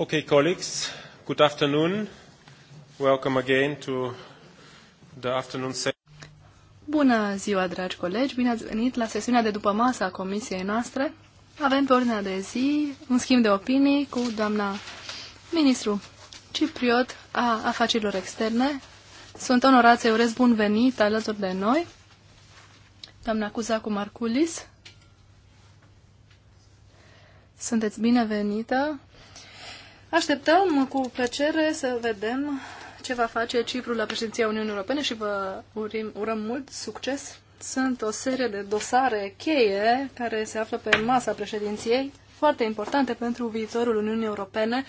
Okay, colleagues, good afternoon. Welcome again to the afternoon session. Bună ziua, dragi colegi! Bine ați venit la sesiunea de după masă a comisiei noastre. Avem pe ordinea de zi un schimb de opinii cu doamna ministru cipriot a afacerilor externe. Sunt onorat să urez bun venit alături de noi. Doamna Cuzacu Marculis, sunteți binevenită Așteptăm cu plăcere să vedem ce va face Cipru la președinția Uniunii Europene și vă urim, urăm mult succes. Sunt o serie de dosare cheie care se află pe masa președinției, foarte importante pentru viitorul Uniunii Europene,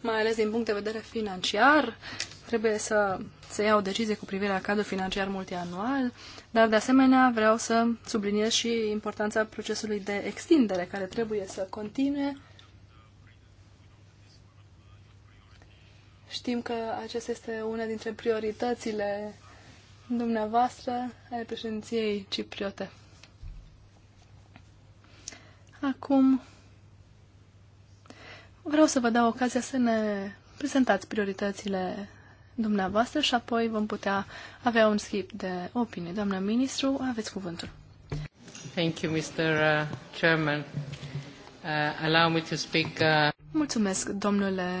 mai ales din punct de vedere financiar. Trebuie să se iau decizie cu privire la cadrul financiar multianual, dar de asemenea vreau să subliniez și importanța procesului de extindere care trebuie să continue Știm că aceasta este una dintre prioritățile dumneavoastră ale președinției cipriote. Acum vreau să vă dau ocazia să ne prezentați prioritățile dumneavoastră și apoi vom putea avea un schimb de opinie. Doamna ministru, aveți cuvântul. Thank you, Mr. Uh, chairman. Uh, allow me to speak. Uh... Mulțumesc, domnule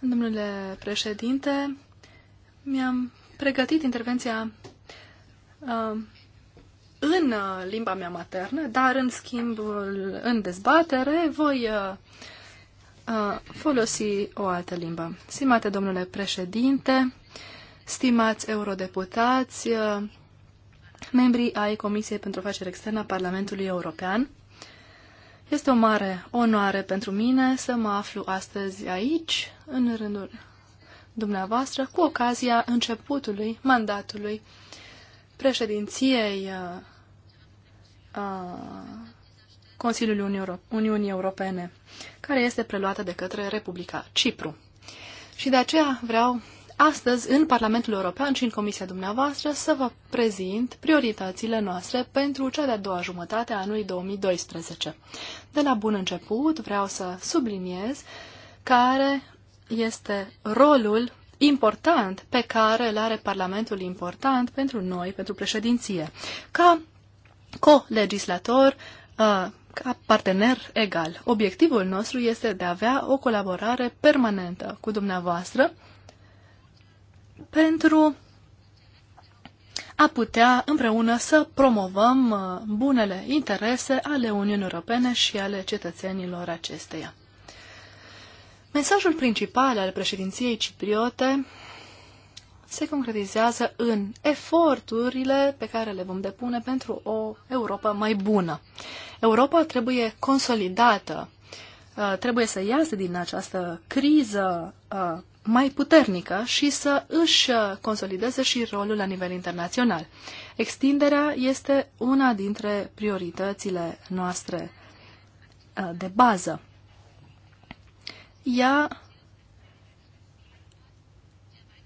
Domnule președinte, mi-am pregătit intervenția uh, în uh, limba mea maternă, dar în schimb, în dezbatere, voi uh, uh, folosi o altă limbă. Stimate domnule președinte, stimați eurodeputați, uh, membrii ai Comisiei pentru Afaceri Externe a Parlamentului European, este o mare onoare pentru mine să mă aflu astăzi aici, în rândul dumneavoastră, cu ocazia începutului mandatului președinției uh, uh, Consiliului Uni Euro Uniunii Europene, care este preluată de către Republica Cipru. Și de aceea vreau astăzi în Parlamentul European și în Comisia dumneavoastră să vă prezint prioritățile noastre pentru cea de-a doua jumătate a anului 2012. De la bun început vreau să subliniez care este rolul important pe care îl are Parlamentul important pentru noi, pentru președinție. Ca co-legislator, uh, ca partener egal. Obiectivul nostru este de a avea o colaborare permanentă cu dumneavoastră pentru a putea împreună să promovăm uh, bunele interese ale Uniunii Europene și ale cetățenilor acesteia. Mesajul principal al președinției cipriote se concretizează în eforturile pe care le vom depune pentru o Europa mai bună. Europa trebuie consolidată, uh, trebuie să iasă din această criză uh, mai puternică și să își consolideze și rolul la nivel internațional. Extinderea este una dintre prioritățile noastre uh, de bază. Ea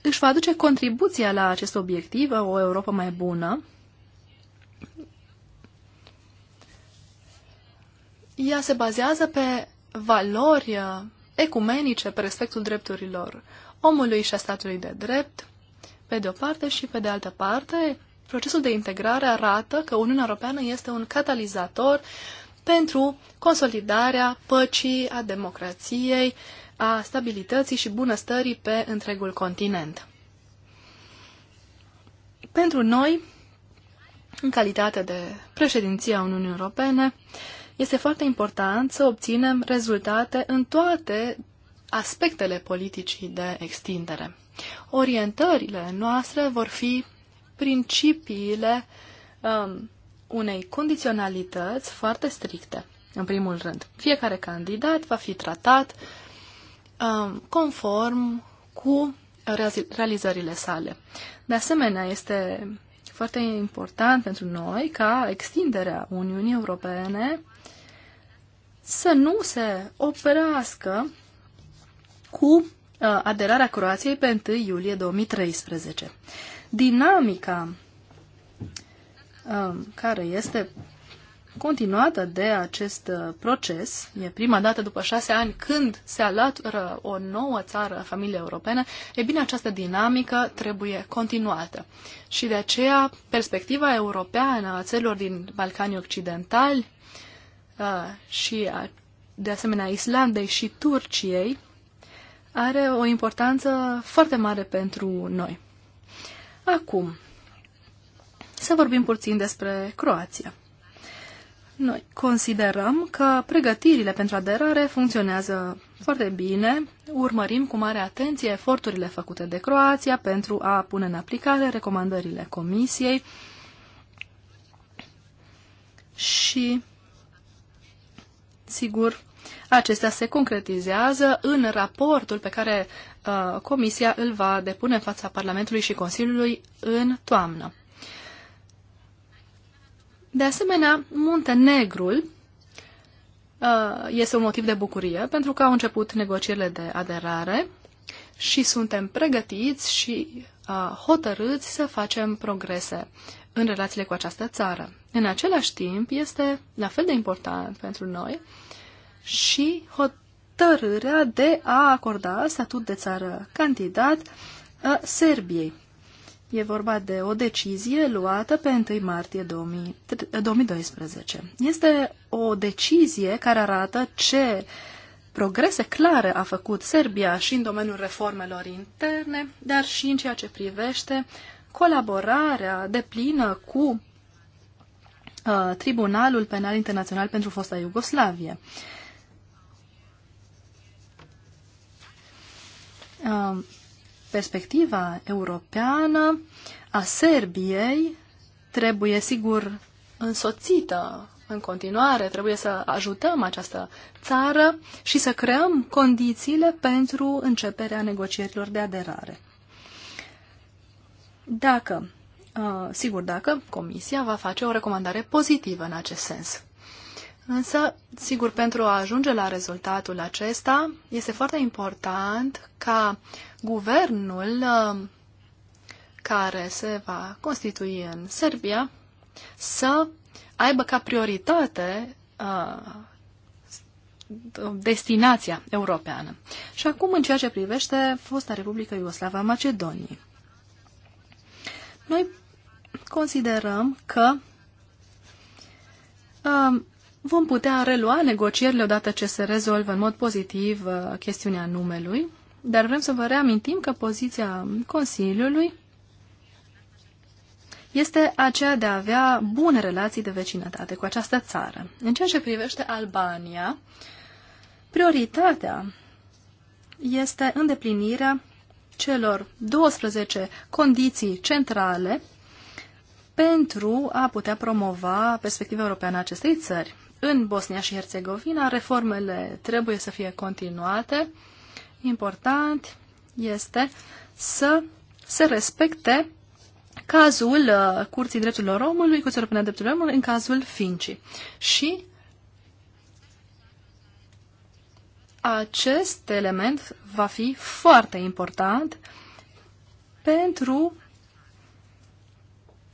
își va aduce contribuția la acest obiectiv, o Europa mai bună. Ea se bazează pe valori uh, ecumenice pe respectul drepturilor omului și a statului de drept, pe de o parte și pe de altă parte, procesul de integrare arată că Uniunea Europeană este un catalizator pentru consolidarea păcii, a democrației, a stabilității și bunăstării pe întregul continent. Pentru noi, în calitate de președinția Uniunii Europene, uh, este foarte important să obținem rezultate în toate aspectele politicii de extindere. Orientările noastre vor fi principiile um, unei condiționalități foarte stricte, în primul rând. Fiecare candidat va fi tratat um, conform cu realizările sale. De asemenea, este foarte important pentru noi ca extinderea Uniunii Europene să nu se oprească cu uh, aderarea Croației pe 1 iulie 2013. Dinamica um, care este continuată de acest uh, proces, e prima dată după șase ani când se alătură o nouă țară a familiei europene, e bine, această dinamică trebuie continuată. Și de aceea, perspectiva europeană a țărilor din Balcanii Occidentali și a, de asemenea Islandei și Turciei, are o importanță foarte mare pentru noi. Acum, să vorbim puțin despre Croația. Noi considerăm că pregătirile pentru aderare funcționează foarte bine. Urmărim cu mare atenție eforturile făcute de Croația pentru a pune în aplicare recomandările Comisiei și Sigur, acestea se concretizează în raportul pe care uh, Comisia îl va depune în fața Parlamentului și Consiliului în toamnă. De asemenea, Muntenegrul uh, este un motiv de bucurie pentru că au început negocierile de aderare și suntem pregătiți și uh, hotărâți să facem progrese în relațiile cu această țară. În același timp, este la fel de important pentru noi și hotărârea de a acorda statut de țară candidat a Serbiei. E vorba de o decizie luată pe 1 martie 2012. Este o decizie care arată ce progrese clare a făcut Serbia și în domeniul reformelor interne, dar și în ceea ce privește colaborarea deplină cu uh, Tribunalul Penal Internațional pentru fosta Iugoslavie. Uh, perspectiva europeană a Serbiei trebuie, sigur, însoțită în continuare, trebuie să ajutăm această țară și să creăm condițiile pentru începerea negocierilor de aderare dacă, uh, sigur dacă, Comisia va face o recomandare pozitivă în acest sens. Însă, sigur, pentru a ajunge la rezultatul acesta, este foarte important ca guvernul uh, care se va constitui în Serbia să aibă ca prioritate uh, destinația europeană. Și acum, în ceea ce privește fosta Republică Iugoslavă a Macedoniei. Noi considerăm că um, vom putea relua negocierile odată ce se rezolvă în mod pozitiv uh, chestiunea numelui, dar vrem să vă reamintim că poziția Consiliului este aceea de a avea bune relații de vecinătate cu această țară. În ceea ce privește Albania, prioritatea este îndeplinirea celor 12 condiții centrale pentru a putea promova perspectiva europeană a acestei țări. În Bosnia și Herțegovina, reformele trebuie să fie continuate. Important este să se respecte cazul uh, Curții Drepturilor Omului, Curții Europene a Drepturilor Omului, în cazul Fincii. Și acest element va fi foarte important pentru,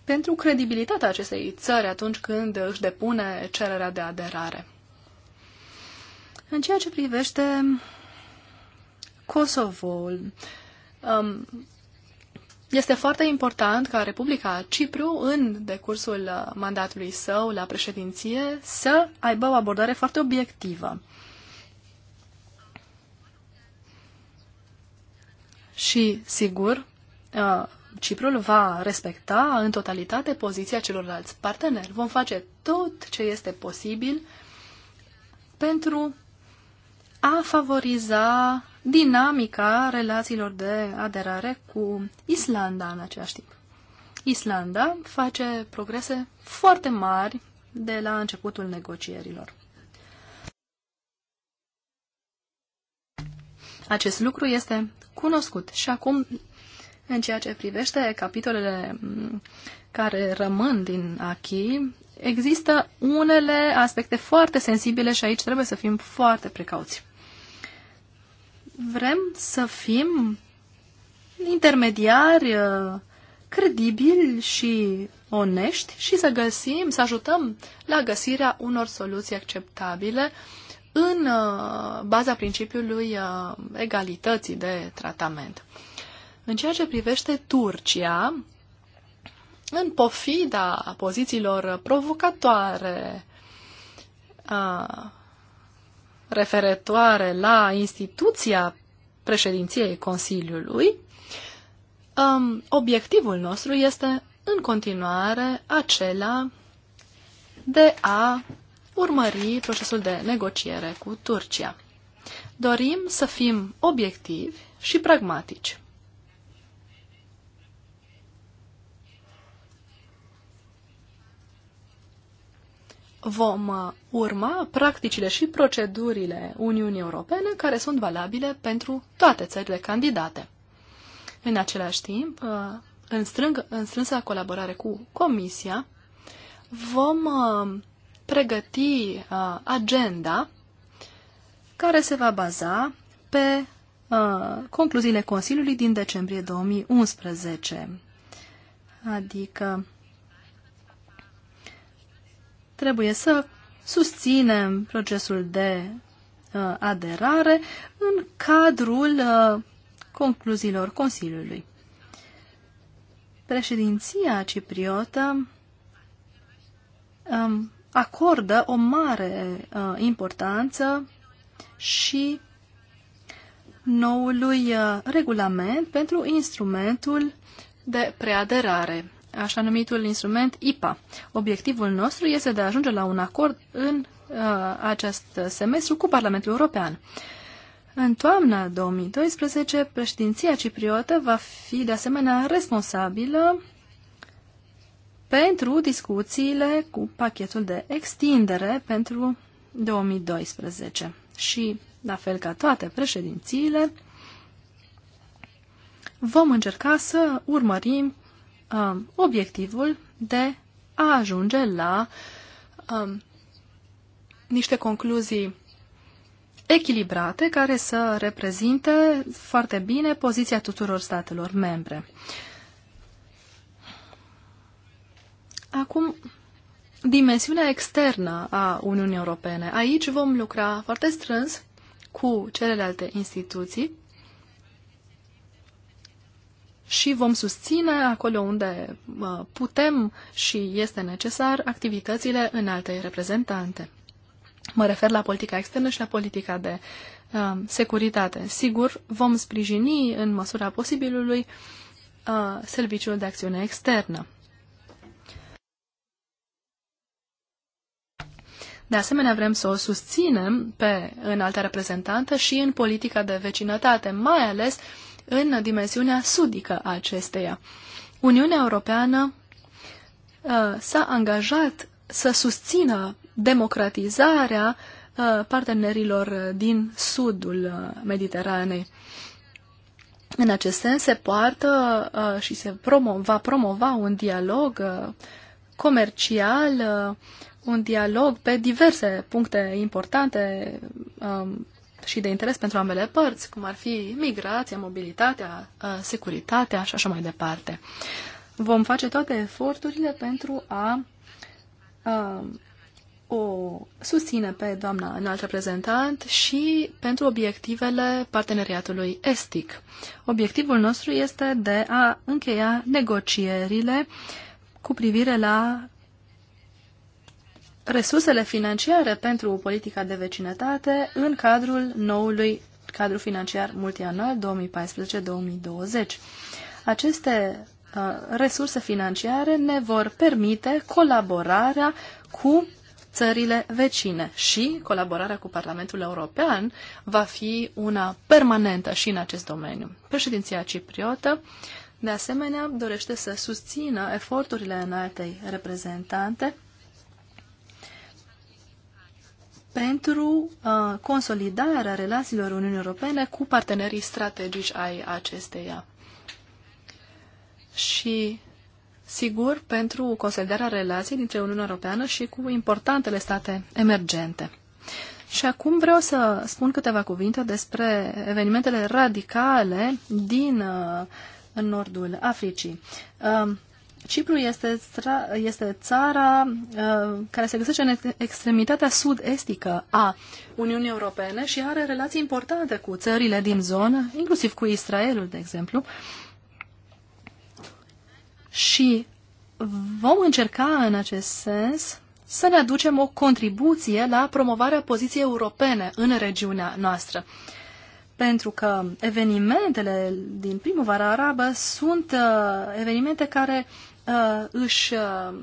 pentru credibilitatea acestei țări atunci când își depune cererea de aderare. În ceea ce privește Kosovo, um, este foarte important ca Republica Cipru, în decursul mandatului său la președinție, să aibă o abordare foarte obiectivă. și, sigur, uh, Ciprul va respecta în totalitate poziția celorlalți parteneri. Vom face tot ce este posibil pentru a favoriza dinamica relațiilor de aderare cu Islanda în același timp. Islanda face progrese foarte mari de la începutul negocierilor. Acest lucru este cunoscut. Și acum, în ceea ce privește capitolele mm, care rămân din Achi, există unele aspecte foarte sensibile și aici trebuie să fim foarte precauți. Vrem să fim intermediari uh, credibili și onești și să găsim, să ajutăm la găsirea unor soluții acceptabile uh, în uh, baza principiului uh, egalității de tratament. În ceea ce privește Turcia, în pofida pozițiilor provocatoare uh, referitoare la instituția președinției Consiliului, um, obiectivul nostru este în continuare acela de a urmări procesul de negociere cu Turcia. Dorim să fim obiectivi și pragmatici. Vom uh, urma practicile și procedurile Uniunii Europene care sunt valabile pentru toate țările candidate. În același timp, uh, în, strâng, în strânsă colaborare cu Comisia, vom uh, pregăti uh, agenda care se va baza pe uh, concluziile Consiliului din decembrie 2011. Adică trebuie să susținem procesul de uh, aderare în cadrul uh, concluziilor Consiliului. Președinția cipriotă um, acordă o mare uh, importanță și noului uh, regulament pentru instrumentul de preaderare, așa numitul instrument IPA. Obiectivul nostru este de a ajunge la un acord în uh, acest semestru cu Parlamentul European. În toamna 2012, președinția cipriotă va fi de asemenea responsabilă pentru discuțiile cu pachetul de extindere pentru 2012. Și, la fel ca toate președințiile, vom încerca să urmărim um, obiectivul de a ajunge la um, niște concluzii echilibrate care să reprezinte foarte bine poziția tuturor statelor membre. Acum, dimensiunea externă a Uniunii Europene. Aici vom lucra foarte strâns cu celelalte instituții și vom susține acolo unde uh, putem și este necesar activitățile în alte reprezentante. Mă refer la politica externă și la politica de uh, securitate. Sigur, vom sprijini în măsura posibilului uh, Serviciul de Acțiune Externă. De asemenea, vrem să o susținem pe înalta reprezentantă și în politica de vecinătate, mai ales în dimensiunea sudică a acesteia. Uniunea Europeană uh, s-a angajat să susțină democratizarea uh, partenerilor din sudul uh, Mediteranei. În acest sens se poartă uh, și se promo- va promova un dialog uh, comercial uh, un dialog pe diverse puncte importante um, și de interes pentru ambele părți, cum ar fi migrația, mobilitatea, uh, securitatea și așa mai departe. Vom face toate eforturile pentru a, a um, o susține pe doamna înalt reprezentant și pentru obiectivele parteneriatului estic. Obiectivul nostru este de a încheia negocierile cu privire la resursele financiare pentru politica de vecinătate în cadrul noului cadru financiar multianual 2014-2020. Aceste uh, resurse financiare ne vor permite colaborarea cu țările vecine și colaborarea cu Parlamentul European va fi una permanentă și în acest domeniu. Președinția cipriotă, de asemenea, dorește să susțină eforturile înaltei reprezentante pentru uh, consolidarea relațiilor Uniunii Europene cu partenerii strategici ai acesteia. Și, sigur, pentru consolidarea relației dintre Uniunea Europeană și cu importantele state emergente. Și acum vreau să spun câteva cuvinte despre evenimentele radicale din uh, în nordul Africii. Uh, Cipru este, este țara uh, care se găsește în extremitatea sud-estică a Uniunii Europene și are relații importante cu țările din zonă, inclusiv cu Israelul, de exemplu. Și vom încerca în acest sens să ne aducem o contribuție la promovarea poziției europene în regiunea noastră. Pentru că evenimentele din primăvara arabă sunt uh, evenimente care uh, uh, își uh,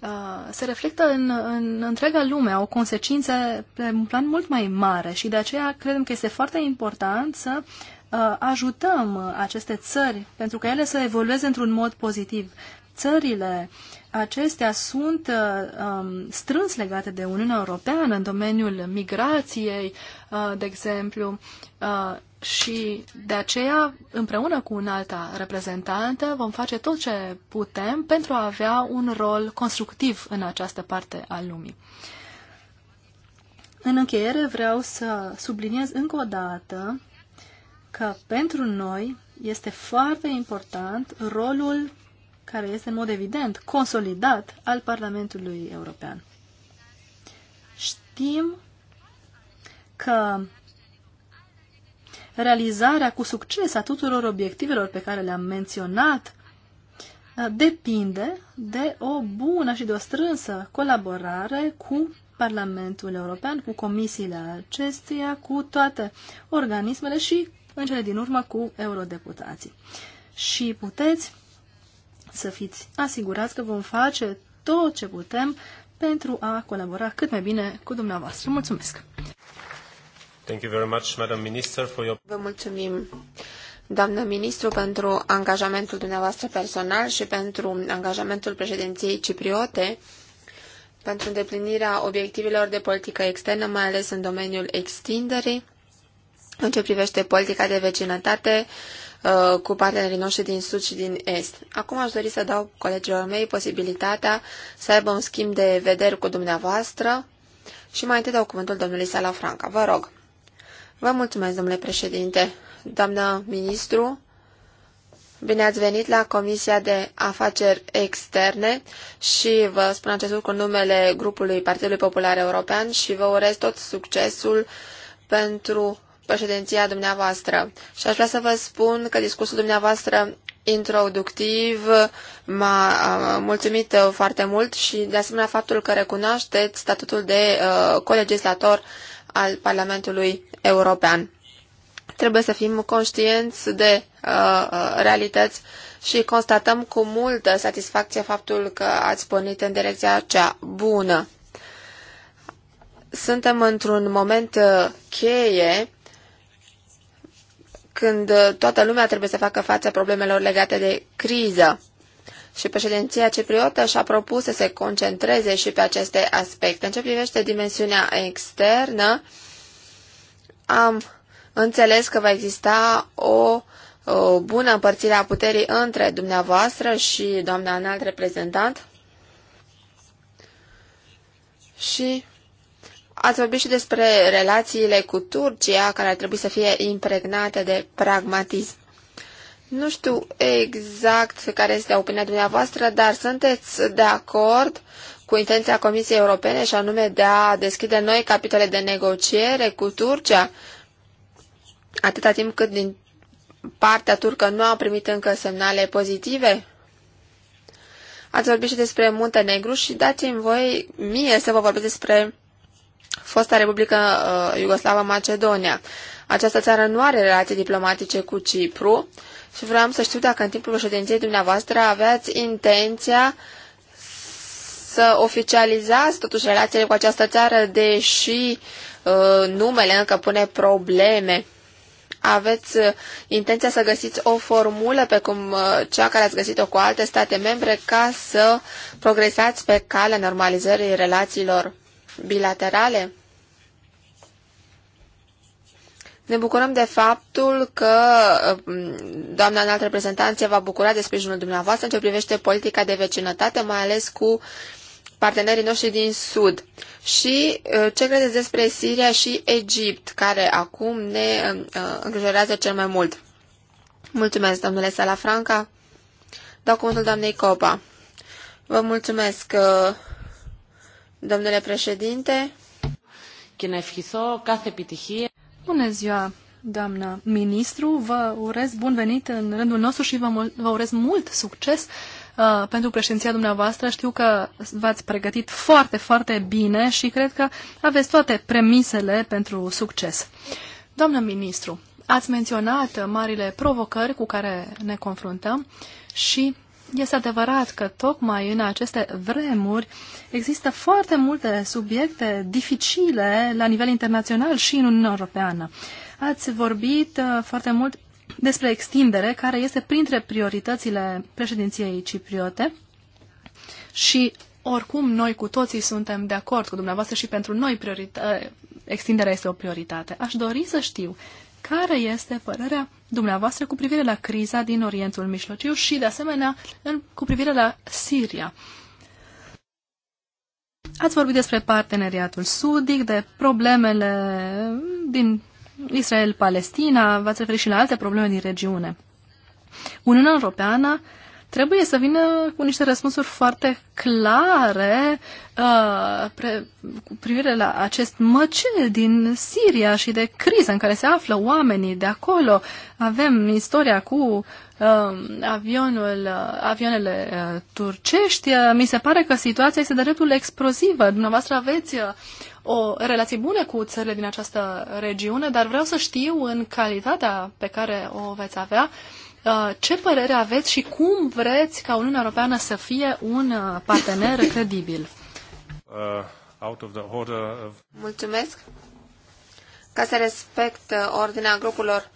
uh, se reflectă în, în întreaga lume, au consecințe pe un plan mult mai mare și de aceea credem că este foarte important să uh, ajutăm aceste țări pentru că ele să evolueze într-un mod pozitiv. Țările uh, acestea sunt uh, um, strâns legate de Uniunea Europeană în domeniul migrației, uh, de exemplu, uh, și de aceea, împreună cu un alta reprezentantă, vom face tot ce putem pentru a avea un rol constructiv în această parte a lumii. În încheiere vreau să subliniez încă o dată că pentru noi este foarte important rolul care este în mod evident consolidat al Parlamentului European. Știm că realizarea cu succes a tuturor obiectivelor pe care le-am menționat uh, depinde de o bună și de o strânsă colaborare cu Parlamentul European, cu comisiile acesteia, cu toate organismele și, în cele din urmă, cu eurodeputații. Și puteți să fiți asigurați că vom face tot ce putem pentru a colabora cât mai bine cu dumneavoastră. Mulțumesc! Thank you very much, Madam Minister, for your... Vă mulțumim, doamnă ministru, pentru angajamentul dumneavoastră personal și pentru angajamentul președinției cipriote pentru îndeplinirea obiectivelor de politică externă, mai ales în domeniul extinderii, în ce privește politica de vecinătate, Uh, cu partenerii noștri din Sud și din Est. Acum aș dori să dau colegilor mei posibilitatea să aibă un schimb de vederi cu dumneavoastră și mai întâi dau cuvântul domnului Franca. Vă rog. Vă mulțumesc, domnule președinte. Doamnă ministru, Bine ați venit la Comisia de Afaceri Externe și vă spun acest lucru în numele grupului Partidului Popular European și vă urez tot succesul pentru președinția dumneavoastră și aș vrea să vă spun că discursul dumneavoastră introductiv m-a mulțumit uh, foarte mult și de asemenea faptul că recunoașteți statutul de uh, colegislator al Parlamentului European. Trebuie să fim conștienți de uh, uh, realități și constatăm cu multă satisfacție faptul că ați pornit în direcția cea bună. Suntem într-un moment cheie când uh, toată lumea trebuie să facă față problemelor legate de criză. Și președinția cipriotă și-a propus să se concentreze și pe aceste aspecte. În ce privește dimensiunea externă, am înțeles că va exista o, o bună împărțire a puterii între dumneavoastră și doamna înalt reprezentant. Și Ați vorbit și despre relațiile cu Turcia, care ar trebui să fie impregnate de pragmatism. Nu știu exact care este opinia dumneavoastră, dar sunteți de acord cu intenția Comisiei Europene și anume de a deschide noi capitole de negociere cu Turcia, atâta timp cât din partea turcă nu au primit încă semnale pozitive? Ați vorbit și despre Muntenegru și dați-mi voi mie să vă vorbesc despre fosta Republică uh, Iugoslavă Macedonia. Această țară nu are relații diplomatice cu Cipru și vreau să știu dacă în timpul președinției dumneavoastră aveați intenția să oficializați totuși relațiile cu această țară, deși uh, numele încă pune probleme. Aveți uh, intenția să găsiți o formulă pe cum uh, cea care ați găsit-o cu alte state membre ca să progresați pe calea normalizării relațiilor bilaterale? Ne bucurăm de faptul că um, doamna înalt reprezentant se va bucura de sprijinul dumneavoastră în ce privește politica de vecinătate, mai ales cu partenerii noștri din Sud. Și uh, ce credeți despre Siria și Egipt, care acum ne um, uh, îngrijorează cel mai mult? Mulțumesc, domnule Salafranca. Dau cuvântul doamnei Copa. Vă mulțumesc, uh, Domnule președinte, Bună ziua, doamnă ministru. Vă urez bun venit în rândul nostru și vă, vă urez mult succes uh, pentru președinția dumneavoastră. Știu că v-ați pregătit foarte, foarte bine și cred că aveți toate premisele pentru succes. Doamnă ministru, ați menționat marile provocări cu care ne confruntăm și este adevărat că tocmai în aceste vremuri există foarte multe subiecte dificile la nivel internațional și în Uniunea Europeană. Ați vorbit uh, foarte mult despre extindere, care este printre prioritățile președinției cipriote și oricum noi cu toții suntem de acord cu dumneavoastră și pentru noi uh, extinderea este o prioritate. Aș dori să știu care este părerea dumneavoastră cu privire la criza din Orientul Mijlociu și, de asemenea, în, cu privire la Siria. Ați vorbit despre parteneriatul sudic, de problemele din Israel-Palestina, v-ați referit și la alte probleme din regiune. Uniunea Europeană uh, trebuie să vină cu niște răspunsuri foarte clare uh, pre, cu privire la acest măcel din Siria și de criză în care se află oamenii de acolo. Avem istoria cu uh, avionul, uh, avionele uh, turcești. Uh, mi se pare că situația este de dreptul explozivă. Dumneavoastră aveți uh, o relație bună cu țările din această regiune, dar vreau să știu în calitatea pe care o veți avea uh, Uh, ce părere aveți și cum vreți ca Uniunea Europeană să fie un uh, partener credibil? Uh, out of the order of... Mulțumesc. Ca să respect uh, ordinea grupurilor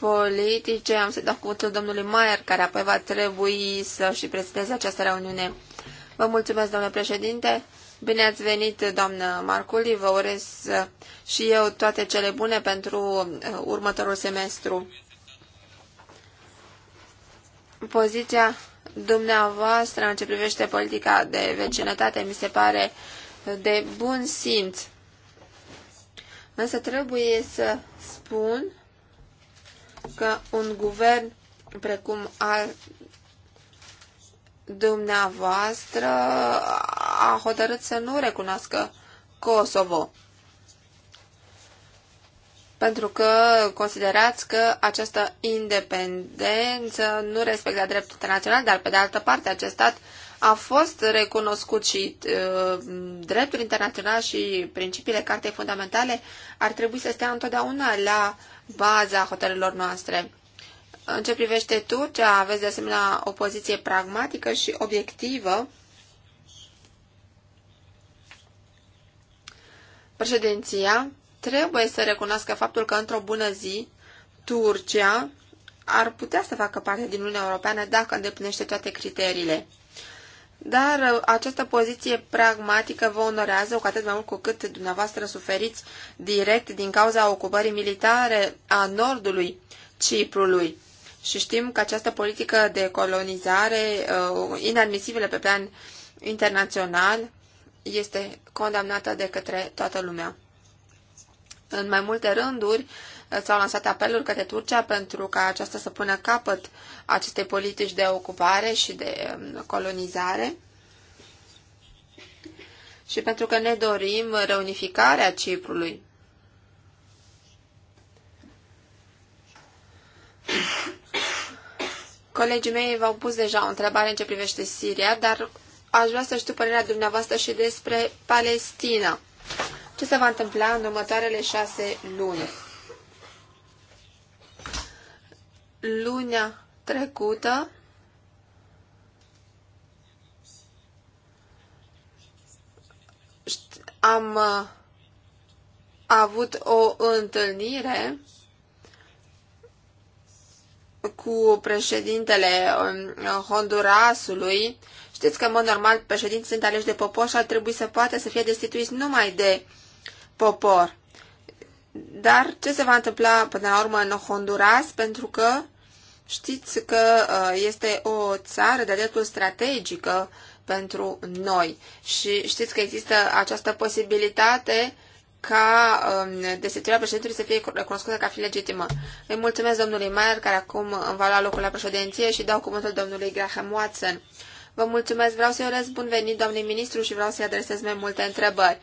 politice, am să dau cuvântul domnului Maier, care apoi va trebui să și prezideze această reuniune. Vă mulțumesc, domnule președinte. Bine ați venit, doamnă Marculi. Vă urez și eu toate cele bune pentru următorul semestru. Poziția dumneavoastră în ce privește politica de vecinătate mi se pare de bun simț. Însă trebuie să spun că un guvern precum al dumneavoastră a hotărât să nu recunoască Kosovo pentru că considerați că această independență nu respectă dreptul internațional, dar pe de altă parte acest stat a fost recunoscut și uh, dreptul internațional și principiile cartei fundamentale ar trebui să stea întotdeauna la baza hotărârilor noastre. În ce privește Turcia, aveți de asemenea o poziție pragmatică și obiectivă. Președinția trebuie să recunoască faptul că într-o bună zi Turcia ar putea să facă parte din Uniunea Europeană dacă îndeplinește toate criteriile. Dar uh, această poziție pragmatică vă onorează cu atât mai mult cu cât dumneavoastră suferiți direct din cauza ocupării militare a nordului Ciprului. Și știm că această politică de colonizare uh, inadmisibilă pe plan internațional este condamnată de către toată lumea. În mai multe rânduri eh, s-au lansat apeluri către Turcia pentru ca aceasta să pună capăt acestei politici de ocupare și de eh, colonizare. Și pentru că ne dorim reunificarea Ciprului. Colegii mei v-au pus deja o întrebare în ce privește Siria, dar aș vrea să știu părerea dumneavoastră și despre Palestina ce se va întâmpla în următoarele șase luni. Lunea trecută, am uh, avut o întâlnire cu președintele um, Hondurasului. Știți că, în mod normal, președinții sunt aleși de popor și ar trebui să poată să fie destituiți numai de popor. Dar ce se va întâmpla până la urmă în Honduras? Pentru că știți că uh, este o țară de dreptul strategică pentru noi și știți că există această posibilitate ca um, destituirea președintelui să fie recunoscută ca fi legitimă. Îi mulțumesc domnului Mayer, care acum îmi va lua locul la președinție și dau cuvântul domnului Graham Watson. Vă mulțumesc, vreau să-i urez bun venit, domnului ministru, și vreau să-i adresez mai multe întrebări.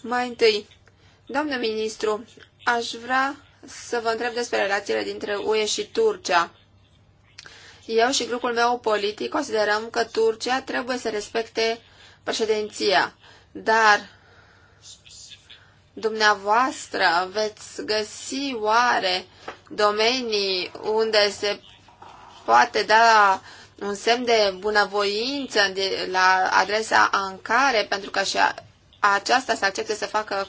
Mai întâi, Domnule ministru, aș vrea să vă întreb despre relațiile dintre UE și Turcia. Eu și grupul meu politic considerăm că Turcia trebuie să respecte președinția, dar dumneavoastră veți găsi oare domenii unde se poate da un semn de bunăvoință la adresa Ankare pentru că și aceasta să accepte să facă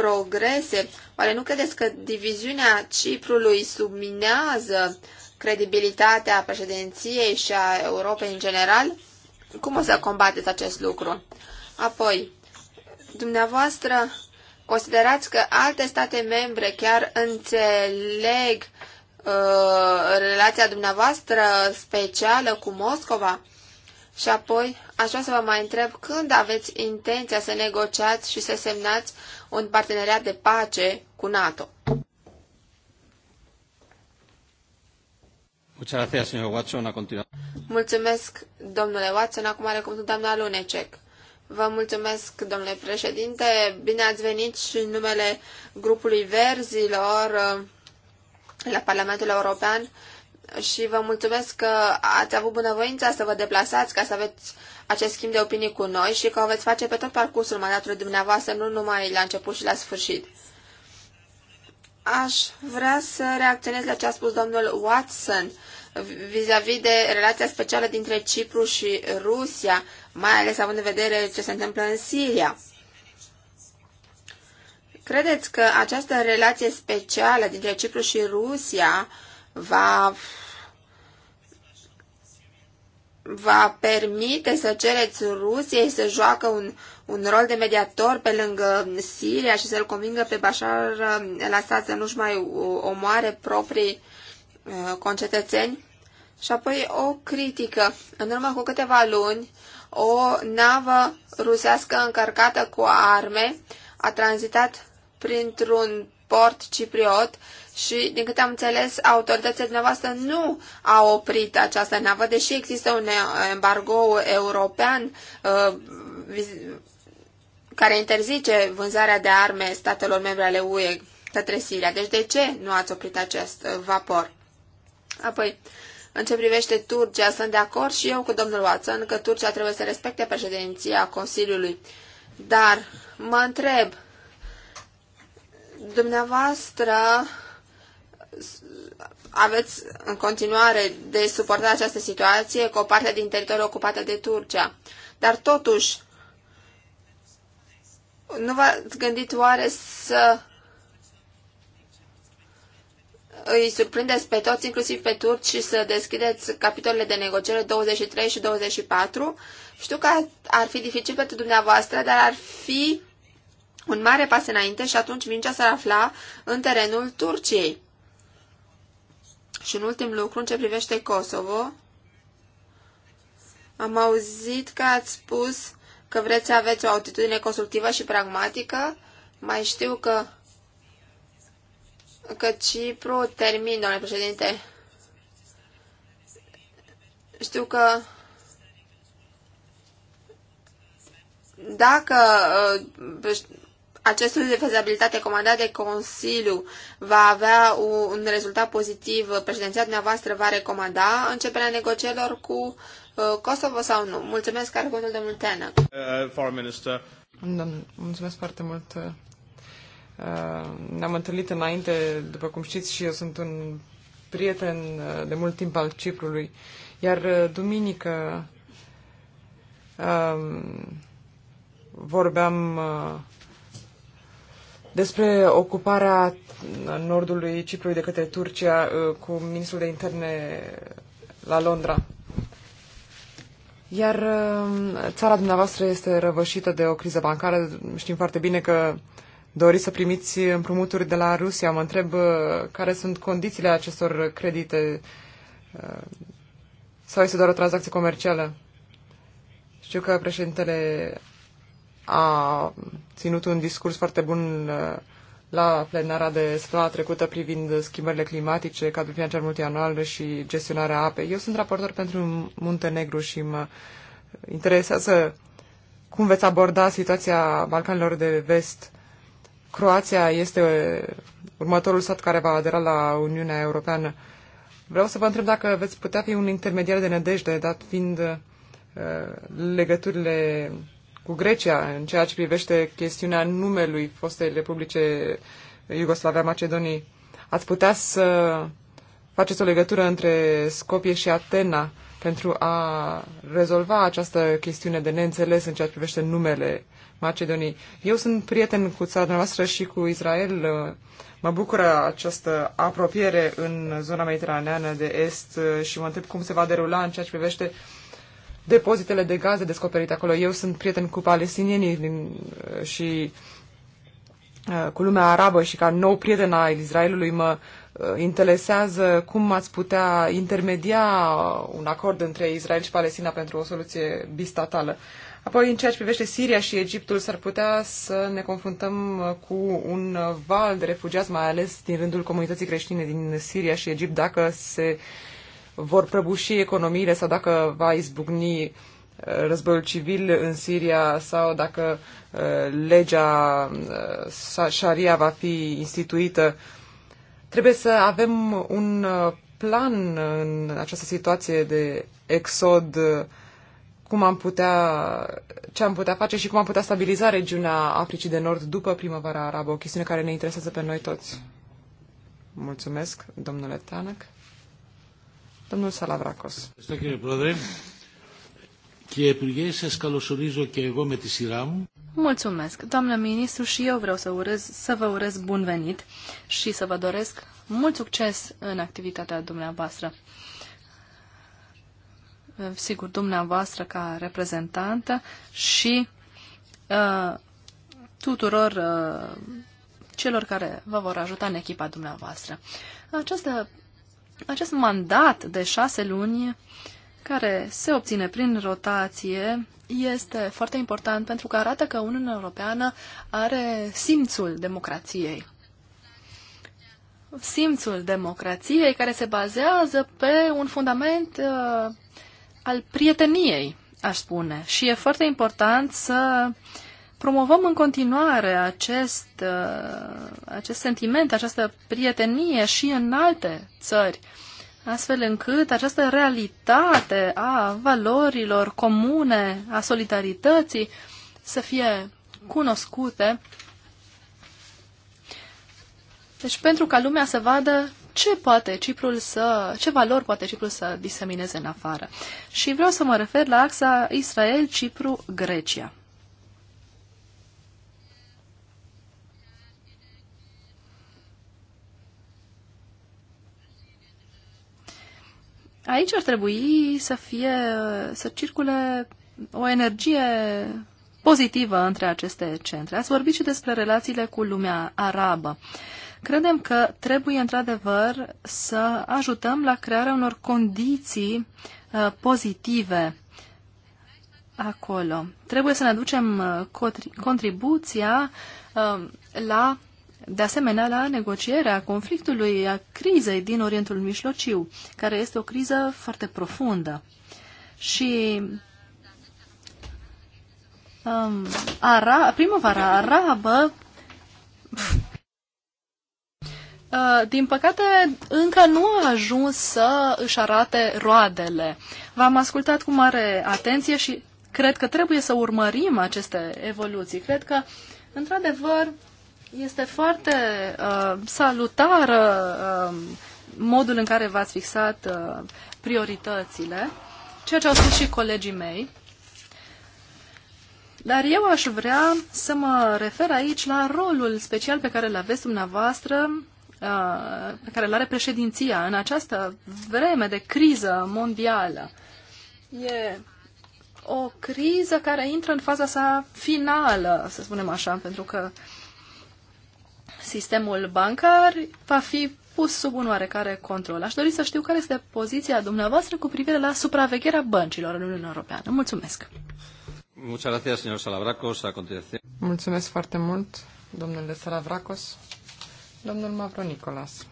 progrese, oare nu credeți că diviziunea Ciprului subminează credibilitatea președinției și a Europei în general? Cum o să combateți acest lucru? Apoi, dumneavoastră considerați că alte state membre chiar înțeleg uh, relația dumneavoastră specială cu Moscova? Și apoi, aș vrea să vă mai întreb când aveți intenția să negociați și să semnați un parteneriat de pace cu NATO. Mulțumesc, domnule Watson. Acum are cuvântul doamna Lunecek. Vă mulțumesc, domnule președinte. Bine ați venit și în numele grupului Verzilor uh, la Parlamentul European și vă mulțumesc că ați avut bunăvoința să vă deplasați ca să aveți acest schimb de opinii cu noi și că o veți face pe tot parcursul mandatului dumneavoastră, nu numai la început și la sfârșit. Aș vrea să reacționez la ce a spus domnul Watson vis-a-vis -vis de relația specială dintre Cipru și Rusia, mai ales având în vedere ce se întâmplă în Siria. Credeți că această relație specială dintre Cipru și Rusia va va permite să cereți Rusiei să joacă un, un rol de mediator pe lângă Siria și să-l convingă pe Bashar al-Assad uh, să nu-și mai omoare proprii uh, concetățeni? Și apoi o critică. În urmă cu câteva luni, o navă rusească încărcată cu arme a tranzitat printr-un port cipriot și, din câte am înțeles, autoritățile dumneavoastră nu au oprit această navă, deși există un uh, embargo european uh, care interzice vânzarea de arme statelor membre ale UE către Siria. Deci de ce nu ați oprit acest uh, vapor? Apoi, în ce privește Turcia, sunt de acord și eu cu domnul Watson că Turcia trebuie să respecte președinția Consiliului. Dar mă întreb, dumneavoastră aveți în continuare de suportat această situație cu o parte din teritoriul ocupată de Turcia. Dar totuși, nu v-ați gândit oare să îi surprindeți pe toți, inclusiv pe turci, și să deschideți capitolele de negociere 23 și 24? Știu că ar fi dificil pentru dumneavoastră, dar ar fi un mare pas înainte și atunci mingea s-ar afla în terenul Turciei. Și un ultim lucru, în ce privește Kosovo, am auzit că ați spus că vreți să aveți o atitudine constructivă și pragmatică. Mai știu că, că Cipru termin, doamne președinte. Știu că dacă uh, acest studiu de fezabilitate comandat de Consiliu va avea un rezultat pozitiv, uh, președinția dumneavoastră va recomanda începerea negocierilor cu uh, Kosovo sau nu? Mulțumesc, Argonul de Multeană. Mulțumesc foarte mult. Uh, ne-am întâlnit înainte, după cum știți, și eu sunt un prieten de mult timp al Ciprului. Iar duminică um, vorbeam despre ocuparea nordului Ciprului de către Turcia uh, cu ministrul de interne la Londra. Iar um, țara dumneavoastră este răvășită de o criză bancară. Știm foarte bine că doriți să primiți împrumuturi de la Rusia. Mă întreb uh, care sunt condițiile acestor credite uh, sau este doar o tranzacție comercială? Știu că președintele a ținut un discurs foarte bun uh, la plenara de săptămâna trecută privind schimbările climatice, cadrul financiar multianual și gestionarea apei. Eu sunt raportor pentru Muntenegru și mă interesează cum veți aborda situația Balcanilor de vest. Croația este următorul stat care va adera la Uniunea Europeană. Vreau să vă întreb dacă veți putea fi un intermediar de nădejde, dat fiind uh, legăturile cu Grecia în ceea ce privește chestiunea numelui fostei Republice Iugoslavia Macedoniei. Ați putea să faceți o legătură între Scopie și Atena pentru a rezolva această chestiune de neînțeles în ceea ce privește numele Macedoniei. Eu sunt prieten cu țara noastră și cu Israel. Mă bucură această apropiere în zona mediteraneană de est și mă întreb cum se va derula în ceea ce privește uh, depozitele de gaze descoperite acolo. Eu sunt prieten cu palestinienii din, uh, și uh, cu lumea arabă și ca nou prieten al Israelului mă uh, interesează cum ați putea intermedia un acord între Israel și Palestina pentru o soluție bistatală. Apoi, în ceea ce privește Siria și Egiptul, s-ar putea să ne confruntăm cu un val de refugiați, mai ales din rândul comunității creștine din Siria și Egipt, dacă se uh, vor prăbuși economiile sau dacă va izbucni uh, războiul civil în Siria sau dacă uh, legea uh, Sharia va fi instituită. Trebuie să avem un plan în această situație de exod, cum am putea, ce am putea face și cum am putea stabiliza regiunea Africii de Nord după primăvara arabă, o chestiune care ne interesează pe noi toți. Mulțumesc, domnule Tanăc. Domnul Salavracos. Mulțumesc, doamnă ministru, și eu vreau să, urez, să vă urez bun venit și să vă doresc mult succes în activitatea dumneavoastră. Sigur, dumneavoastră ca reprezentantă și uh, tuturor uh, celor care vă vor ajuta în echipa dumneavoastră. Această acest mandat de șase luni care se obține prin rotație este foarte important pentru că arată că Uniunea Europeană are simțul democrației. Simțul democrației care se bazează pe un fundament uh, al prieteniei, aș spune. Și e foarte important să uh, promovăm în continuare acest, uh, acest sentiment, această prietenie și în alte țări, astfel încât această realitate a valorilor comune, a solidarității, să fie cunoscute. Deci pentru ca lumea să vadă ce poate Ciprul să, ce valori poate Ciprul să disemineze în afară. Și vreau să mă refer la axa Israel-Cipru-Grecia. Aici ar trebui să fie, să circule o energie pozitivă între aceste centre. Ați vorbit și despre relațiile cu lumea arabă. Credem că trebuie într-adevăr să ajutăm la crearea unor condiții uh, pozitive acolo. Trebuie să ne aducem uh, contribuția uh, la de asemenea la negocierea conflictului, a crizei din Orientul Mijlociu, care este o criză foarte profundă și um, ara, primăvara arabă uh, din păcate, încă nu a ajuns să își arate roadele. V-am ascultat cu mare atenție și cred că trebuie să urmărim aceste evoluții. Cred că, într-adevăr, este foarte uh, salutar uh, modul în care v-ați fixat uh, prioritățile, ceea ce au spus și colegii mei. Dar eu aș vrea să mă refer aici la rolul special pe care îl aveți dumneavoastră, uh, pe care îl are președinția în această vreme de criză mondială. E o criză care intră în faza sa finală, să spunem așa, pentru că uh, sistemul bancar va fi pus sub un oarecare control. Aș dori să știu care este poziția dumneavoastră cu privire la supravegherea băncilor în Uniunea Europeană. Mulțumesc! Mulțumesc foarte mult, domnule Salavracos. Domnul Mavro Nicolas.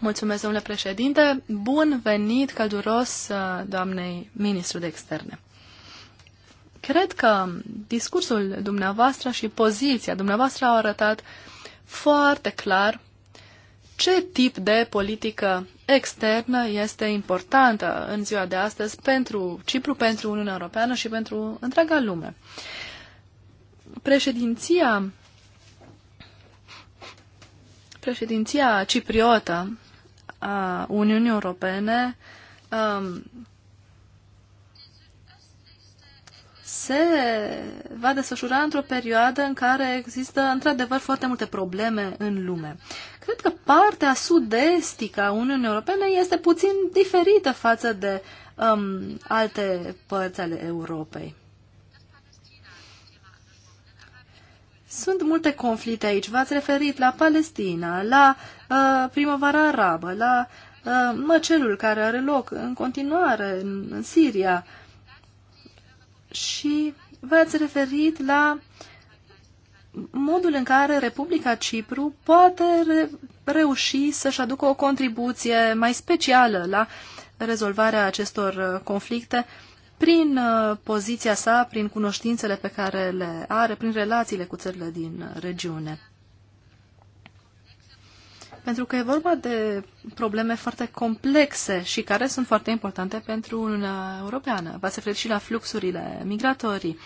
Mulțumesc, domnule președinte. Bun venit, călduros, uh, doamnei ministru de externe. Cred că discursul dumneavoastră și poziția dumneavoastră au arătat foarte clar ce tip de politică externă este importantă în ziua de astăzi pentru Cipru, pentru Uniunea Europeană și pentru întreaga lume. Președinția președinția cipriotă a Uniunii Europene um, se va desfășura într-o perioadă în care există într-adevăr foarte multe probleme în lume. Cred că partea sud-estică a Uniunii Europene este puțin diferită față de um, alte părți ale Europei. Sunt multe conflicte aici. V-ați referit la Palestina, la uh, primăvara arabă, la uh, măcelul care are loc în continuare în, în Siria. Uh, și v-ați referit la modul în care Republica Cipru poate re reuși să-și aducă o contribuție mai specială la rezolvarea acestor uh, conflicte prin uh, poziția sa, prin cunoștințele pe care le are, prin relațiile cu țările din regiune pentru că e vorba de probleme foarte complexe și care sunt foarte importante pentru Uniunea Europeană. V-ați referit și la fluxurile migratorii,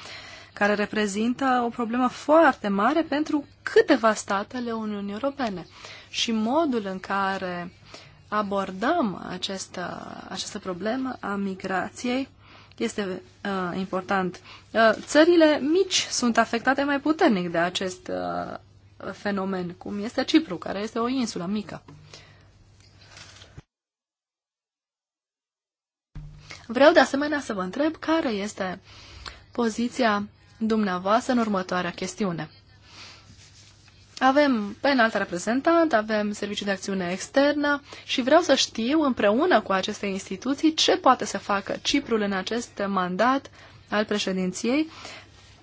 care reprezintă o problemă foarte mare pentru câteva statele Uniunii Europene. Și modul în care abordăm această, această problemă a migrației este uh, important. Uh, țările mici sunt afectate mai puternic de acest uh, fenomen, cum este Cipru, care este o insulă mică. Vreau de asemenea să vă întreb care este poziția dumneavoastră în următoarea chestiune. Avem pe înaltă reprezentant, avem serviciul de acțiune externă și vreau să știu împreună cu aceste instituții ce poate să facă Ciprul în acest mandat al președinției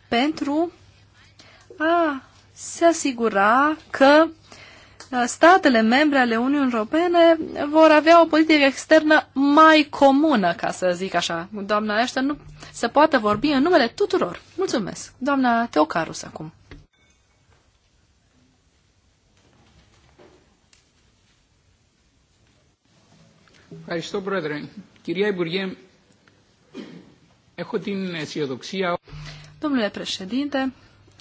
pentru a se asigura că uh, statele membre ale Uniunii Europene vor avea o politică externă mai comună, ca să zic așa. Doamna Ashton nu se poate vorbi în numele tuturor. Mulțumesc. Doamna Teocarus acum. Domnule președinte,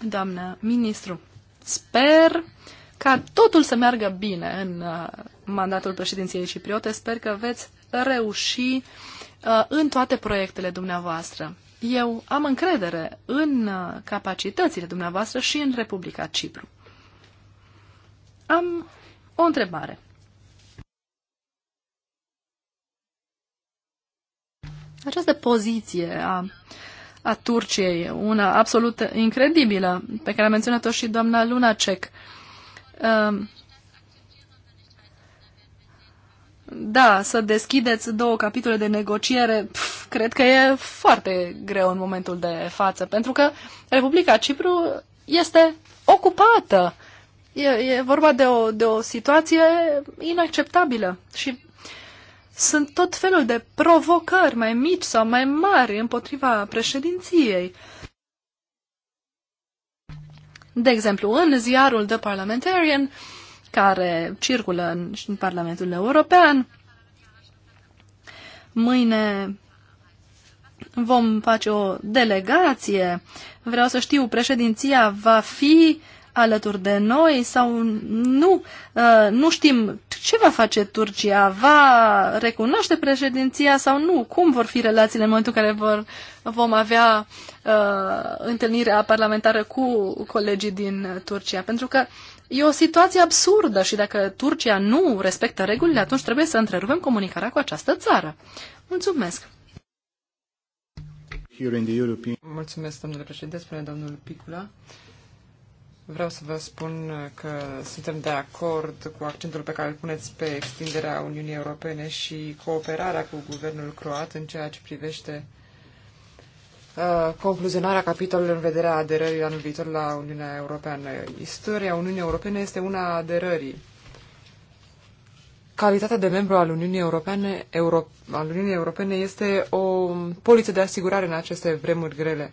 doamnă ministru. Sper ca totul să meargă bine în uh, mandatul președinției cipriote. Sper că veți reuși uh, în toate proiectele dumneavoastră. Eu am încredere în uh, capacitățile dumneavoastră și în Republica Cipru. Am o întrebare. Această poziție a a Turciei, una absolut incredibilă, pe care a menționat-o și doamna Lunacek. Um, da, să deschideți două capitole de negociere, pf, cred că e foarte greu în momentul de față, pentru că Republica Cipru este ocupată. E, e vorba de o, de o situație inacceptabilă și sunt tot felul de provocări mai mici sau mai mari împotriva președinției. De exemplu, în ziarul The Parliamentarian, care circulă în, în Parlamentul European, mâine vom face o delegație. Vreau să știu, președinția va fi uh, alături de noi sau nu. Uh, nu știm ce va face Turcia, va recunoaște președinția sau nu, cum vor fi relațiile în momentul în care vor, vom avea uh, întâlnirea parlamentară cu colegii din Turcia. Pentru că e o situație absurdă și dacă Turcia nu respectă regulile, atunci trebuie să întrerupem comunicarea cu această țară. Mulțumesc! Mulțumesc, domnule președinte, spune domnul Picula. Vreau să vă spun că suntem de acord cu accentul pe care îl puneți pe extinderea Uniunii Europene și cooperarea cu guvernul croat în ceea ce privește uh, concluzionarea capitolului în vederea aderării anul viitor la Uniunea Europeană. Istoria Uniunii Europene este una a aderării. Calitatea de membru al Uniunii Europene, Euro, al Uniunii Europene este o poliță de asigurare în aceste vremuri grele.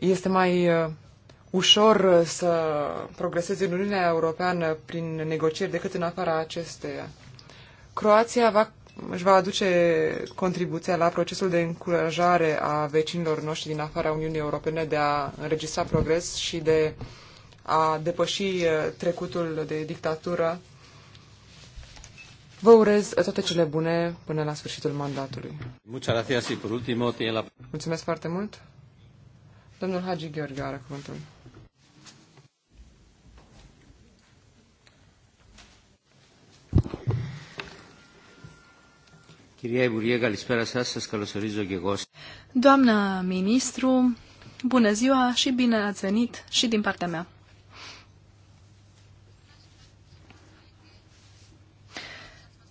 este mai uh, ușor uh, să progreseze în Uniunea Europeană prin negocieri decât în afara acesteia. Croația va, își va aduce contribuția la procesul de încurajare a vecinilor noștri din afara Uniunii Europene de a înregistra progres și de a depăși uh, trecutul de dictatură. Vă urez toate cele bune până la sfârșitul mandatului. Mulțumesc foarte mult. Domnul Hagi Gheorghe are cuvântul. Κυρία Υπουργέ, καλησπέρα σας. Σας καλωσορίζω Doamna ministru, bună ziua și bine ați venit și din partea mea.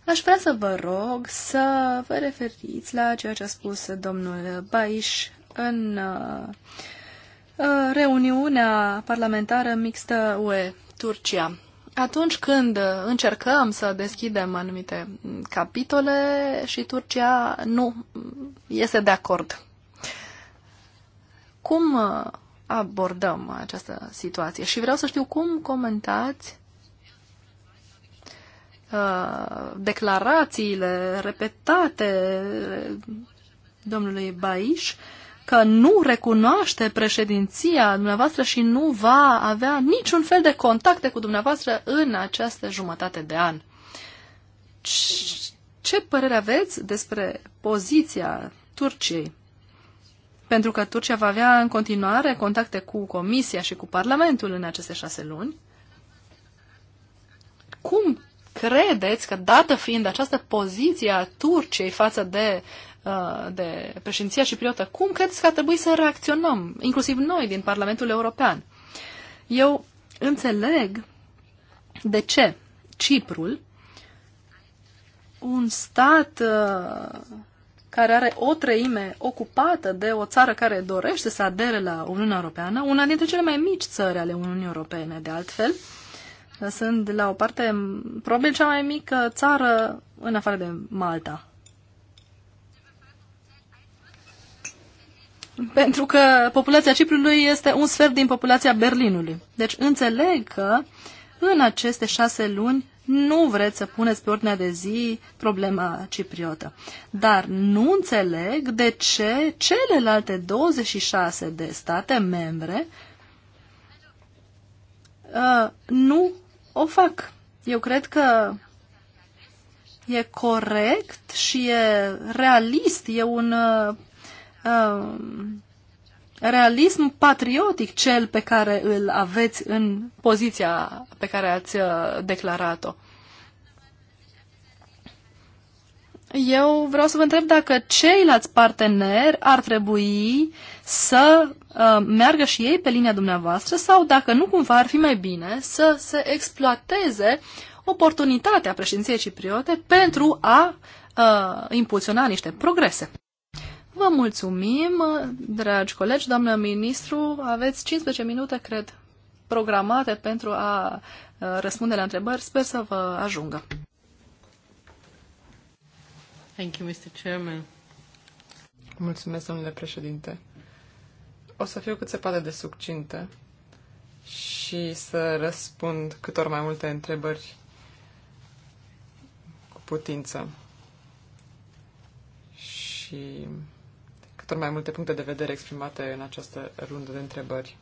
Aș vrea să vă rog să vă referiți la ceea ce a spus domnul Baiș în uh, Uh, reuniunea parlamentară mixtă UE-Turcia. Atunci când încercăm să deschidem anumite capitole și Turcia nu iese de acord. Cum uh, abordăm această situație? Și vreau să știu cum comentați uh, declarațiile repetate domnului Baiș că nu recunoaște președinția dumneavoastră și nu va avea niciun fel de contacte cu dumneavoastră în această jumătate de an. Ce părere aveți despre poziția Turciei? Pentru că Turcia va avea în continuare contacte cu Comisia și cu Parlamentul în aceste șase luni. Cum credeți că, dată fiind această poziție a Turciei față de Uh, de președinția cipriotă, cum credeți că ar trebui să reacționăm, inclusiv noi din Parlamentul European? Eu înțeleg de ce Ciprul, un stat uh, care are o treime ocupată de o țară care dorește să adere la Uniunea Europeană, una dintre cele mai mici țări ale Uniunii Europene, de altfel, sunt la o parte, probabil cea mai mică țară în afară de Malta. pentru că populația Ciprului este un sfert din populația Berlinului. Deci înțeleg că în aceste șase luni nu vreți să puneți pe ordinea de zi problema cipriotă. Dar nu înțeleg de ce celelalte 26 de state membre uh, nu o fac. Eu cred că e corect și e realist, e un uh, Um, realism patriotic cel pe care îl aveți în poziția pe care ați uh, declarat-o. Eu vreau să vă întreb dacă ceilalți parteneri ar trebui să uh, meargă și ei pe linia dumneavoastră sau dacă nu cumva ar fi mai bine să se exploateze oportunitatea președinției cipriote pentru a uh, impulsiona niște progrese. Vă mulțumim, dragi colegi, doamnă ministru, aveți 15 minute, cred, programate pentru a uh, răspunde la întrebări. Sper să vă ajungă. Thank you, Mr. Chairman. Mulțumesc, domnule președinte. O să fiu cât se poate de succintă și să răspund ori mai multe întrebări cu putință. Și tot mai multe puncte de vedere exprimate în această rundă de întrebări.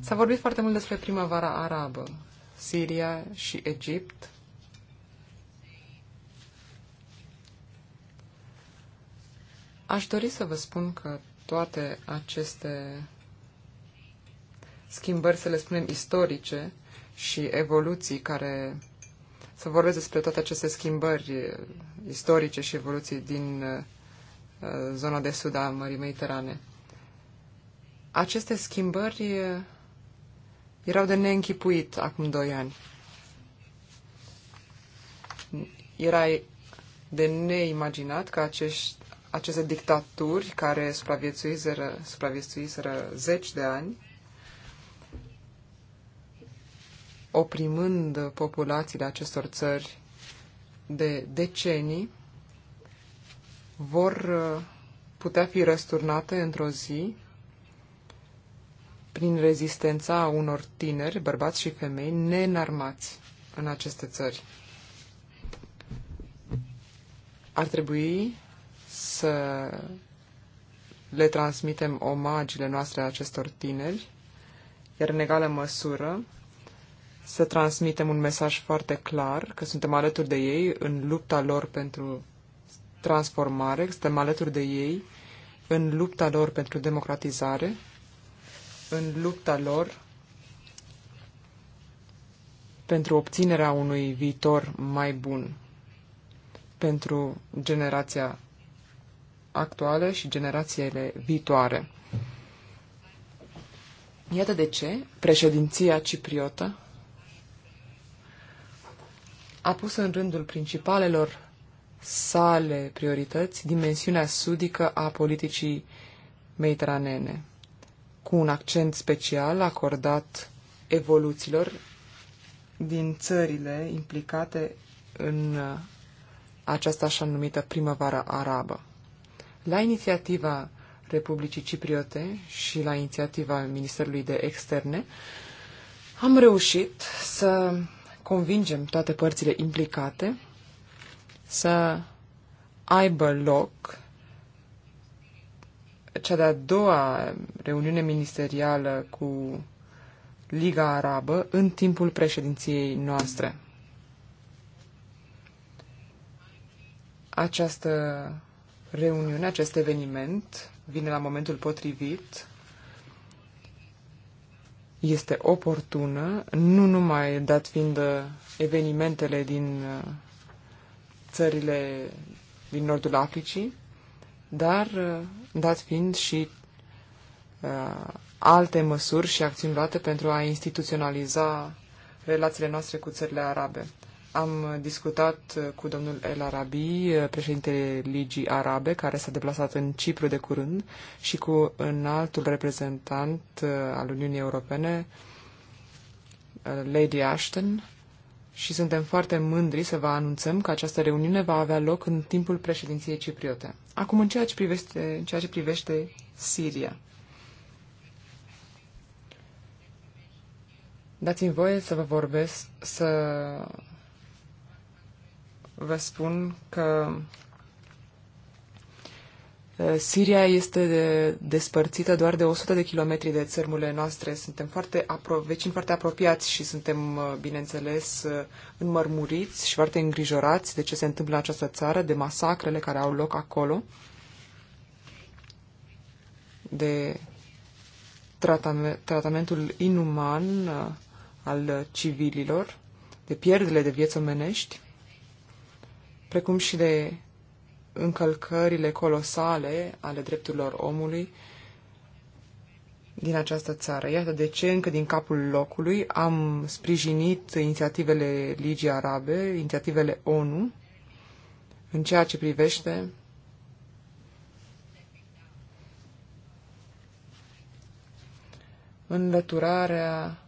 S-a vorbit foarte mult despre primăvara arabă, Siria și Egipt. Aș dori să vă spun că toate aceste schimbări, să le spunem istorice, și evoluții care să vorbesc despre toate aceste schimbări istorice și evoluții din uh, zona de sud a Mării Mediterane. Aceste schimbări uh, erau de neînchipuit acum doi ani. Era de neimaginat că acești, aceste dictaturi care supraviețuiseră, supraviețuiseră zeci de ani oprimând populațiile acestor țări de decenii, vor uh, putea fi răsturnate într-o zi prin rezistența unor tineri, bărbați și femei, nenarmați în aceste țări. Ar trebui să le transmitem omagile noastre acestor tineri, iar în egală măsură să transmitem un mesaj foarte clar că suntem alături de ei în lupta lor pentru transformare, că suntem alături de ei în lupta lor pentru democratizare, în lupta lor pentru obținerea unui viitor mai bun pentru generația actuală și generațiile viitoare. Iată de ce președinția cipriotă a pus în rândul principalelor sale priorități dimensiunea sudică a politicii mediteranene, cu un accent special acordat evoluțiilor din țările implicate în uh, această așa numită primăvară arabă. La inițiativa Republicii Cipriote și la inițiativa Ministerului de Externe, am reușit să convingem toate părțile implicate să aibă loc cea de-a doua reuniune ministerială cu Liga Arabă în timpul președinției noastre. Această reuniune, acest eveniment vine la momentul potrivit este oportună, nu numai dat fiind uh, evenimentele din uh, țările din nordul Africii, dar uh, dat fiind și uh, alte măsuri și acțiuni luate pentru a instituționaliza relațiile noastre cu țările arabe. Am discutat cu domnul El Arabi, președintele Ligii Arabe, care s-a deplasat în Cipru de curând, și cu înaltul reprezentant uh, al Uniunii Europene, uh, Lady Ashton, și suntem foarte mândri să vă anunțăm că această reuniune va avea loc în timpul președinției cipriote. Acum, în ceea ce privește, în ceea ce privește Siria. Dați-mi voie să vă vorbesc, să vă spun că Siria este de, despărțită doar de 100 de kilometri de țărmurile noastre. Suntem foarte apro- vecini foarte apropiați și suntem, bineînțeles, înmărmuriți și foarte îngrijorați de ce se întâmplă în această țară, de masacrele care au loc acolo, de tratament, tratamentul inuman al civililor, de pierderile de vieți omenești precum și de încălcările colosale ale drepturilor omului din această țară. Iată de ce, încă din capul locului, am sprijinit inițiativele Ligii Arabe, inițiativele ONU, în ceea ce privește înlăturarea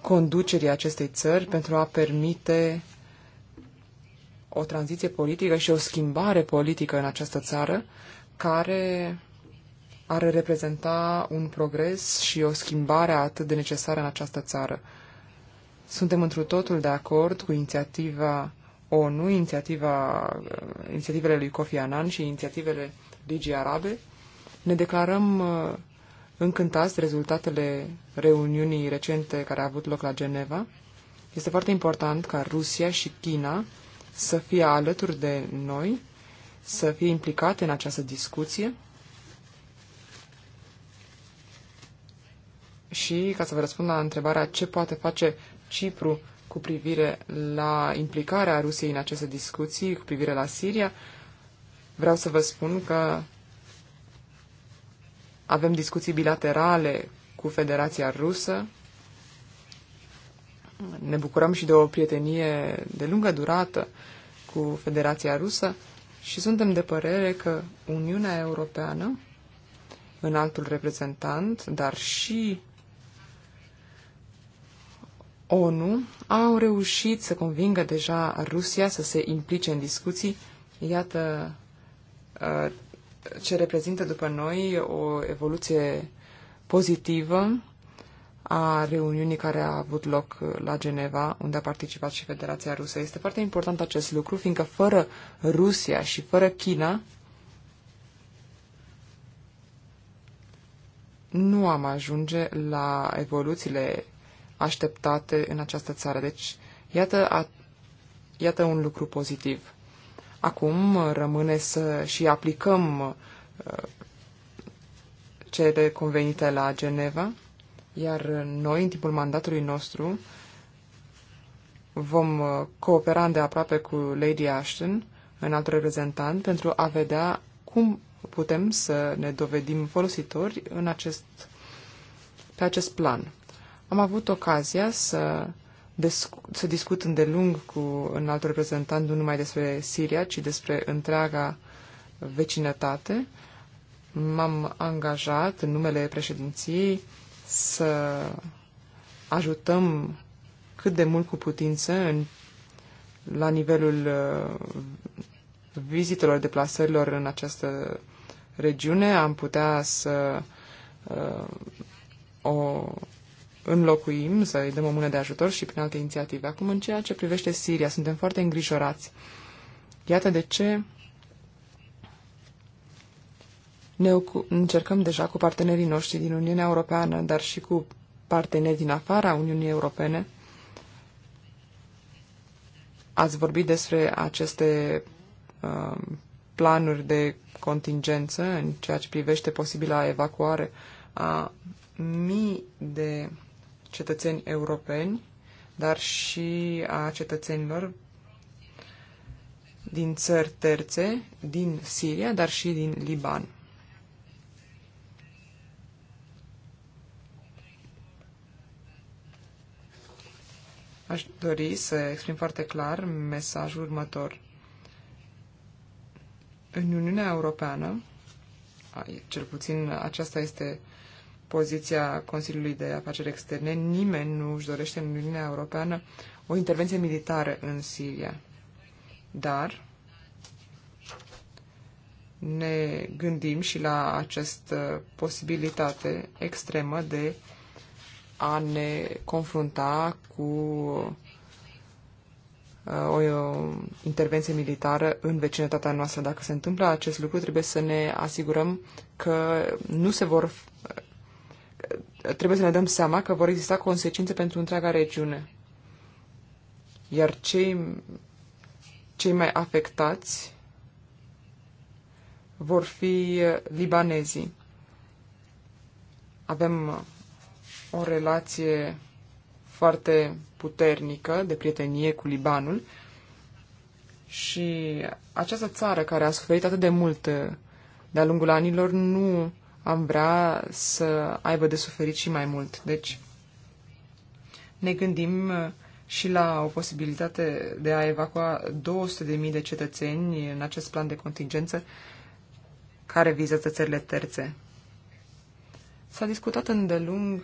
conducerii acestei țări pentru a permite o tranziție politică și o schimbare politică în această țară care ar reprezenta un progres și o schimbare atât de necesară în această țară. Suntem întru totul de acord cu inițiativa ONU, inițiativa, inițiativele lui Kofi Annan și inițiativele Ligii Arabe. Ne declarăm uh, încântați de rezultatele reuniunii recente care a avut loc la Geneva. Este foarte important ca Rusia și China să fie alături de noi, să fie implicate în această discuție. Și ca să vă răspund la întrebarea ce poate face Cipru cu privire la implicarea Rusiei în aceste discuții, cu privire la Siria, vreau să vă spun că avem discuții bilaterale cu Federația Rusă ne bucurăm și de o prietenie de lungă durată cu Federația Rusă și suntem de părere că Uniunea Europeană, în altul reprezentant, dar și ONU au reușit să convingă deja Rusia să se implice în discuții. Iată ă, ce reprezintă după noi o evoluție pozitivă a reuniunii care a avut loc la Geneva, unde a participat și Federația Rusă. Este foarte important acest lucru, fiindcă fără Rusia și fără China nu am ajunge la evoluțiile așteptate în această țară. Deci, iată, a, iată un lucru pozitiv. Acum rămâne să și aplicăm uh, cele convenite la Geneva iar noi, în timpul mandatului nostru, vom uh, coopera de aproape cu Lady Ashton, în alt reprezentant, pentru a vedea cum putem să ne dovedim folositori în acest, pe acest plan. Am avut ocazia să, să discut îndelung cu un alt reprezentant nu numai despre Siria, ci despre întreaga vecinătate. M-am angajat în numele președinției să ajutăm cât de mult cu putință în, la nivelul uh, vizitelor, deplasărilor în această regiune. Am putea să uh, o înlocuim, să-i dăm o mână de ajutor și prin alte inițiative. Acum, în ceea ce privește Siria, suntem foarte îngrijorați. Iată de ce ne încercăm deja cu partenerii noștri din Uniunea Europeană, dar și cu parteneri din afara Uniunii Europene. Ați vorbit despre aceste uh, planuri de contingență în ceea ce privește posibila evacuare a mii de cetățeni europeni, dar și a cetățenilor din țări terțe, din Siria, dar și din Liban. Aș dori să exprim foarte clar mesajul următor. În Uniunea Europeană, cel puțin aceasta este poziția Consiliului de Afaceri Externe, nimeni nu își dorește în Uniunea Europeană o intervenție militară în Siria. Dar ne gândim și la această posibilitate extremă de a ne confrunta cu uh, o uh, intervenție militară în vecinătatea noastră. Dacă se întâmplă acest lucru, trebuie să ne asigurăm că nu se vor. Uh, trebuie să ne dăm seama că vor exista consecințe pentru întreaga regiune. Iar cei, cei mai afectați vor fi libanezii. Avem o relație foarte puternică de prietenie cu Libanul și această țară care a suferit atât de mult uh, de-a lungul anilor nu am vrea să aibă de suferit și mai mult. Deci ne gândim uh, și la o posibilitate de a evacua 200.000 de cetățeni în acest plan de contingență care vizează țările terțe. S-a discutat îndelung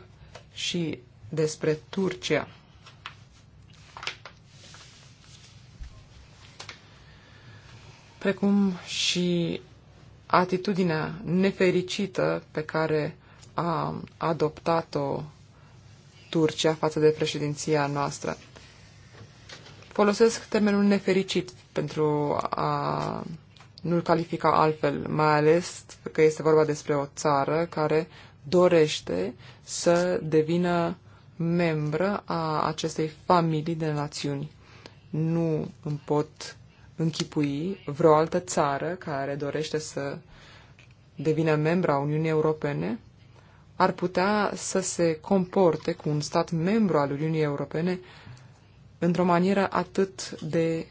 și despre Turcia. Precum și atitudinea nefericită pe care a adoptat-o Turcia față de președinția noastră. Folosesc termenul nefericit pentru a nu-l califica altfel, mai ales că este vorba despre o țară care dorește să devină membră a acestei familii de națiuni. Nu îmi pot închipui vreo altă țară care dorește să devină membra a Uniunii Europene ar putea să se comporte cu un stat membru al Uniunii Europene într-o manieră atât de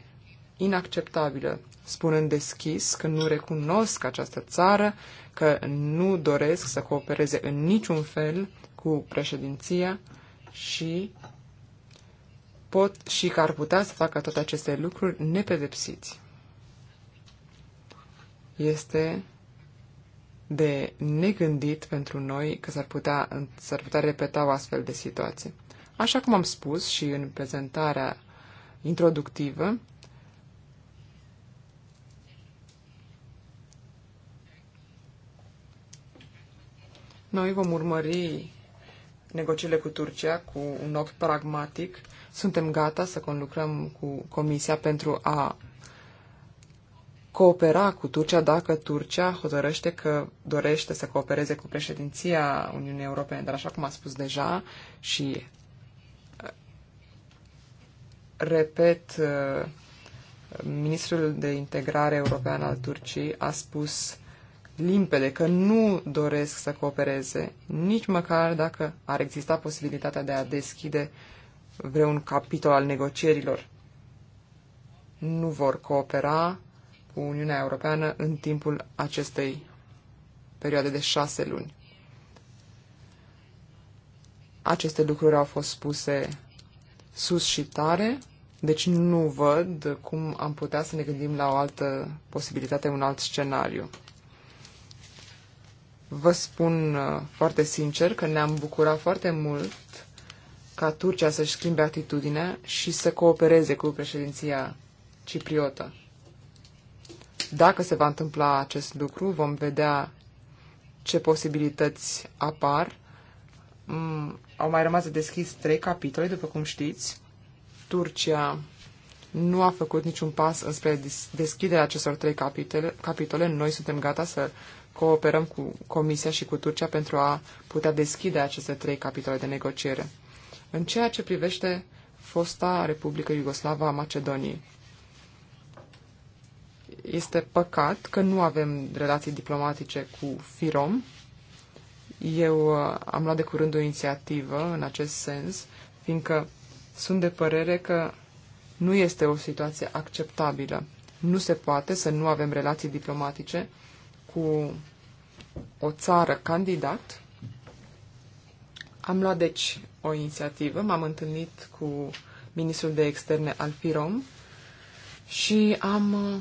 inacceptabilă, spunând deschis că nu recunosc această țară că nu doresc să coopereze în niciun fel cu președinția și pot și că ar putea să facă toate aceste lucruri nepedepsiți. Este de negândit pentru noi că s-ar putea, s-ar putea repeta o astfel de situație. Așa cum am spus și în prezentarea introductivă, Noi vom urmări negocierile cu Turcia cu un ochi pragmatic. Suntem gata să conlucrăm cu Comisia pentru a coopera cu Turcia dacă Turcia hotărăște că dorește să coopereze cu președinția Uniunii Europene, dar așa cum a spus deja și uh, repet, uh, ministrul de integrare european al Turciei a spus limpede că nu doresc să coopereze, nici măcar dacă ar exista posibilitatea de a deschide vreun capitol al negocierilor. Nu vor coopera cu Uniunea Europeană în timpul acestei perioade de șase luni. Aceste lucruri au fost spuse sus și tare, deci nu văd cum am putea să ne gândim la o altă posibilitate, un alt scenariu vă spun uh, foarte sincer că ne-am bucurat foarte mult ca Turcia să-și schimbe atitudinea și să coopereze cu președinția cipriotă. Dacă se va întâmpla acest lucru, vom vedea ce posibilități apar. Mm, au mai rămas de deschis trei capitole, după cum știți. Turcia nu a făcut niciun pas înspre deschiderea acestor trei capitole. capitole. Noi suntem gata să cooperăm cu Comisia și cu Turcia pentru a putea deschide aceste trei capitole de negociere. În ceea ce privește fosta Republică Iugoslavă a Macedoniei. Este păcat că nu avem relații diplomatice cu FIROM. Eu uh, am luat de curând o inițiativă în acest sens, fiindcă sunt de părere că nu este o situație acceptabilă. Nu se poate să nu avem relații diplomatice cu o țară candidat. Am luat, deci, o inițiativă. M-am întâlnit cu ministrul de externe al FIROM și am uh,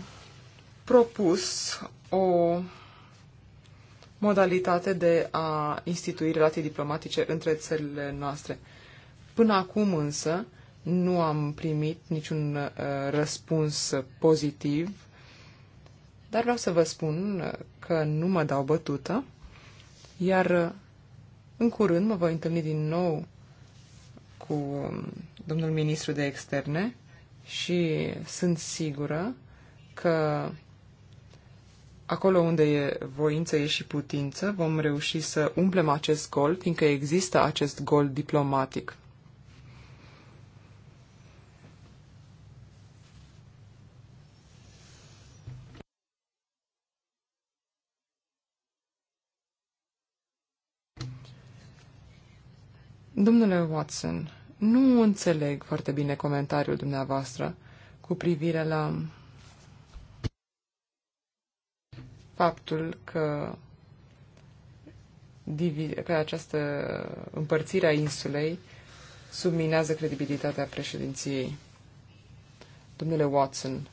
propus o modalitate de a institui relații diplomatice între țările noastre. Până acum însă nu am primit niciun uh, răspuns pozitiv, dar vreau să vă spun uh, că nu mă dau bătută, iar în curând mă voi întâlni din nou cu um, domnul ministru de externe și sunt sigură că acolo unde e voință e și putință, vom reuși să umplem acest gol, fiindcă există acest gol diplomatic. Domnule Watson, nu înțeleg foarte bine comentariul dumneavoastră cu privire la faptul că, că această împărțire a insulei subminează credibilitatea președinției. Domnule Watson,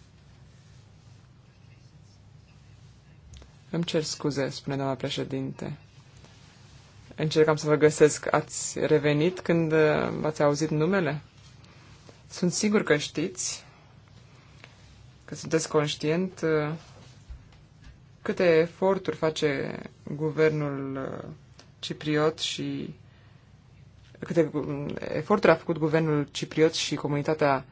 îmi cer scuze, spune doamna președinte. Încercam să vă găsesc. Ați revenit când uh, ați auzit numele? Sunt sigur că știți, că sunteți conștient uh, câte eforturi face guvernul uh, cipriot și câte mm, eforturi a făcut guvernul cipriot și comunitatea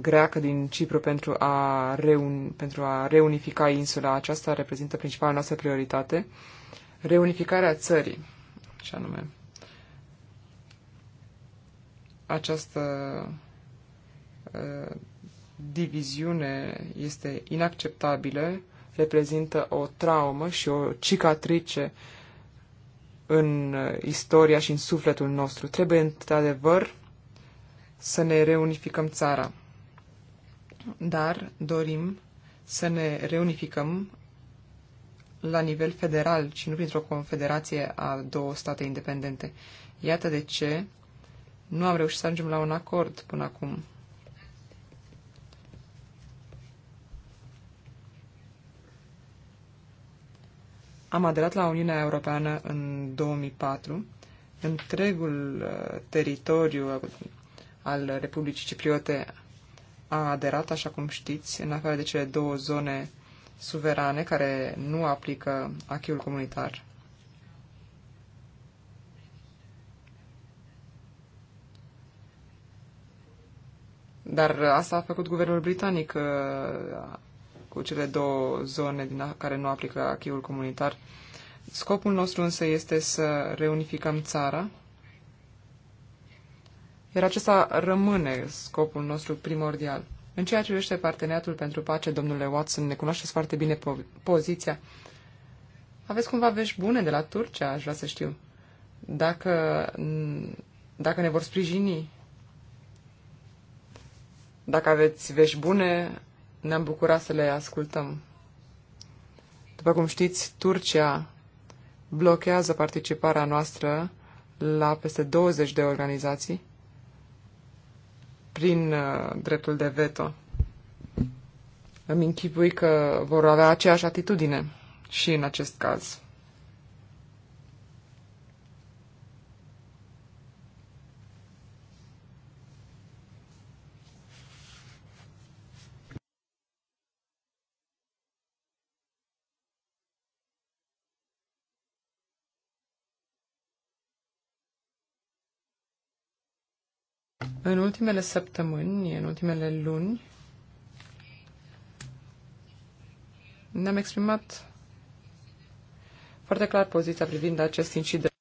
greacă din Cipru pentru a, reun, pentru a reunifica insula. Aceasta reprezintă principala noastră prioritate reunificarea țării, și anume această ă, diviziune este inacceptabilă, reprezintă o traumă și o cicatrice în istoria și în sufletul nostru. Trebuie, într-adevăr, să ne reunificăm țara. Dar dorim să ne reunificăm la nivel federal și nu printr-o confederație a două state independente. Iată de ce nu am reușit să ajungem la un acord până acum. Am aderat la Uniunea Europeană în 2004. Întregul uh, teritoriu uh, al Republicii Cipriote a aderat, așa cum știți, în afară de cele două zone suverane care nu aplică achiul comunitar. Dar asta a făcut guvernul britanic uh, cu cele două zone din care nu aplică achiul comunitar. Scopul nostru însă este să reunificăm țara, iar acesta rămâne scopul nostru primordial. În ceea ce privește parteneriatul pentru pace, domnule Watson, ne cunoașteți foarte bine po- poziția. Aveți cumva vești bune de la Turcia, aș vrea să știu. Dacă, dacă ne vor sprijini, dacă aveți vești bune, ne-am bucurat să le ascultăm. După cum știți, Turcia blochează participarea noastră la peste 20 de organizații prin uh, dreptul de veto. Îmi închipui că vor avea aceeași atitudine și în acest caz. În ultimele săptămâni, în ultimele luni, ne-am exprimat foarte clar poziția privind acest incident,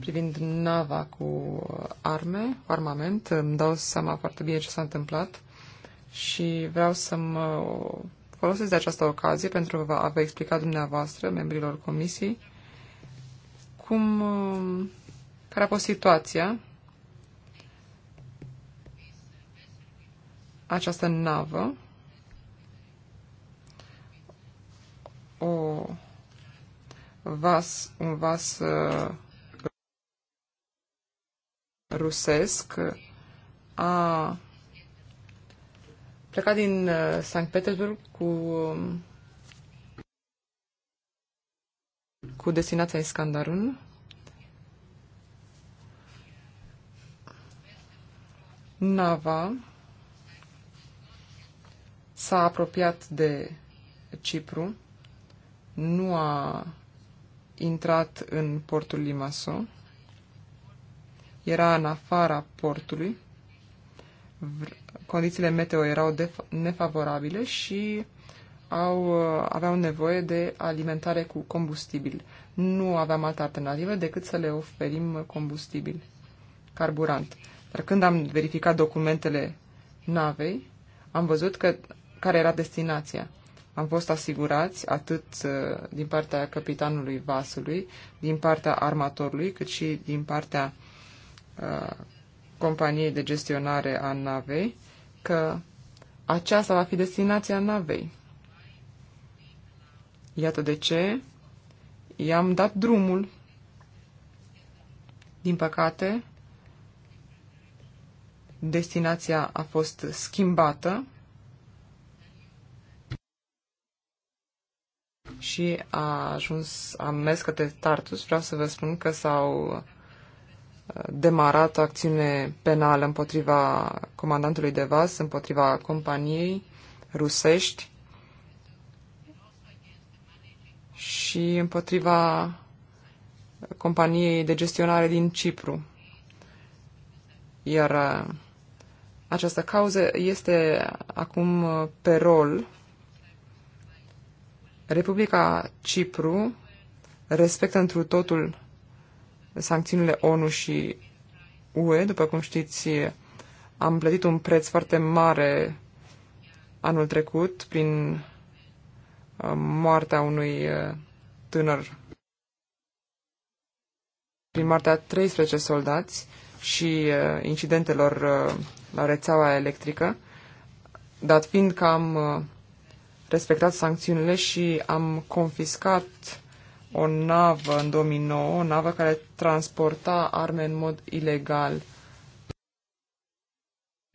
privind nava cu arme, cu armament. Îmi dau seama foarte bine ce s-a întâmplat și vreau să mă folosesc de această ocazie pentru a vă explica dumneavoastră, membrilor comisiei, cum care a fost situația. Această navă, o vas, un vas uh, rusesc a plecat din uh, Sankt Petersburg cu um, cu destinația Iskandarun Nava s-a apropiat de Cipru, nu a intrat în portul Limassol, era în afara portului, condițiile meteo erau nefavorabile și au, uh, aveau nevoie de alimentare cu combustibil. Nu aveam altă alternativă decât să le oferim combustibil, carburant. Dar când am verificat documentele navei, am văzut că, care era destinația. Am fost asigurați atât uh, din partea capitanului vasului, din partea armatorului, cât și din partea uh, companiei de gestionare a navei că aceasta va fi destinația navei. Iată de ce i-am dat drumul. Din păcate, destinația a fost schimbată și a ajuns, a mers către Tartus. Vreau să vă spun că s-au uh, demarat o acțiune penală împotriva comandantului de vas, împotriva companiei rusești și împotriva companiei de gestionare din Cipru. Iar uh, această cauză este acum uh, pe rol. Republica Cipru respectă întru totul sancțiunile ONU și UE. După cum știți, am plătit un preț foarte mare anul trecut prin uh, moartea unui uh, tânăr, prin moartea 13 soldați și incidentelor la rețeaua electrică, dat fiind că am uh, respectat sancțiunile și am confiscat o navă în 2009, o navă care transporta arme în mod ilegal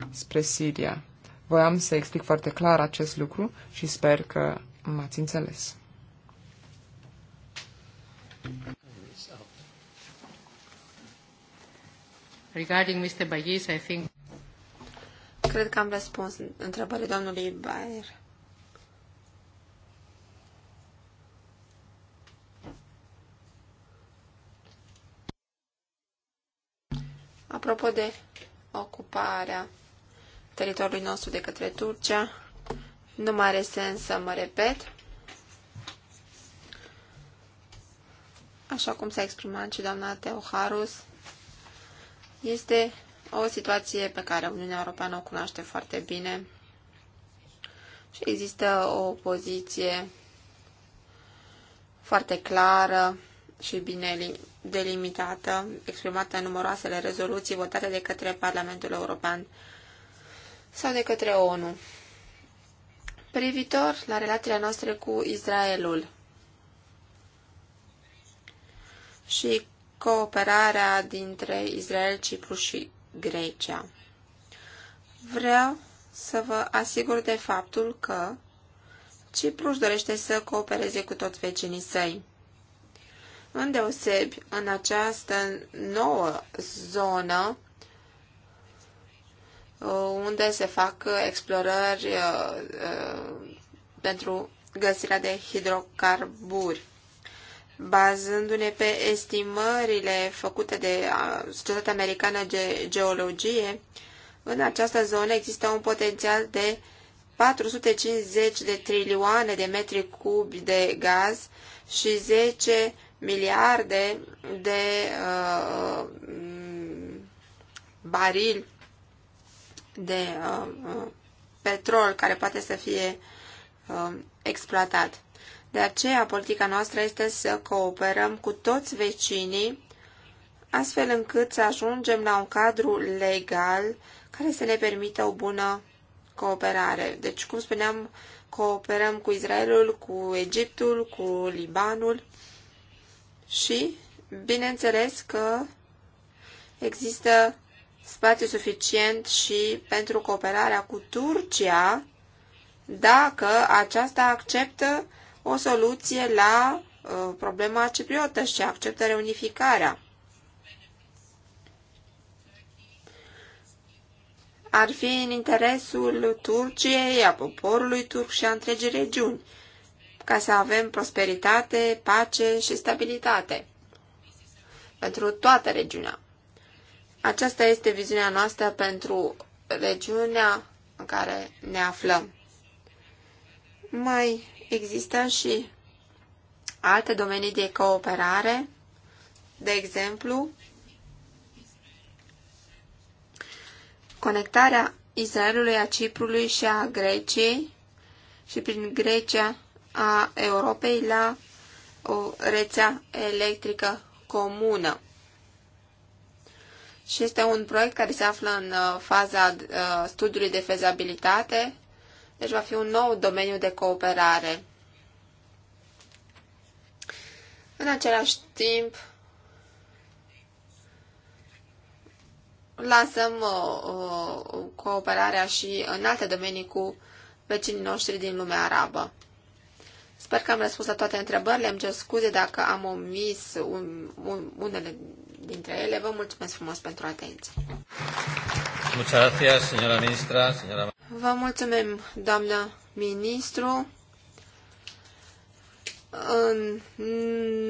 spre Siria. Voiam să explic foarte clar acest lucru și sper că m-ați înțeles. Regarding Mr. Bayis, I think Cred că am răspuns întrebării domnului Bayer. Apropo de ocuparea teritoriului nostru de către Turcia, nu mai are sens să mă repet. Așa cum s-a exprimat și doamna Teoharus, este o situație pe care Uniunea Europeană o cunoaște foarte bine și există o poziție foarte clară și bine delimitată, exprimată în numeroasele rezoluții votate de către Parlamentul European sau de către ONU. Privitor la relațiile noastre cu Israelul și cooperarea dintre Israel, Cipru și Grecia. Vreau să vă asigur de faptul că Cipru își dorește să coopereze cu toți vecinii săi. Îndeosebi, în această nouă zonă unde se fac explorări uh, uh, pentru găsirea de hidrocarburi bazându-ne pe estimările făcute de Societatea Americană de Geologie, în această zonă există un potențial de 450 de trilioane de metri cubi de gaz și 10 miliarde de uh, barili de uh, petrol care poate să fie uh, exploatat. De aceea, politica noastră este să cooperăm cu toți vecinii, astfel încât să ajungem la un cadru legal care să ne permită o bună cooperare. Deci, cum spuneam, cooperăm cu Israelul, cu Egiptul, cu Libanul și, bineînțeles, că există spațiu suficient și pentru cooperarea cu Turcia dacă aceasta acceptă o soluție la uh, problema cipriotă și acceptă reunificarea. Ar fi în interesul Turciei, a poporului turc și a întregii regiuni, ca să avem prosperitate, pace și stabilitate pentru toată regiunea. Aceasta este viziunea noastră pentru regiunea în care ne aflăm. Mai Există și alte domenii de cooperare, de exemplu, conectarea Israelului, a Ciprului și a Greciei și prin Grecia a Europei la o rețea electrică comună. Și este un proiect care se află în uh, faza uh, studiului de fezabilitate deci va fi un nou domeniu de cooperare. În același timp, lansăm uh, uh, cooperarea și în alte domenii cu vecinii noștri din lumea arabă. Sper că am răspuns la toate întrebările. Îmi cer scuze dacă am omis un, un, unele dintre ele. Vă mulțumesc frumos pentru atenție. Vă mulțumim, doamna ministru. În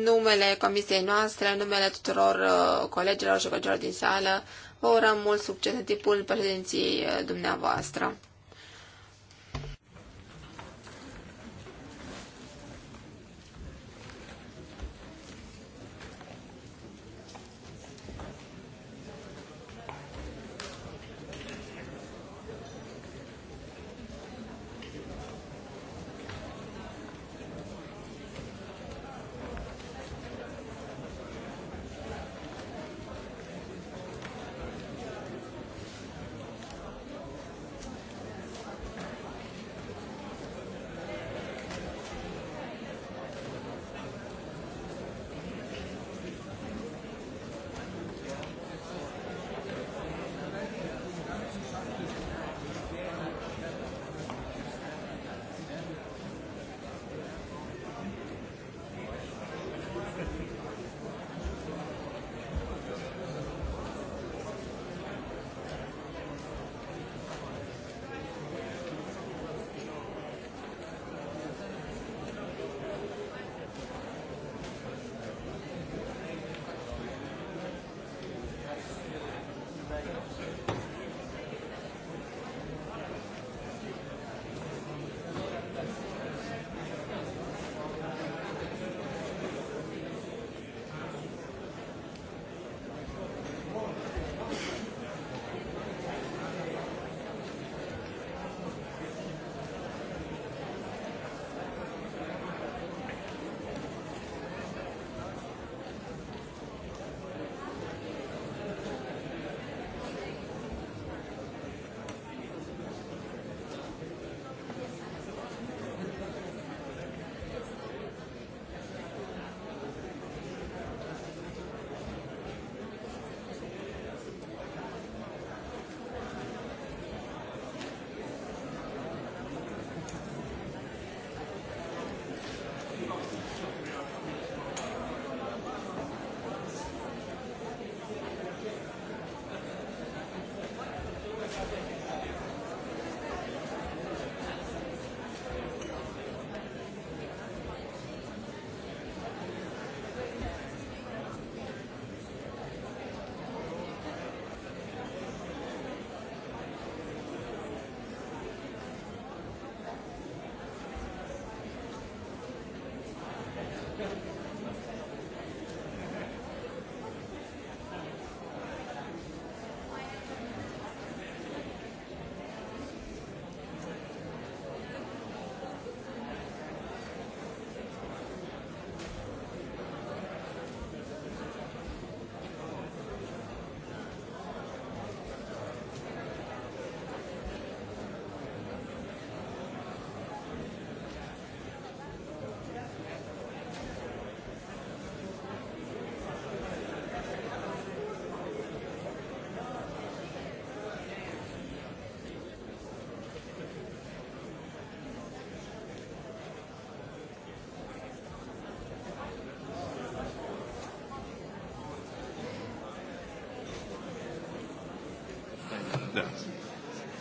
numele comisiei noastre, în numele tuturor uh, colegilor și colegilor din sală, vă urăm mult succes în timpul președinției uh, dumneavoastră.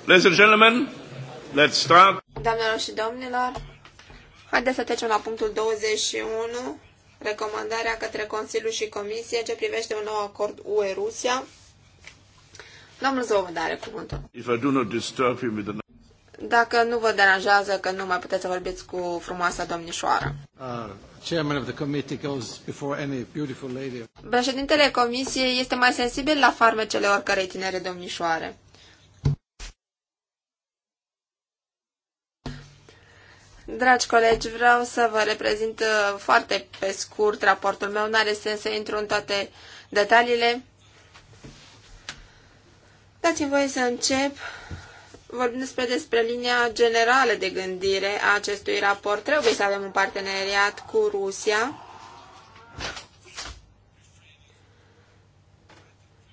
Ladies and gentlemen, let's start. Doamnelor și domnilor, haideți să trecem la punctul 21, recomandarea către Consiliu și Comisie ce privește un nou acord UE-Rusia. Domnul Zovăd are cuvântul. If I do not disturb him with the... Dacă nu vă deranjează că nu mai puteți să vorbiți cu frumoasa domnișoară. Uh, chairman of the committee goes before any beautiful lady. Președintele comisiei este mai sensibil la farmecele oricărei tinere domnișoare. Dragi colegi, vreau să vă reprezint uh, foarte pe scurt raportul meu. N-are sens să intru în toate detaliile. Dați-mi voie să încep vorbim despre, despre linia generală de gândire a acestui raport. Trebuie să avem un parteneriat cu Rusia,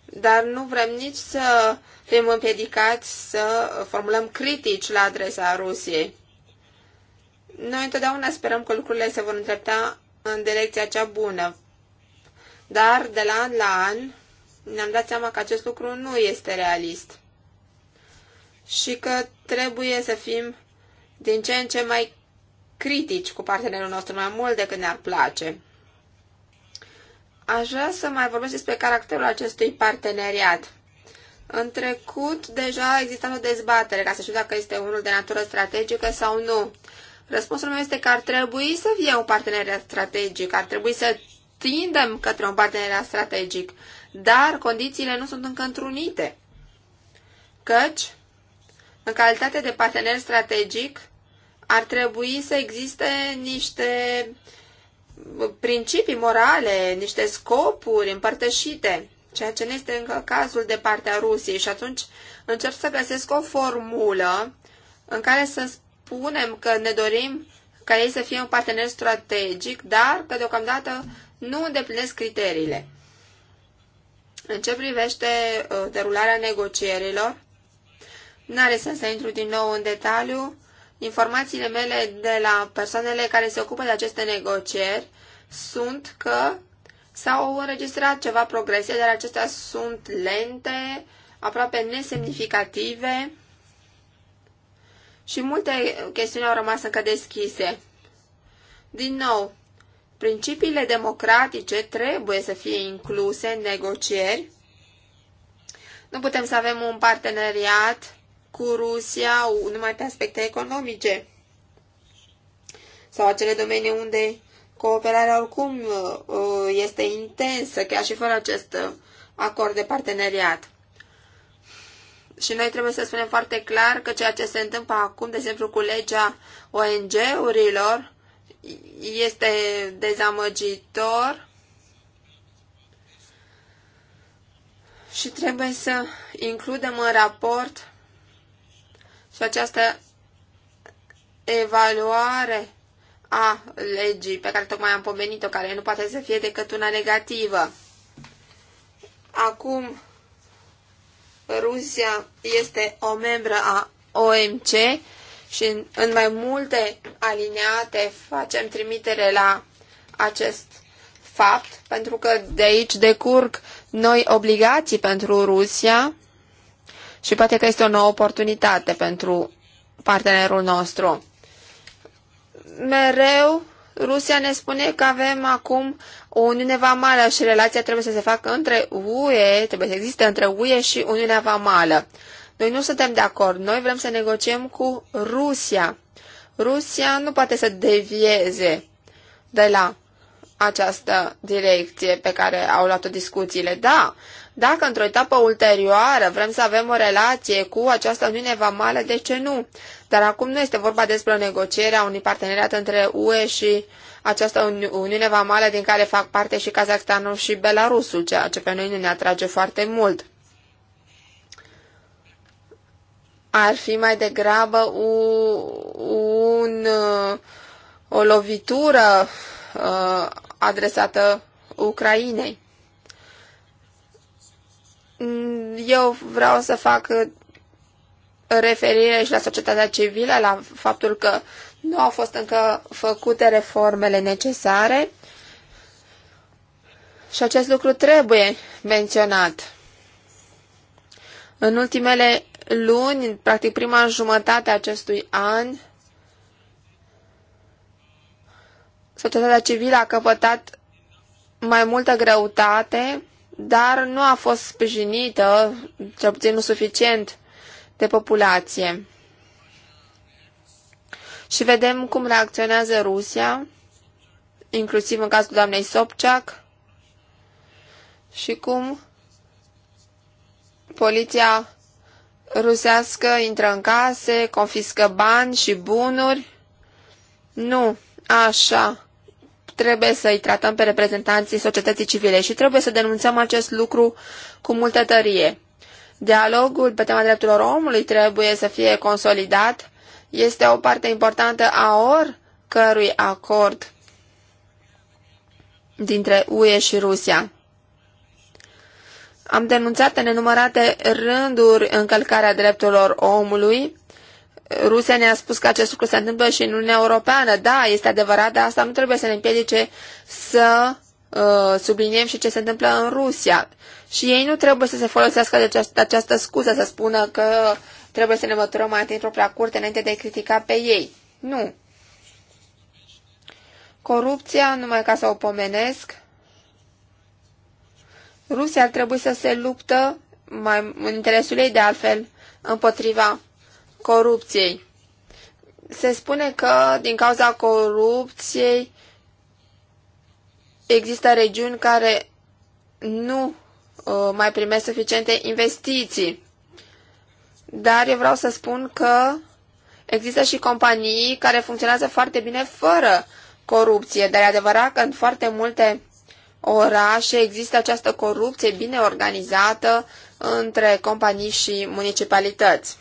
dar nu vrem nici să fim împiedicați să formulăm critici la adresa Rusiei. Noi întotdeauna sperăm că lucrurile se vor îndrepta în direcția cea bună, dar de la an la an ne-am dat seama că acest lucru nu este realist și că trebuie să fim din ce în ce mai critici cu partenerul nostru mai mult decât ne-ar place. Aș vrea să mai vorbesc despre caracterul acestui parteneriat. În trecut deja exista o dezbatere ca să știu dacă este unul de natură strategică sau nu. Răspunsul meu este că ar trebui să fie un parteneriat strategic, ar trebui să tindem către un parteneriat strategic, dar condițiile nu sunt încă întrunite. Căci, în calitate de partener strategic, ar trebui să existe niște principii morale, niște scopuri împărtășite, ceea ce nu este încă cazul de partea Rusiei și atunci încerc să găsesc o formulă în care să spunem că ne dorim ca ei să fie un partener strategic, dar că deocamdată nu îndeplinesc criteriile. În ce privește uh, derularea negocierilor, nu are sens să intru din nou în detaliu. Informațiile mele de la persoanele care se ocupă de aceste negocieri sunt că s-au înregistrat ceva progrese, dar acestea sunt lente, aproape nesemnificative și multe chestiuni au rămas încă deschise. Din nou, principiile democratice trebuie să fie incluse în negocieri. Nu putem să avem un parteneriat cu Rusia numai pe aspecte economice sau acele domenii unde cooperarea oricum uh, este intensă, chiar și fără acest uh, acord de parteneriat. Și noi trebuie să spunem foarte clar că ceea ce se întâmplă acum, de exemplu, cu legea ONG-urilor, este dezamăgitor și trebuie să includem în raport și această evaluare a legii pe care tocmai am pomenit-o, care nu poate să fie decât una negativă. Acum, Rusia este o membră a OMC și în, în mai multe alineate facem trimitere la acest fapt, pentru că de aici decurg noi obligații pentru Rusia și poate că este o nouă oportunitate pentru partenerul nostru. Mereu Rusia ne spune că avem acum o Uniune Vamală și relația trebuie să se facă între UE, trebuie să existe între UE și Uniunea Vamală. Noi nu suntem de acord, noi vrem să negociem cu Rusia. Rusia nu poate să devieze de la această direcție pe care au luat-o discuțiile. Da, dacă într-o etapă ulterioară vrem să avem o relație cu această Uniune Vamală, de ce nu? Dar acum nu este vorba despre negocierea unui parteneriat între UE și această Uni Uniune Vamală din care fac parte și Kazakhstanul și Belarusul, ceea ce pe noi ne atrage foarte mult. Ar fi mai degrabă un, uh, o lovitură uh, adresată Ucrainei. Mm, eu vreau să fac referire și la societatea civilă, la faptul că nu au fost încă făcute reformele necesare și acest lucru trebuie menționat. În ultimele luni, practic prima jumătate a acestui an, societatea civilă a căpătat mai multă greutate, dar nu a fost sprijinită, cel puțin nu suficient, de populație. Și vedem cum reacționează Rusia, inclusiv în cazul doamnei Sobciac, și cum poliția rusească intră în case, confiscă bani și bunuri. Nu, așa. Trebuie să-i tratăm pe reprezentanții societății civile și trebuie să denunțăm acest lucru cu multă tărie. Dialogul pe tema drepturilor omului trebuie să fie consolidat. Este o parte importantă a oricărui acord dintre UE și Rusia. Am denunțat în nenumărate rânduri încălcarea drepturilor omului. Rusia ne-a spus că acest lucru se întâmplă și în Uniunea Europeană. Da, este adevărat, dar asta nu trebuie să ne împiedice să Uh, subliniem și ce se întâmplă în Rusia. Și ei nu trebuie să se folosească de această, această scuză, să spună că trebuie să ne măturăm mai întâi propria curte înainte de a critica pe ei. Nu. Corupția, numai ca să o pomenesc, Rusia ar trebui să se luptă mai în interesul ei de altfel împotriva corupției. Se spune că din cauza corupției Există regiuni care nu uh, mai primesc suficiente investiții. Dar eu vreau să spun că există și companii care funcționează foarte bine fără corupție, dar e adevărat că în foarte multe orașe există această corupție bine organizată între companii și municipalități.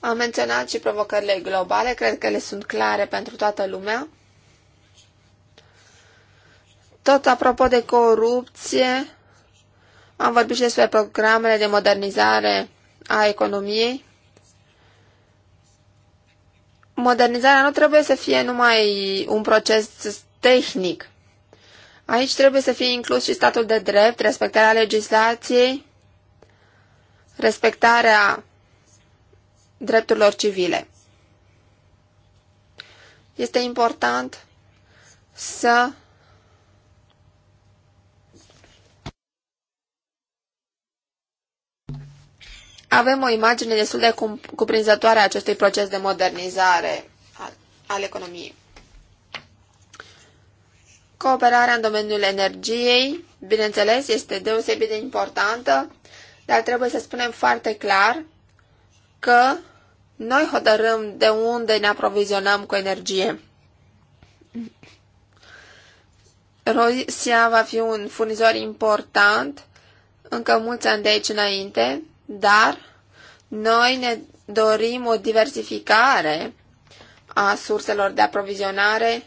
Am menționat și provocările globale, cred că le sunt clare pentru toată lumea. Tot apropo de corupție, am vorbit și despre programele de modernizare a economiei. Modernizarea nu trebuie să fie numai un proces tehnic. Aici trebuie să fie inclus și statul de drept, respectarea legislației, respectarea drepturilor civile. Este important să avem o imagine destul de cuprinzătoare a acestui proces de modernizare al, economiei. Cooperarea în domeniul energiei, bineînțeles, este deosebit de importantă, dar trebuie să spunem foarte clar că noi hotărâm de unde ne aprovizionăm cu energie. Rusia va fi un furnizor important încă mulți ani de aici înainte dar noi ne dorim o diversificare a surselor de aprovizionare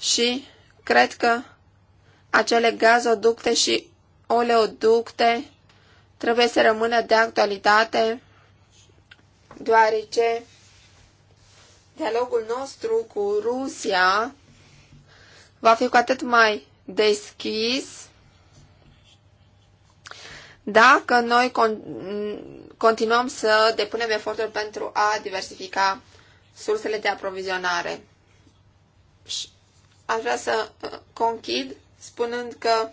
și cred că acele gazoducte și oleoducte trebuie să rămână de actualitate, deoarece dialogul nostru cu Rusia va fi cu atât mai deschis dacă noi con- continuăm să depunem eforturi pentru a diversifica sursele de aprovizionare. Și aș vrea să uh, conchid spunând că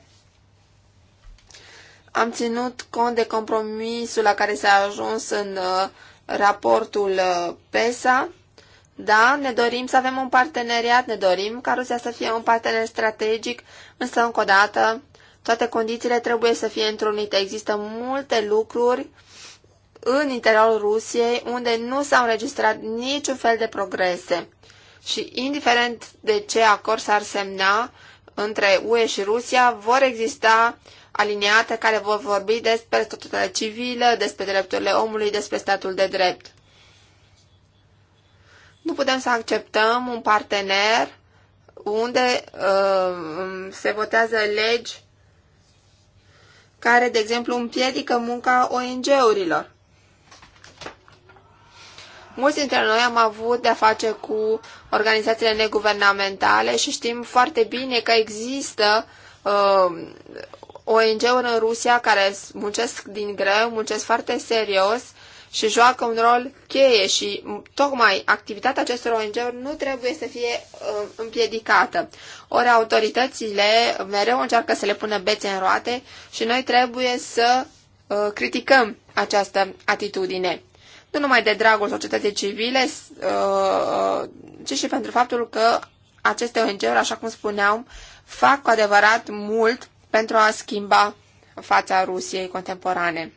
am ținut cont de compromisul la care s-a ajuns în uh, raportul uh, PESA. Da, ne dorim să avem un parteneriat, ne dorim ca Rusia să fie un partener strategic, însă încă o dată toate condițiile trebuie să fie întrunite. Există multe lucruri în interiorul Rusiei unde nu s-au înregistrat niciun fel de progrese. Și indiferent de ce acord s-ar semna între UE și Rusia, vor exista aliniate care vor vorbi despre statutul civilă, despre drepturile omului, despre statul de drept. Nu putem să acceptăm un partener unde uh, se votează legi care, de exemplu, împiedică munca ONG-urilor. Mulți dintre noi am avut de-a face cu organizațiile neguvernamentale și știm foarte bine că există uh, ONG-uri în Rusia care muncesc din greu, muncesc foarte serios și joacă un rol cheie și tocmai activitatea acestor ONG-uri nu trebuie să fie uh, împiedicată. Ori autoritățile mereu încearcă să le pună bețe în roate și noi trebuie să uh, criticăm această atitudine. Nu numai de dragul societății civile, uh, ci și pentru faptul că aceste ONG-uri, așa cum spuneam, fac cu adevărat mult pentru a schimba fața Rusiei contemporane.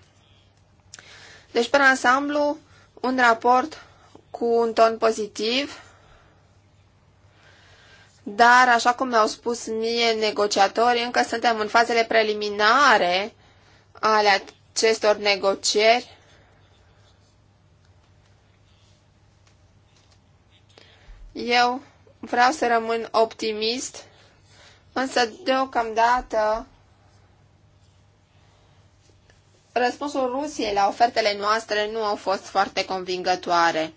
Deci, pe ansamblu, un raport cu un ton pozitiv, dar, așa cum mi-au spus mie negociatorii, încă suntem în fazele preliminare ale acestor negocieri. Eu vreau să rămân optimist, însă deocamdată răspunsul Rusiei la ofertele noastre nu au fost foarte convingătoare.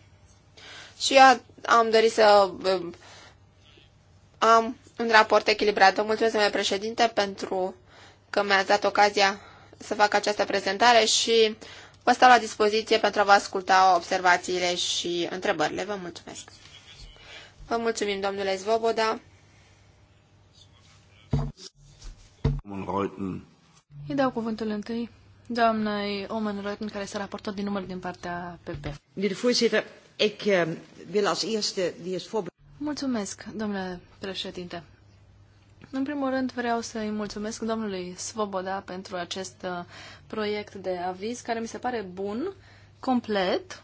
Și eu am dorit să am un raport echilibrat. Vă mulțumesc, domnule președinte, pentru că mi-ați dat ocazia să fac această prezentare și vă stau la dispoziție pentru a vă asculta observațiile și întrebările. Vă mulțumesc. Vă mulțumim, domnule Zvoboda. Îi dau cuvântul întâi doamnei Omen Reuten, care este raportat din număr din partea PP. Ehm, mulțumesc, domnule președinte. În primul rând vreau să-i mulțumesc domnului Svoboda pentru acest uh, proiect de aviz care mi se pare bun, complet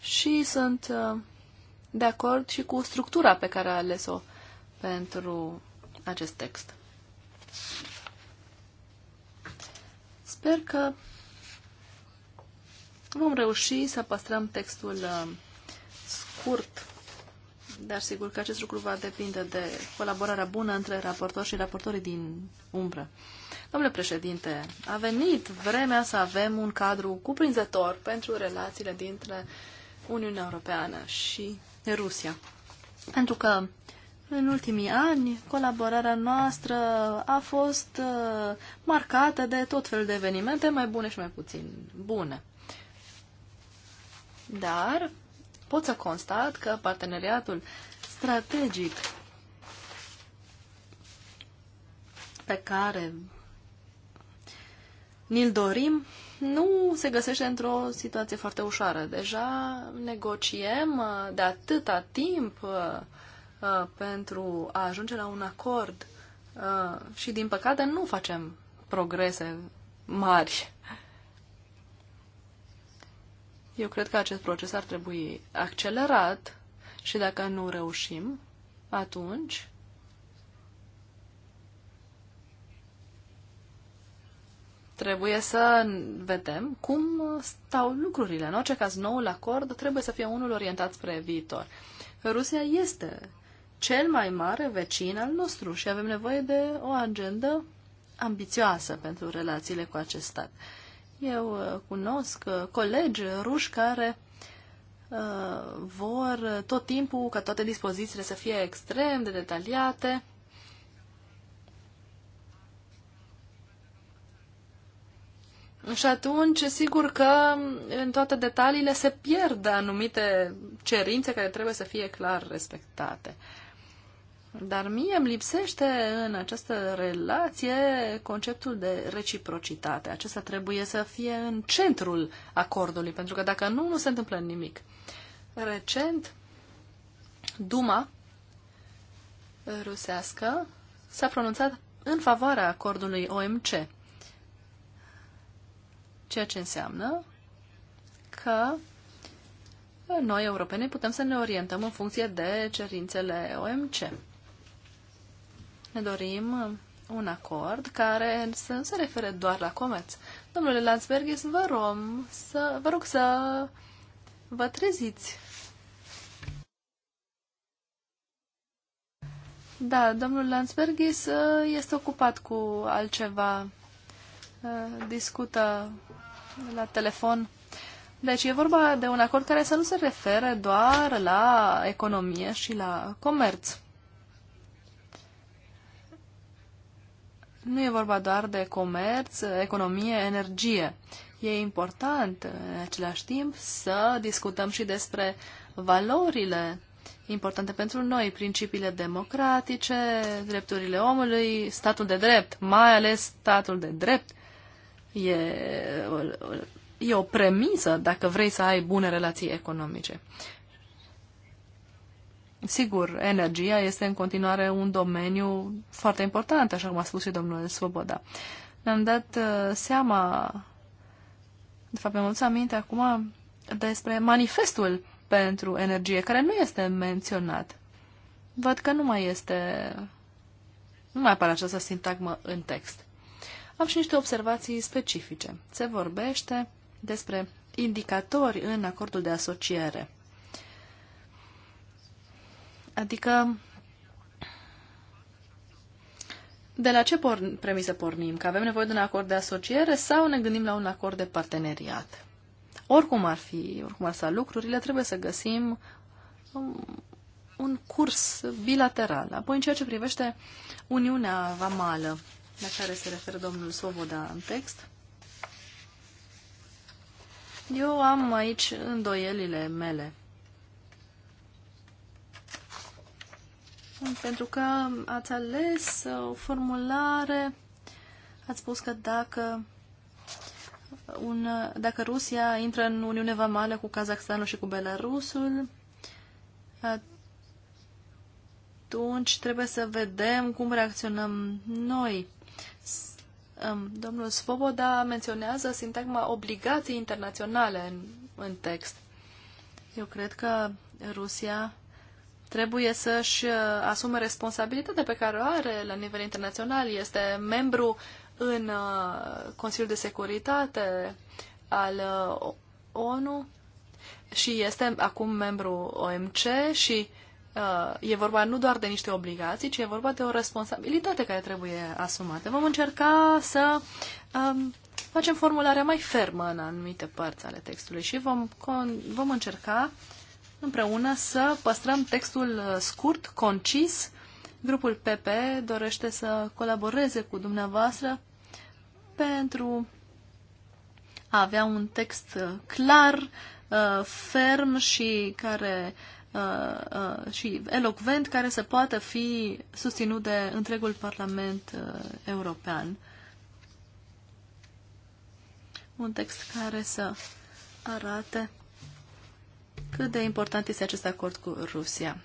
și sunt uh, de acord și cu structura pe care a ales-o pentru acest text. Sper că vom reuși să păstrăm textul uh, scurt, dar sigur că acest lucru va depinde de colaborarea bună între raportori și raportorii din umbră. Domnule președinte, a venit vremea să avem un cadru cuprinzător pentru relațiile dintre Uniunea Europeană și Rusia. Pentru că în ultimii ani, colaborarea noastră a fost uh, marcată de tot felul de evenimente, mai bune și mai puțin bune. Dar pot să constat că parteneriatul strategic pe care ni-l dorim nu se găsește într-o situație foarte ușoară. Deja negociem uh, de atâta timp uh, Uh, pentru a ajunge la un acord uh, și, din păcate, nu facem progrese mari. Eu cred că acest proces ar trebui accelerat și dacă nu reușim, atunci trebuie să vedem cum stau lucrurile. În orice caz, noul acord trebuie să fie unul orientat spre viitor. Rusia este cel mai mare vecin al nostru și avem nevoie de o agendă ambițioasă pentru relațiile cu acest stat. Eu uh, cunosc uh, colegi ruși care uh, vor tot timpul ca toate dispozițiile să fie extrem de detaliate. Și atunci, sigur că în toate detaliile se pierd anumite cerințe care trebuie să fie clar respectate. Uh, dar mie îmi lipsește în această relație conceptul de reciprocitate. Acesta trebuie să fie în centrul acordului, pentru că dacă nu, nu se întâmplă nimic. Recent, Duma rusească s-a pronunțat în favoarea acordului OMC, ceea ce înseamnă că noi, europenii, putem să ne orientăm în funcție de cerințele OMC. Ne dorim un acord care să nu se refere doar la comerț. Domnule Landsbergis, vă rog să, vă rog să vă treziți. Da, domnul Landsbergis ă, este ocupat cu altceva. Ă, discută la telefon. Deci e vorba de un acord care să nu se refere doar la economie și la comerț. nu e vorba doar de comerț, economie, energie. E important în același timp să discutăm și despre valorile importante pentru noi, principiile democratice, drepturile omului, statul de drept, mai ales statul de drept. E o, e o premisă dacă vrei să ai bune relații economice. Sigur, energia este în continuare un domeniu foarte important, așa cum a spus și domnul Svoboda. Ne-am dat uh, seama, de fapt mi-am adus aminte acum despre manifestul pentru energie, care nu este menționat. Văd că nu mai este, nu mai apare această sintagmă în text. Am și niște observații specifice. Se vorbește despre indicatori în acordul de asociere. Adică, de la ce porn- premise pornim? Că avem nevoie de un acord de asociere sau ne gândim la un acord de parteneriat? Oricum ar fi, oricum ar sta lucrurile, trebuie să găsim un curs bilateral. Apoi, în ceea ce privește Uniunea Vamală, la care se referă domnul Sovoda în text, eu am aici îndoielile mele. pentru că ați ales uh, o formulare, ați spus că dacă, un, uh, dacă Rusia intră în Uniune Vamală cu Kazakhstanul și cu Belarusul, atunci trebuie să vedem cum reacționăm noi. Um, domnul Svoboda menționează sintagma obligații internaționale în, în text. Eu cred că Rusia trebuie să-și uh, asume responsabilitatea pe care o are la nivel internațional. Este membru în uh, Consiliul de Securitate al uh, ONU și este acum membru OMC și e vorba nu doar de niște obligații, ci e vorba de o responsabilitate care trebuie asumată. Vom încerca să um, facem formularea mai fermă în anumite părți ale textului și vom, vom încerca împreună să păstrăm textul uh, scurt, concis. Grupul PP dorește să colaboreze cu dumneavoastră pentru a avea un text uh, clar, uh, ferm și care și elocvent care să poată fi susținut de întregul Parlament European. Un text care să arate cât de important este acest acord cu Rusia.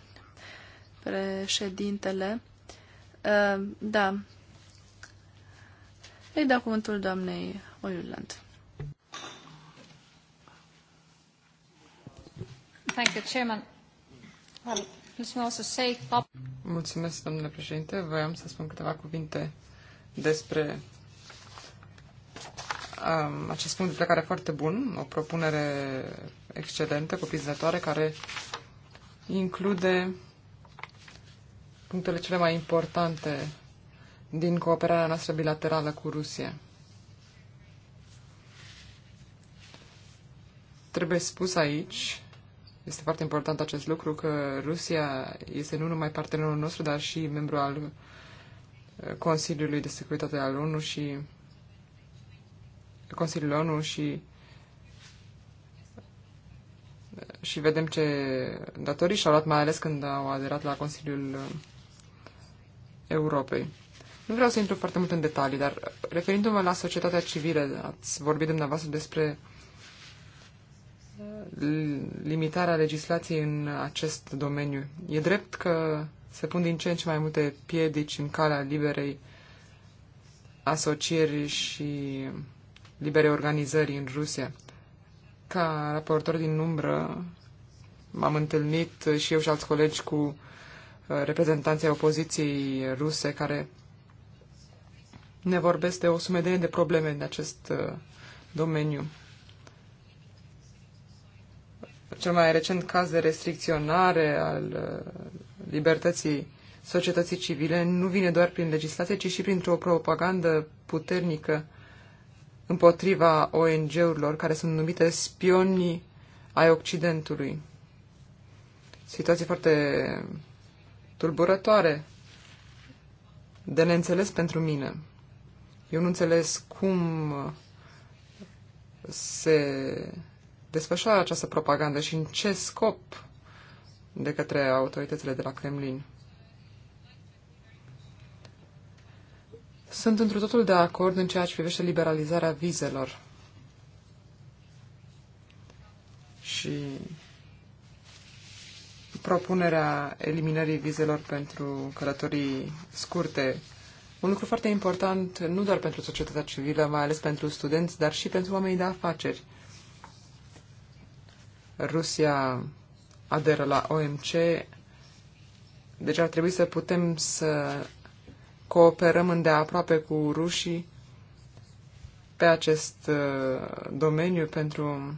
Președintele, uh, da, îi dau cuvântul doamnei Oiuland. Thank you, Chairman. Well, Mulțumesc, domnule președinte. Voiam să spun câteva cuvinte despre acest punct de plecare foarte bun, o propunere excelentă, cuprinzătoare, care include punctele cele mai importante din cooperarea noastră bilaterală cu Rusia. Trebuie spus aici, este foarte important acest lucru, că Rusia este nu numai partenerul nostru, dar și membru al Consiliului de Securitate al ONU și Consiliul ONU și și vedem ce datorii și-au luat, mai ales când au aderat la Consiliul uh, Europei. Nu vreau să intru foarte mult în detalii, dar referindu-mă la societatea civilă, ați vorbit dumneavoastră despre uh, limitarea legislației în acest domeniu. E drept că se pun din ce în ce mai multe piedici în calea liberei asocieri și libere organizării în Rusia. Ca raportor din umbră, m-am întâlnit și eu și alți colegi cu uh, reprezentanții opoziției ruse care ne vorbesc de o sumedenie de probleme în acest uh, domeniu. Cel mai recent caz de restricționare al uh, libertății societății civile nu vine doar prin legislație, ci și printr-o propagandă puternică împotriva ONG-urilor care sunt numite spioni ai Occidentului. Situație foarte tulburătoare, de neînțeles pentru mine. Eu nu înțeles cum se desfășoară această propagandă și în ce scop de către autoritățile de la Kremlin. Sunt într totul de acord în ceea ce privește liberalizarea vizelor. Și propunerea eliminării vizelor pentru călătorii scurte. Un lucru foarte important, nu doar pentru societatea civilă, mai ales pentru studenți, dar și pentru oamenii de afaceri. Rusia aderă la OMC, deci ar trebui să putem să Cooperăm îndeaproape cu rușii pe acest uh, domeniu pentru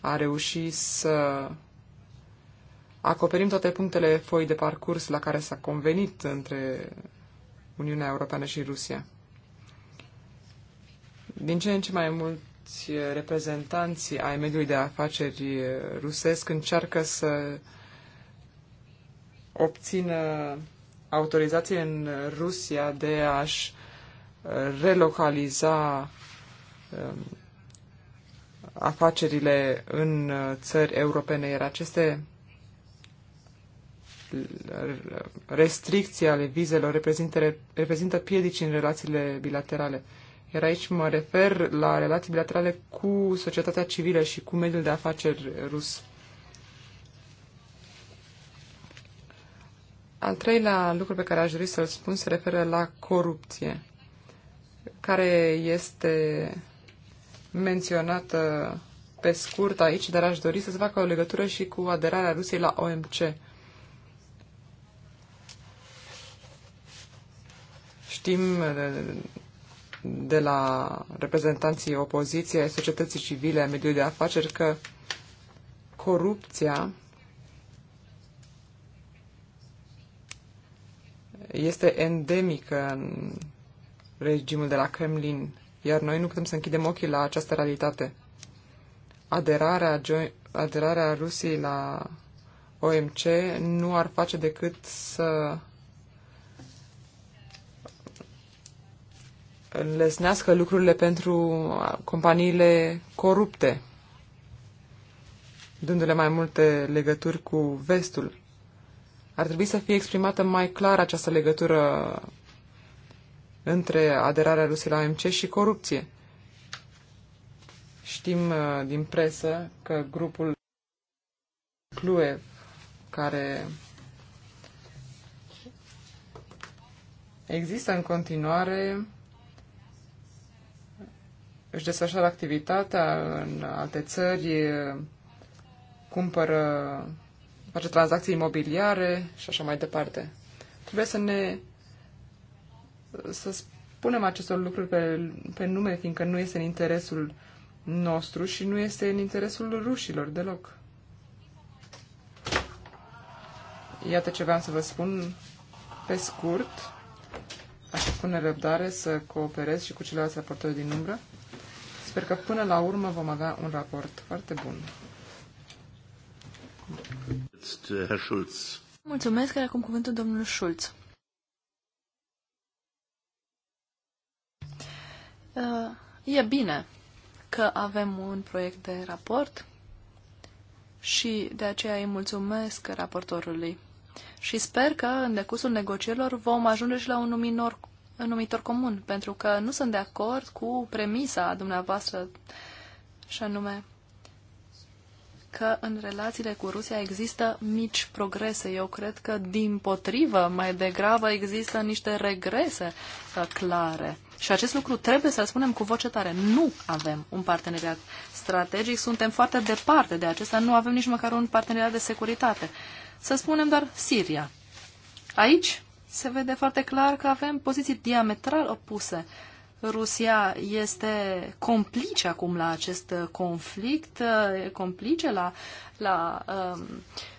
a reuși să acoperim toate punctele foi de parcurs la care s-a convenit între Uniunea Europeană și Rusia. Din ce în ce mai mulți uh, reprezentanți ai mediului de afaceri uh, rusesc încearcă să obțină autorizație în Rusia de a-și uh, relocaliza um, afacerile în uh, țări europene, iar aceste uh, restricții ale vizelor reprezintă, reprezintă piedici în relațiile bilaterale. Iar aici mă refer la relații bilaterale cu societatea civilă și cu mediul de afaceri rus. Al treilea lucru pe care aș dori să-l spun se referă la corupție, care este menționată pe scurt aici, dar aș dori să se facă o legătură și cu aderarea Rusiei la OMC. Știm de la reprezentanții opoziției, societății civile, mediului de afaceri, că corupția este endemică în regimul de la Kremlin, iar noi nu putem să închidem ochii la această realitate. Aderarea, aderarea Rusiei la OMC nu ar face decât să lesnească lucrurile pentru companiile corupte, dându-le mai multe legături cu vestul. Ar trebui să fie exprimată mai clar această legătură între aderarea Rusiei la OMC și corupție. Știm uh, din presă că grupul Cluev, care există în continuare, își desfășoară activitatea în alte țări, cumpără face tranzacții imobiliare și așa mai departe. Trebuie să ne să spunem acestor lucruri pe, pe nume, fiindcă nu este în interesul nostru și nu este în interesul rușilor deloc. Iată ce vreau să vă spun pe scurt. Aș pune răbdare să cooperez și cu ceilalți raportori din umbră. Sper că până la urmă vom avea un raport foarte bun. Äh, Herr Schulz. Mulțumesc, acum cuvântul domnul Schulz. Uh, e bine că avem un proiect de raport și de aceea îi mulțumesc raportorului. Și sper că în decursul negocierilor vom ajunge și la un numitor, un numitor comun, pentru că nu sunt de acord cu premisa dumneavoastră, și anume că în relațiile cu Rusia există mici progrese. Eu cred că, din potrivă, mai degrabă există niște regrese uh, clare. Și acest lucru trebuie să-l spunem cu voce tare. Nu avem un parteneriat strategic, suntem foarte departe de acesta, nu avem nici măcar un parteneriat de securitate. Să spunem doar Siria. Aici se vede foarte clar că avem poziții diametral opuse. Uh, Rusia este complice acum la acest conflict, complice la, la um,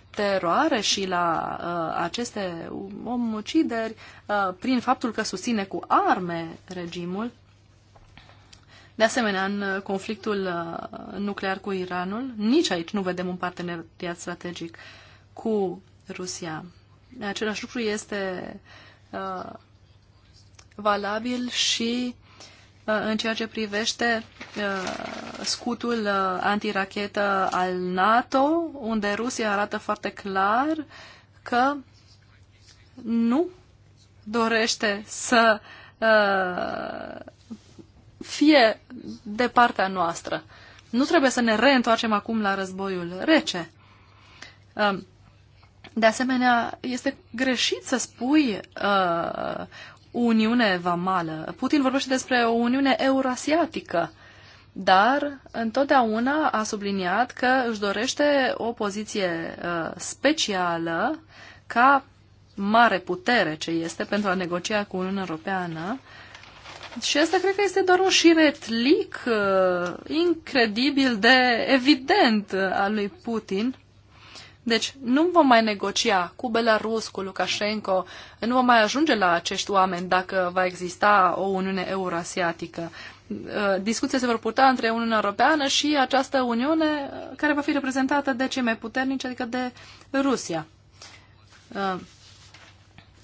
teroare și la uh, aceste omucideri uh, prin faptul că susține cu arme regimul. De asemenea, în conflictul uh, nuclear cu Iranul, nici aici nu vedem un parteneriat strategic cu Rusia. Același lucru este uh, valabil și Uh, în ceea ce privește uh, scutul uh, antirachetă al NATO, unde Rusia arată foarte clar că nu dorește să fie de partea noastră. Nu trebuie să ne reîntoarcem acum la războiul rece. De asemenea, este greșit să spui uh, uniune vamală. Putin vorbește despre o uniune euroasiatică, dar întotdeauna a subliniat că își dorește o poziție uh, specială ca mare putere ce este pentru a negocia cu Uniunea Europeană. Și asta cred că este doar un șiretlic uh, incredibil de evident uh, al lui Putin. Deci nu vom mai negocia cu Belarus, cu Lukashenko, nu vom mai ajunge la acești oameni dacă va exista o Uniune Eurasiatică. Uh, discuția se vor purta între Uniunea Europeană și această Uniune uh, care va fi reprezentată de cei mai puternici, adică de Rusia. Uh,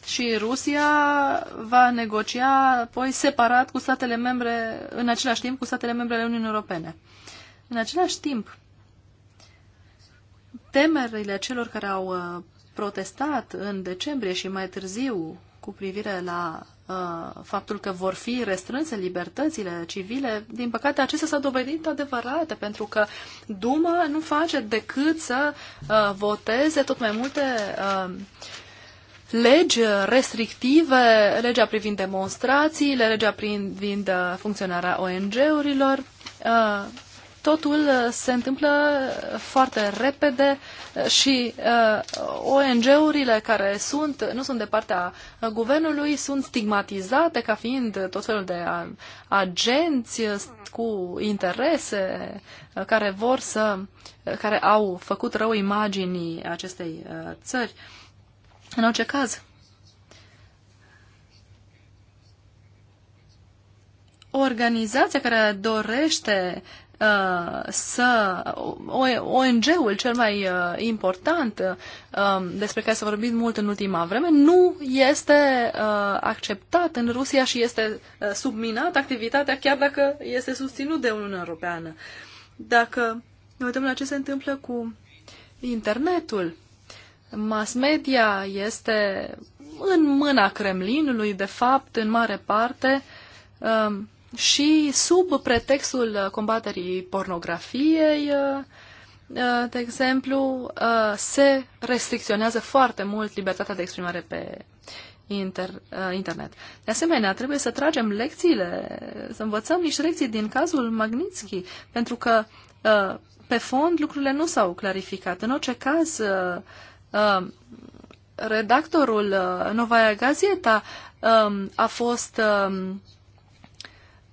și Rusia va negocia apoi separat cu statele membre, în același timp cu statele membre ale Uniunii Europene. În același timp, temerile celor care au uh, protestat în decembrie și mai târziu cu privire la uh, faptul că vor fi restrânse libertățile civile, din păcate acestea s-au dovedit adevărate, pentru că Duma nu face decât să uh, voteze tot mai multe uh, legi restrictive, legea privind demonstrațiile, legea privind uh, funcționarea ONG-urilor. Uh, totul uh, se întâmplă uh, foarte repede uh, și ONG-urile care sunt, nu sunt de partea guvernului sunt stigmatizate ca fiind tot felul de agenți cu interese care vor să, care au făcut rău imaginii acestei țări. În orice caz, organizația care dorește Uh, să ONG-ul cel mai uh, important uh, um, despre care s-a vorbit mult în ultima vreme nu este acceptat în Rusia și este subminat activitatea chiar dacă este susținut de Uniunea Europeană. Dacă ne uităm la ce se întâmplă cu internetul, mass media este în mâna Kremlinului, de fapt, în mare parte, um, și sub pretextul combaterii pornografiei, uh, uh, de exemplu, uh, se restricționează foarte mult libertatea de exprimare pe inter, internet. De asemenea, trebuie să tragem lecțiile, să învățăm niște lecții din cazul Magnitsky, pentru că pe fond lucrurile nu s-au clarificat. În orice caz, redactorul Novaia Gazeta um, a fost um,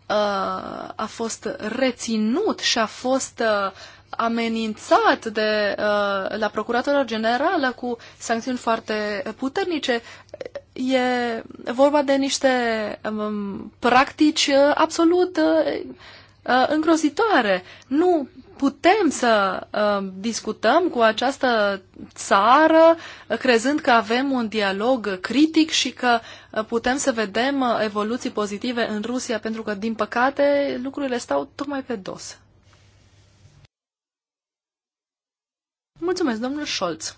Uh, a fost reținut și a fost uh, amenințat de, uh, la Procuratura Generală cu sancțiuni foarte puternice. E vorba de niște um, practici absolut îngrozitoare. Nu putem să uh, discutăm cu această țară, uh, crezând că avem un dialog critic și că uh, putem să vedem uh, evoluții pozitive în Rusia, pentru că, din păcate, lucrurile stau tocmai pe dos. Mulțumesc, domnul Scholz.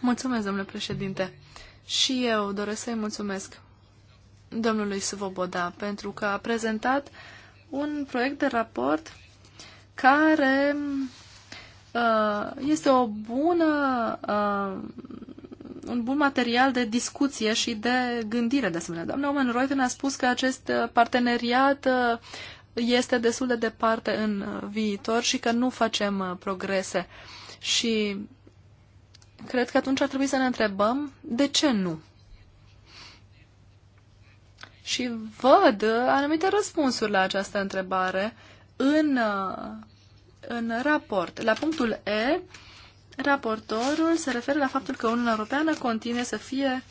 Mulțumesc, domnule președinte. Și eu doresc să-i mulțumesc domnului Svoboda pentru că a prezentat un proiect de raport care uh, este o bună, uh, un bun material de discuție și de gândire de asemenea. Doamna Omen Reuter ne-a spus că acest parteneriat uh, este destul de departe în viitor și că nu facem progrese. Și cred că atunci ar trebui să ne întrebăm de ce nu. Și văd anumite răspunsuri la această întrebare în în raport. La punctul E, raportorul se referă la faptul că Uniunea Europeană continue să fie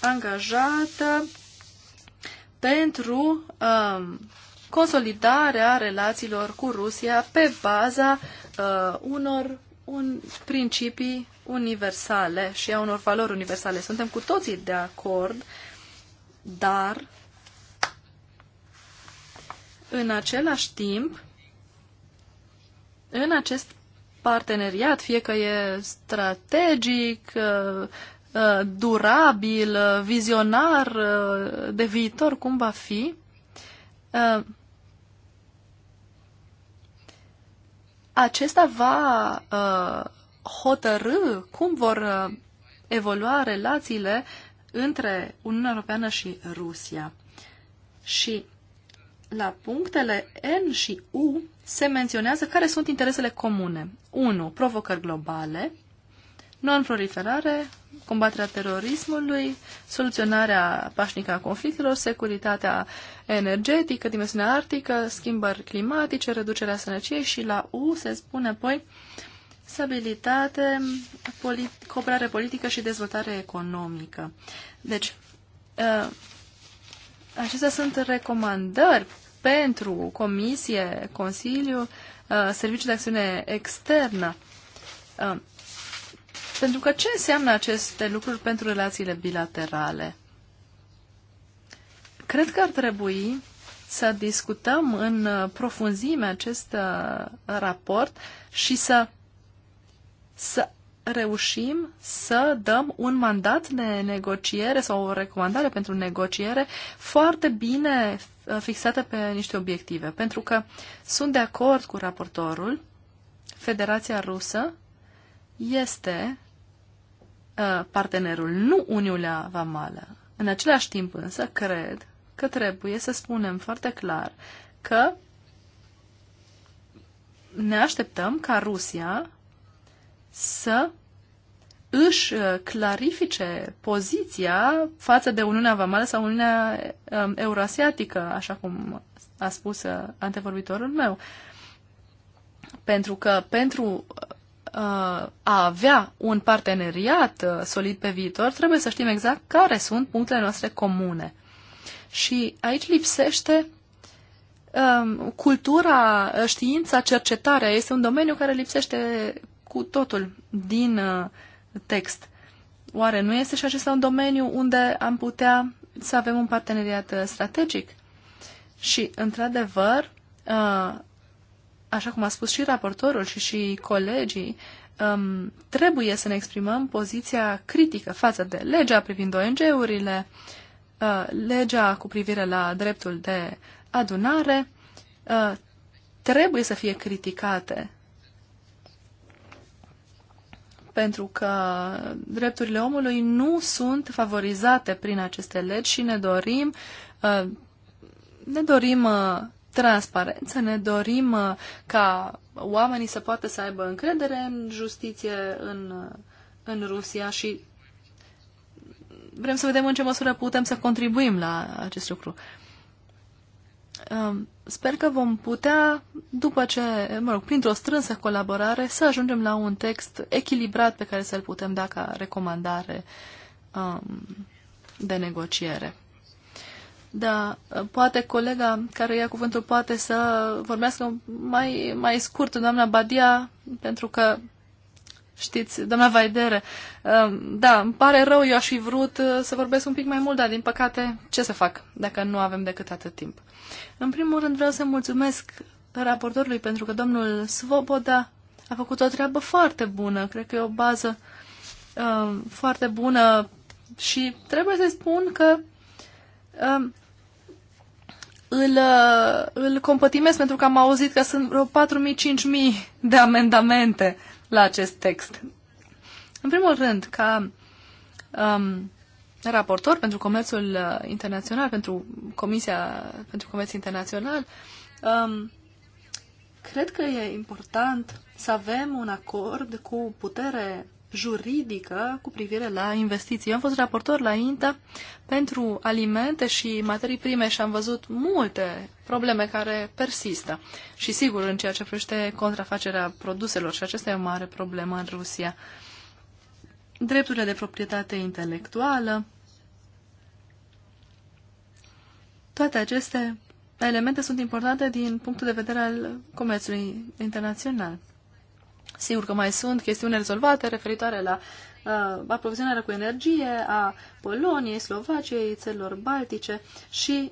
angajată pentru um, consolidarea relațiilor cu Rusia pe baza uh, unor un, principii universale și a unor valori universale. Suntem cu toții de acord, dar în același timp în acest parteneriat, fie că e strategic, uh, uh, durabil, uh, vizionar de viitor, cum va fi, acesta va hotărâ cum vor evolua relațiile între Uniunea Europeană și Rusia. Și la punctele N și U se menționează care sunt interesele comune. 1. Provocări globale, non-proliferare, combaterea terorismului, soluționarea pașnică a conflictelor, securitatea energetică, dimensiunea arctică, schimbări climatice, reducerea sănăciei și la U se spune apoi stabilitate, polit- cooperare politică și dezvoltare economică. Deci, ă, acestea sunt recomandări pentru Comisie, Consiliu, uh, Serviciul de Acțiune Externă. Uh, pentru că ce înseamnă aceste lucruri pentru relațiile bilaterale? Cred că ar trebui să discutăm în uh, profunzime acest raport și să, să reușim să dăm un mandat de negociere sau o recomandare pentru negociere foarte bine fixată pe niște obiective, pentru că sunt de acord cu raportorul, Federația Rusă este uh, partenerul, nu Uniunea Vamală. În același timp însă, cred că trebuie să spunem foarte clar că ne așteptăm ca Rusia să își uh, clarifice poziția față de Uniunea Vamală sau Uniunea um, Euroasiatică, așa cum a spus uh, antevorbitorul meu. Pentru că pentru uh, a avea un parteneriat solid pe viitor, trebuie să știm exact care sunt punctele noastre comune. Și aici lipsește um, cultura, știința, cercetarea. Este un domeniu care lipsește cu totul din uh, text. Oare nu este și acesta un domeniu unde am putea să avem un parteneriat uh, strategic? Și, într-adevăr, uh, așa cum a spus și raportorul și și colegii, um, trebuie să ne exprimăm poziția critică față de legea privind ONG-urile, uh, legea cu privire la dreptul de adunare, trebuie să fie criticate pentru că drepturile omului nu sunt favorizate prin aceste legi și ne dorim, uh, ne dorim uh, transparență, ne dorim uh, ca oamenii să poată să aibă încredere în justiție în, în Rusia și vrem să vedem în ce măsură putem să contribuim la acest lucru. Um, sper că vom putea, după ce, mă rog, printr-o strânsă colaborare, să ajungem la un text echilibrat pe care să-l putem da ca recomandare um, de negociere. Da, poate colega care ia cuvântul poate să vorbească mai, mai scurt, doamna Badia, pentru că știți, doamna Vaidere, um, da, îmi pare rău, eu aș fi vrut uh, să vorbesc un pic mai mult, dar din păcate, ce să fac dacă nu avem decât atât timp? În primul rând vreau să mulțumesc raportorului pentru că domnul Svoboda a făcut o treabă foarte bună, cred că e o bază uh, foarte bună și trebuie să spun că um, uh, îl, îl compătimesc pentru că am auzit că sunt vreo 4.000-5.000 de amendamente la acest text. În primul rând, ca um, raportor pentru comerțul uh, internațional, pentru Comisia pentru Comerț Internațional, um, cred că e important să avem un acord cu putere juridică cu privire la investiții. Eu am fost raportor la INTA pentru alimente și materii prime și am văzut multe probleme care persistă. Și sigur, în ceea ce privește contrafacerea produselor, și acesta e o mare problemă în Rusia. Drepturile de proprietate intelectuală, toate aceste elemente sunt importante din punctul de vedere al comerțului internațional. Sigur că mai sunt chestiuni rezolvate referitoare la uh, aprovizionarea cu energie a Poloniei, Slovaciei, țărilor baltice și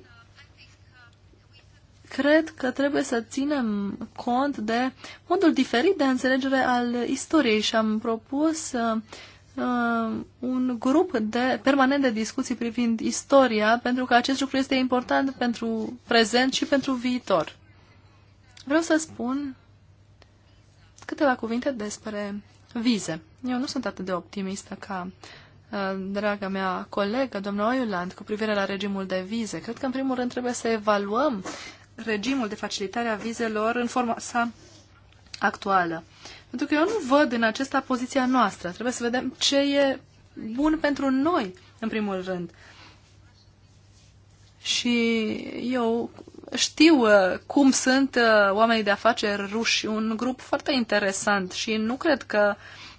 cred că trebuie să ținem cont de modul diferit de înțelegere al istoriei și am propus uh, uh un grup de permanent de discuții privind istoria, pentru că acest lucru este important pentru prezent și pentru viitor. Vreau să spun Câteva cuvinte despre vize. Eu nu sunt atât de optimistă ca uh, draga mea colegă, doamna Oiuland, cu privire la regimul de vize. Cred că, în primul rând, trebuie să evaluăm regimul de facilitare a vizelor în forma sa actuală. Pentru că eu nu văd în acesta poziția noastră. Trebuie să vedem ce e bun pentru noi, în primul rând. Și eu știu uh, cum sunt uh, oamenii de afaceri ruși, un grup foarte interesant și nu cred că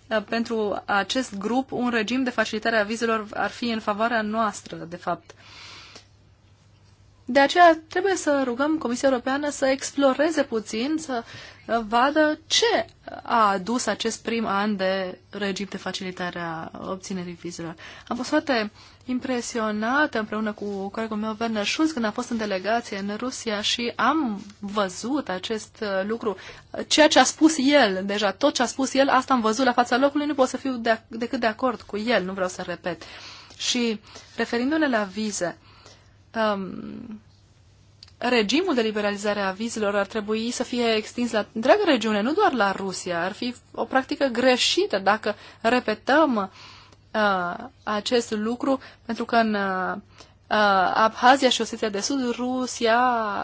uh, pentru acest grup un regim de facilitare a vizelor ar fi în favoarea noastră, de fapt. De aceea trebuie să rugăm Comisia Europeană să exploreze puțin, să vadă ce a adus acest prim an de regim de facilitare a obținerii vizelor. Am fost foarte impresionată împreună cu colegul meu Werner Schulz când a fost în delegație în Rusia și am văzut acest uh, lucru. Ceea ce a spus el, deja tot ce a spus el, asta am văzut la fața locului, nu pot să fiu de, decât de acord cu el, nu vreau să repet. Și referindu-ne la vize, um, regimul de liberalizare a vizelor ar trebui să fie extins la întreaga regiune, nu doar la Rusia. Ar fi o practică greșită dacă repetăm uh, uh, acest lucru, pentru că în uh, Abhazia și Osetia de Sud, Rusia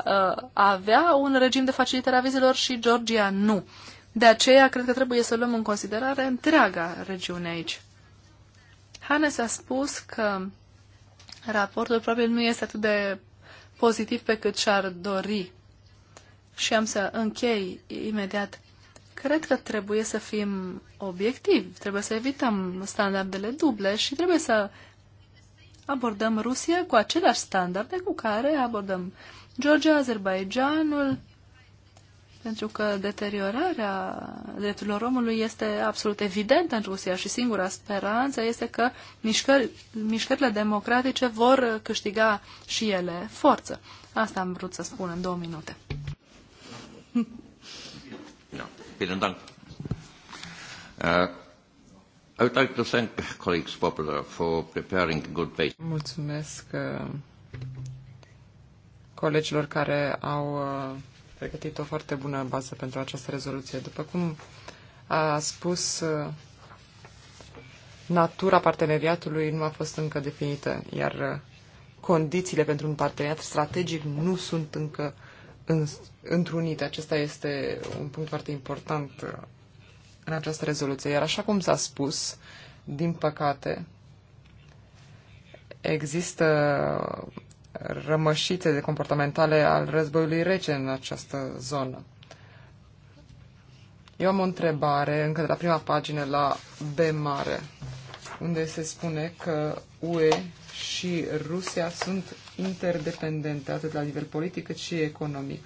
uh, avea un regim de facilitare a vizelor și Georgia nu. De aceea, cred că trebuie să luăm în considerare întreaga regiune aici. Hannes a spus că raportul probabil nu este atât de pozitiv pe cât și-ar dori. Și am să închei imediat. Cred că trebuie să fim obiectivi, trebuie să evităm standardele duble și trebuie să abordăm Rusia cu aceleași standarde cu care abordăm Georgia, Azerbaijanul, pentru că deteriorarea drepturilor omului este absolut evidentă în Rusia și singura speranță este că mișcări, mișcările democratice vor câștiga și ele forță. Asta am vrut să spun în două minute. Vielen Dank. Uh, I would like to thank uh, colleagues Popular for preparing good Mulțumesc uh, colegilor care au uh, pregătit o foarte bună bază pentru această rezoluție. După cum a spus, uh, natura parteneriatului nu a fost încă definită, iar uh, condițiile pentru un parteneriat strategic nu sunt încă întrunite. Acesta este un punct foarte important uh, în această rezoluție. Iar așa cum s-a spus, din păcate, există rămășițe de comportamentale al războiului rece în această zonă. Eu am o întrebare încă de la prima pagină la B mare, unde se spune că UE și Rusia sunt interdependente, atât la nivel politic cât și economic.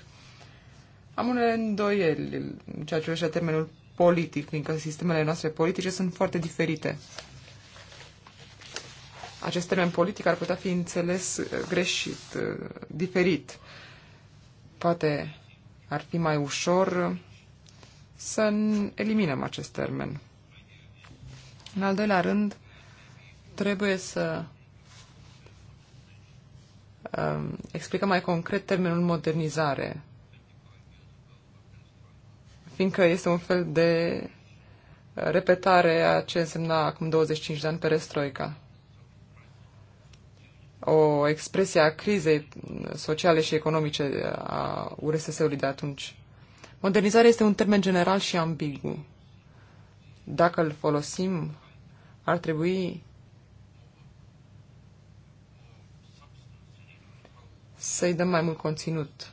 Am unele îndoieli în ceea ce privește termenul politic, fiindcă sistemele noastre politice sunt foarte diferite. Acest termen politic ar putea fi înțeles uh, greșit, uh, diferit. Poate ar fi mai ușor uh, să eliminăm acest termen. În al doilea rând, trebuie să Um, explică mai concret termenul modernizare, fiindcă este un fel de uh, repetare a ce însemna acum 25 de ani perestroica. O expresie a crizei sociale și economice a URSS-ului de atunci. Modernizarea este un termen general și ambigu. Dacă îl folosim, ar trebui să-i dăm mai mult conținut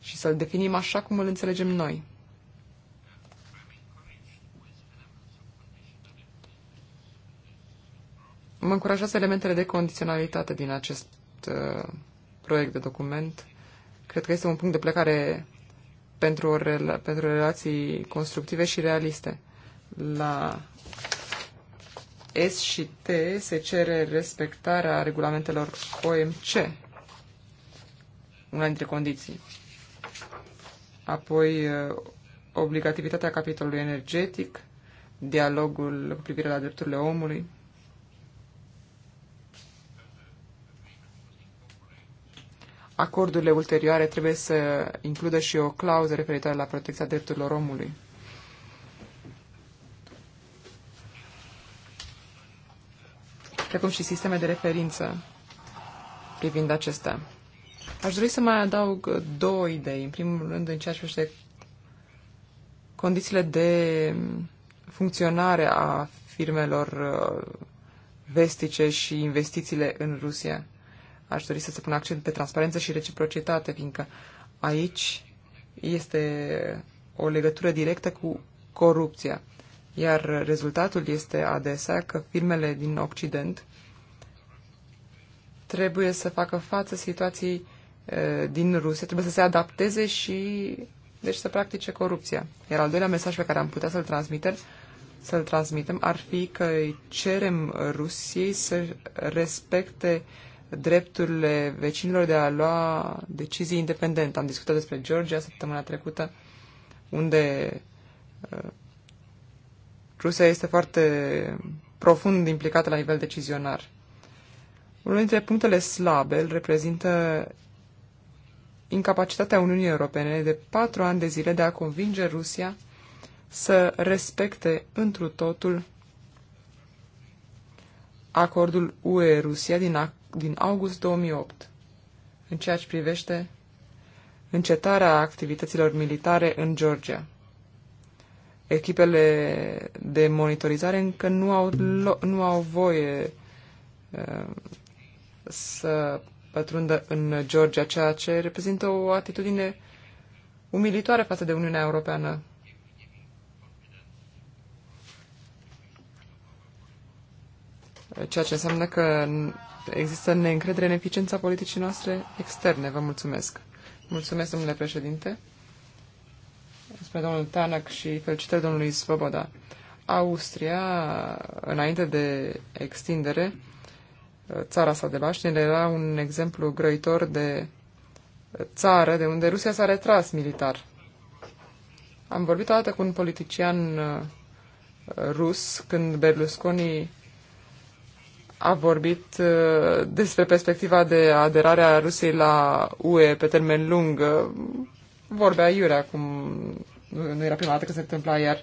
și să-l definim așa cum îl înțelegem noi. Mă încurajează elementele de condiționalitate din acest uh, proiect de document. Cred că este un punct de plecare pentru, o rela- pentru relații constructive și realiste. La S și T se cere respectarea regulamentelor OMC una dintre condiții. Apoi, uh, obligativitatea capitolului energetic, dialogul cu privire la drepturile omului, acordurile ulterioare trebuie să includă și o clauză referitoare la protecția drepturilor omului. precum și sisteme de referință privind acestea. Aș dori să mai adaug două idei. În primul rând, în ceea ce privește condițiile de funcționare a firmelor uh, vestice și investițiile în Rusia. Aș dori să se pună accent pe transparență și reciprocitate, fiindcă aici este o legătură directă cu corupția. Iar rezultatul este adesea că firmele din Occident trebuie să facă față situației din Rusia trebuie să se adapteze și deci să practice corupția. Iar al doilea mesaj pe care am putea să-l transmitem, să-l transmitem ar fi că îi cerem Rusiei să respecte drepturile vecinilor de a lua decizii independente. Am discutat despre Georgia săptămâna trecută, unde Rusia este foarte profund implicată la nivel decizionar. Unul dintre punctele slabe îl reprezintă incapacitatea Uniunii Europene de patru ani de zile de a convinge Rusia să respecte întru totul acordul UE-Rusia din, din august 2008 în ceea ce privește încetarea activităților militare în Georgia. Echipele de monitorizare încă nu au, nu au voie uh, să pătrundă în Georgia, ceea ce reprezintă o atitudine umilitoare față de Uniunea Europeană. Ceea ce înseamnă că există neîncredere în eficiența politicii noastre externe. Vă mulțumesc. Mulțumesc, domnule președinte. Spre domnul Tanak și felicitări domnului Svoboda. Austria, înainte de extindere, țara sa de lașnile era un exemplu grăitor de țară de unde Rusia s-a retras militar. Am vorbit odată cu un politician uh, rus când Berlusconi a vorbit uh, despre perspectiva de aderare a Rusiei la UE pe termen lung. Uh, vorbea iurea, cum nu era prima dată când se întâmpla, iar uh,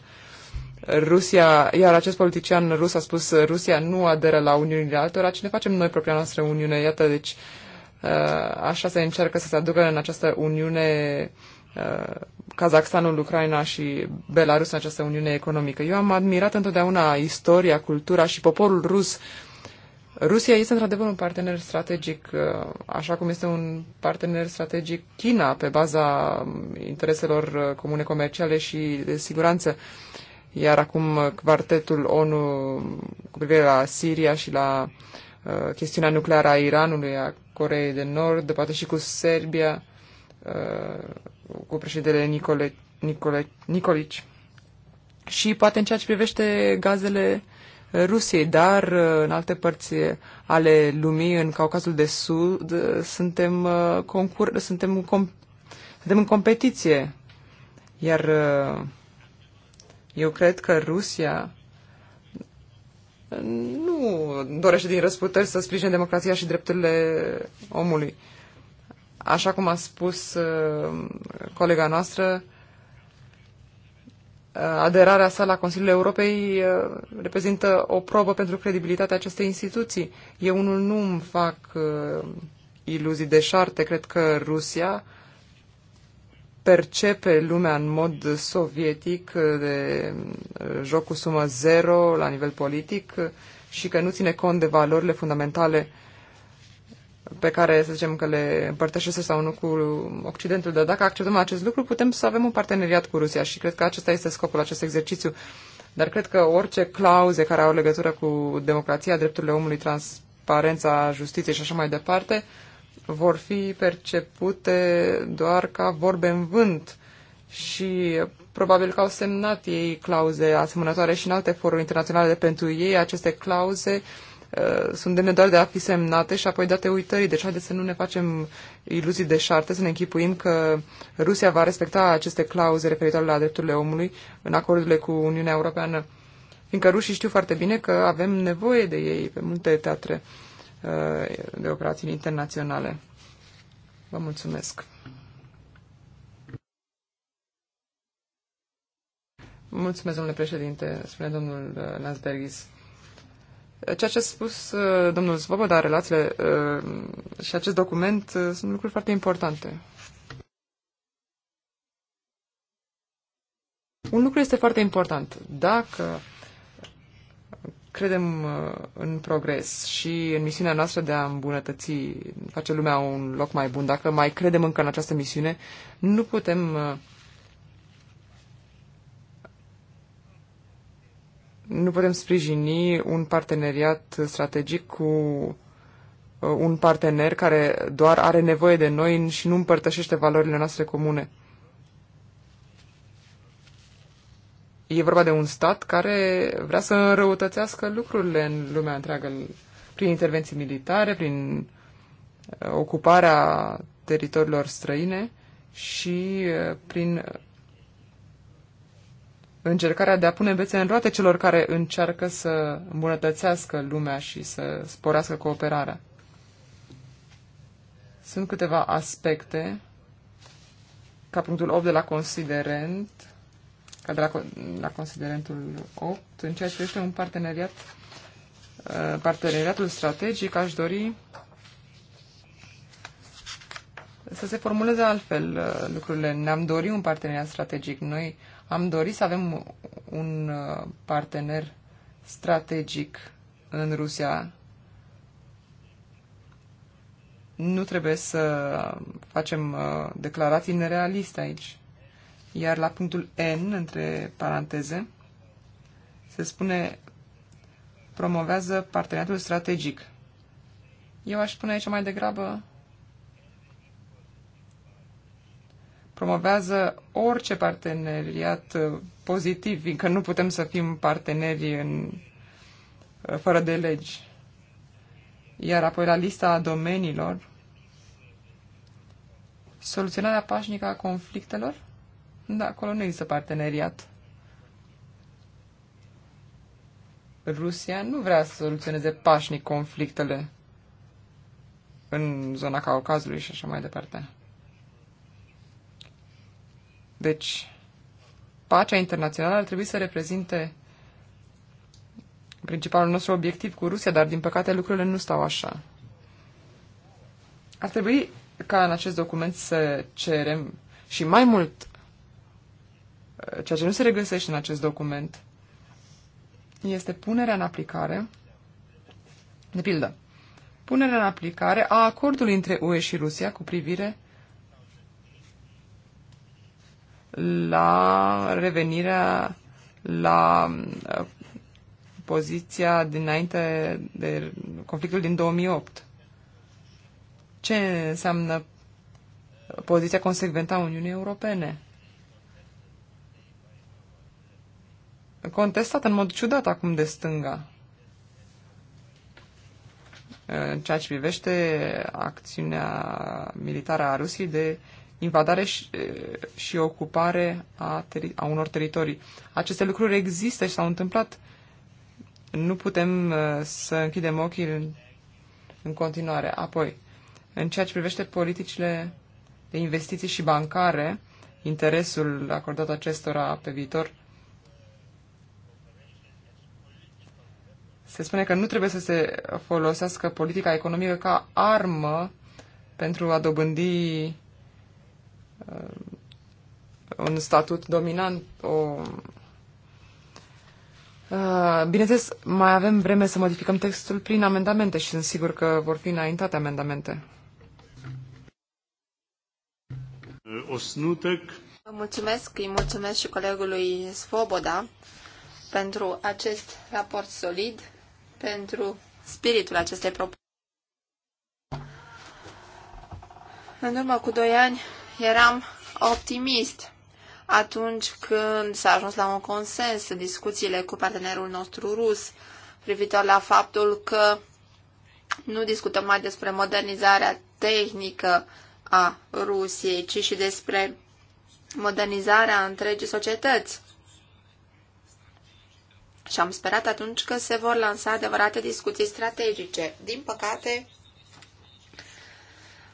Rusia, iar acest politician rus a spus Rusia nu aderă la Uniunile altora, ci ne facem noi propria noastră Uniune. Iată, deci uh, așa se încearcă să se aducă în această Uniune uh, Kazakhstanul, Ucraina și Belarus în această Uniune economică. Eu am admirat întotdeauna istoria, cultura și poporul rus. Rusia este într-adevăr un partener strategic, uh, așa cum este un partener strategic China, pe baza intereselor comune comerciale și de siguranță. Uh, iar acum uh, quartetul ONU uh, cu privire la Siria și la uh, chestiunea nucleară a Iranului, a Coreei de Nord, de poate și cu Serbia, uh, cu președintele Nicole, Nicole, Nicolici. Și poate în ceea ce privește gazele Rusiei, dar uh, în alte părți ale lumii, în Caucazul de Sud, suntem, concur- suntem, com- suntem în competiție. Iar eu cred că Rusia nu dorește din răsputări să sprijine democrația și drepturile omului. Așa cum a spus uh, colega noastră, uh, aderarea sa la Consiliul Europei uh, reprezintă o probă pentru credibilitatea acestei instituții. Eu unul nu îmi fac uh, iluzii de șarte, cred că Rusia percepe lumea în mod sovietic uh, de uh, jocul sumă zero la nivel politic uh, și că nu ține cont de valorile fundamentale pe care, să zicem, că le împărtășesc sau nu cu Occidentul. Dar dacă acceptăm acest lucru, putem să avem un parteneriat cu Rusia și cred că acesta este scopul acestui exercițiu. Dar cred că orice clauze care au legătură cu democrația, drepturile omului, transparența, justiție și așa mai departe, uh, vor fi percepute doar ca vorbe în vânt și probabil că au semnat ei clauze asemănătoare și în alte foruri internaționale pentru ei. Aceste clauze uh, sunt demne doar de a fi semnate și apoi date uitării. Deci haideți să nu ne facem iluzii de șarte, să ne închipuim că Rusia va respecta aceste clauze referitoare la drepturile omului în acordurile cu Uniunea Europeană. Fiindcă rușii știu foarte bine că avem nevoie de ei pe multe teatre. Uh, Uh, de operațiuni internaționale. Vă mulțumesc! Mulțumesc, domnule președinte, spune domnul uh, Lansbergis. Ceea ce a spus uh, domnul Svoboda, relațiile și acest document sunt lucruri foarte importante. Un lucru este foarte important. Dacă Credem uh, în progres și în misiunea noastră de a îmbunătăți, face lumea un loc mai bun. Dacă mai credem încă în această misiune, nu putem uh, nu putem sprijini un parteneriat strategic cu uh, un partener care doar are nevoie de noi și nu împărtășește valorile noastre comune. E vorba de un stat care vrea să înrăutățească lucrurile în lumea întreagă prin intervenții militare, prin uh, ocuparea teritoriilor străine și uh, prin uh, încercarea de a pune bețe în roate celor care încearcă să îmbunătățească lumea și să sporească cooperarea. Sunt câteva aspecte, ca punctul 8 de la considerent, ca de la, la considerentul 8, în ceea ce este un parteneriat, uh, parteneriatul strategic, aș dori să se formuleze altfel uh, lucrurile. Ne-am dorit un parteneriat strategic. Noi am dorit să avem un uh, partener strategic în Rusia. Nu trebuie să facem declarații nerealiste aici. Iar la punctul N, între paranteze, se spune promovează parteneriatul strategic. Eu aș spune aici mai degrabă promovează orice parteneriat pozitiv, fiindcă nu putem să fim parteneri în, fără de legi. Iar apoi la lista domeniilor, soluționarea pașnică a conflictelor, da, acolo nu există parteneriat. Rusia nu vrea să soluționeze pașnic conflictele în zona Caucazului și așa mai departe. Deci, pacea internațională ar trebui să reprezinte principalul nostru obiectiv cu Rusia, dar din păcate lucrurile nu stau așa. Ar trebui ca în acest document să cerem și mai mult ceea ce nu se regăsește în acest document, este punerea în aplicare, de pildă, punerea în aplicare a acordului între UE și Rusia cu privire la revenirea la uh, poziția dinainte de conflictul din 2008. Ce înseamnă poziția consecventă a Uniunii Europene? contestat în mod ciudat acum de stânga. În ceea ce privește acțiunea militară a Rusiei de invadare și, și ocupare a, teri- a unor teritorii. Aceste lucruri există și s-au întâmplat. Nu putem uh, să închidem ochii în, în continuare. Apoi, în ceea ce privește politicile de investiții și bancare, interesul acordat acestora pe viitor se spune că nu trebuie să se folosească politica economică ca armă pentru a dobândi uh, un statut dominant, o... Uh, bineînțeles, mai avem vreme să modificăm textul prin amendamente și sunt sigur că vor fi înaintate amendamente. Uh, Osnutec. Mulțumesc, îi mulțumesc și colegului Svoboda pentru acest raport solid pentru spiritul acestei propuneri. În urmă cu doi ani eram optimist atunci când s-a ajuns la un consens în discuțiile cu partenerul nostru rus privitor la faptul că nu discutăm mai despre modernizarea tehnică a Rusiei, ci și despre modernizarea întregii societăți și am sperat atunci că se vor lansa adevărate discuții strategice. Din păcate,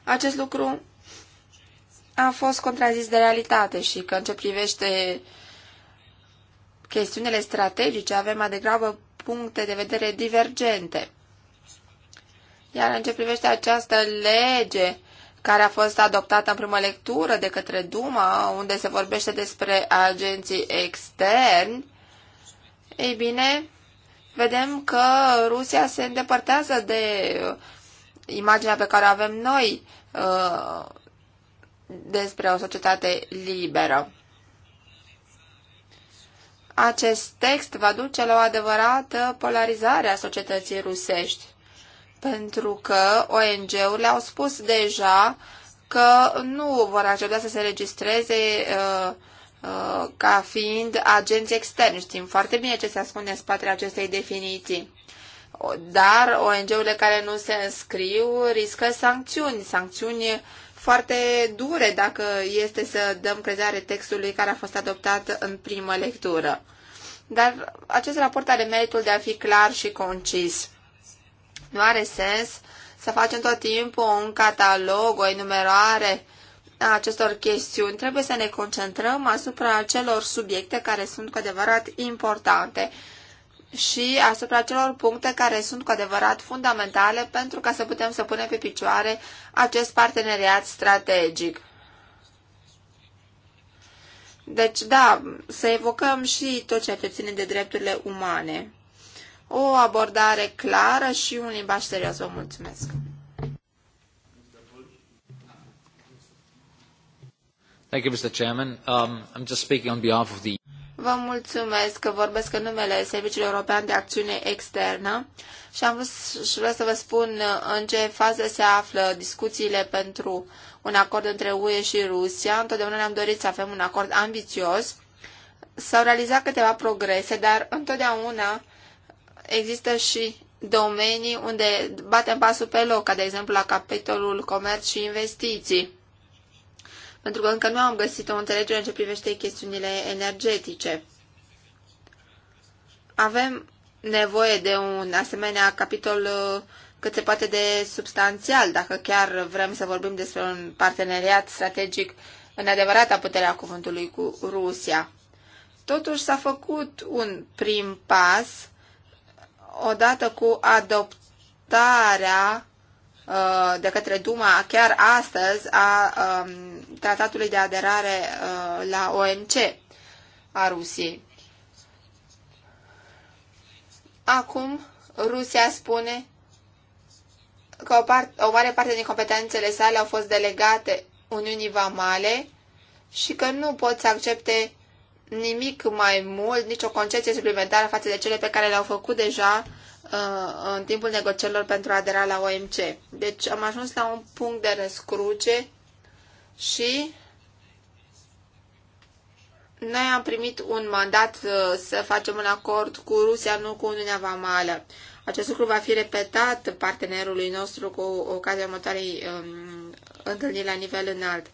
acest lucru a fost contrazis de realitate și că în ce privește chestiunile strategice avem mai degrabă puncte de vedere divergente. Iar în ce privește această lege care a fost adoptată în primă lectură de către Duma, unde se vorbește despre agenții externi, ei bine, vedem că Rusia se îndepărtează de uh, imaginea pe care avem noi uh, despre o societate liberă. Acest text va duce la o adevărată polarizare a societății rusești, pentru că ONG-urile au spus deja că nu vor accepta să se registreze uh, Uh, ca fiind agenți externi. Știm foarte bine ce se ascunde în spatele acestei definiții. Dar ONG-urile care nu se înscriu riscă sancțiuni, sancțiuni foarte dure dacă este să dăm crezare textului care a fost adoptat în primă lectură. Dar acest raport are meritul de a fi clar și concis. Nu are sens să facem tot timpul un catalog, o enumerare uh, a acestor chestiuni. Trebuie să ne concentrăm asupra celor subiecte care sunt cu adevărat importante și asupra celor puncte care sunt cu adevărat fundamentale pentru ca să putem să punem pe picioare acest parteneriat strategic. Deci, da, să evocăm și tot ceea ce ține de drepturile umane. O abordare clară și un limbaj serios. Vă mulțumesc! Thank you, Mr. Chairman. Um, I'm just speaking on behalf of the... Vă mulțumesc că vorbesc în numele Serviciului European de Acțiune Externă și am vrut și vreau să vă spun uh, în ce fază se află discuțiile pentru un acord între UE și Rusia. Întotdeauna ne-am dorit să avem un acord ambițios. S-au realizat câteva progrese, dar întotdeauna există și domenii unde batem pasul pe loc, ca de exemplu la capitolul comerț și investiții pentru că încă nu am găsit o înțelegere în ce privește chestiunile energetice. Avem nevoie de un asemenea capitol uh, cât se poate de substanțial, dacă chiar vrem să vorbim despre un parteneriat strategic în adevărata puterea cuvântului cu Rusia. Totuși s-a făcut un prim pas odată cu adoptarea Uh, de către Duma chiar astăzi a um, tratatului de aderare uh, la OMC a Rusiei. Acum Rusia spune că o, part, o mare parte din competențele sale au fost delegate Uniunii Vamale și că nu pot să accepte nimic mai mult, nicio concesie suplimentară față de cele pe care le-au făcut deja Uh, în timpul negocierilor pentru a adera la OMC. Deci am ajuns la un punct de răscruce și noi am primit un mandat uh, să facem un acord cu Rusia, nu cu Uniunea Vamală. Acest lucru va fi repetat partenerului nostru cu ocazia următoarei um, întâlniri la nivel înalt.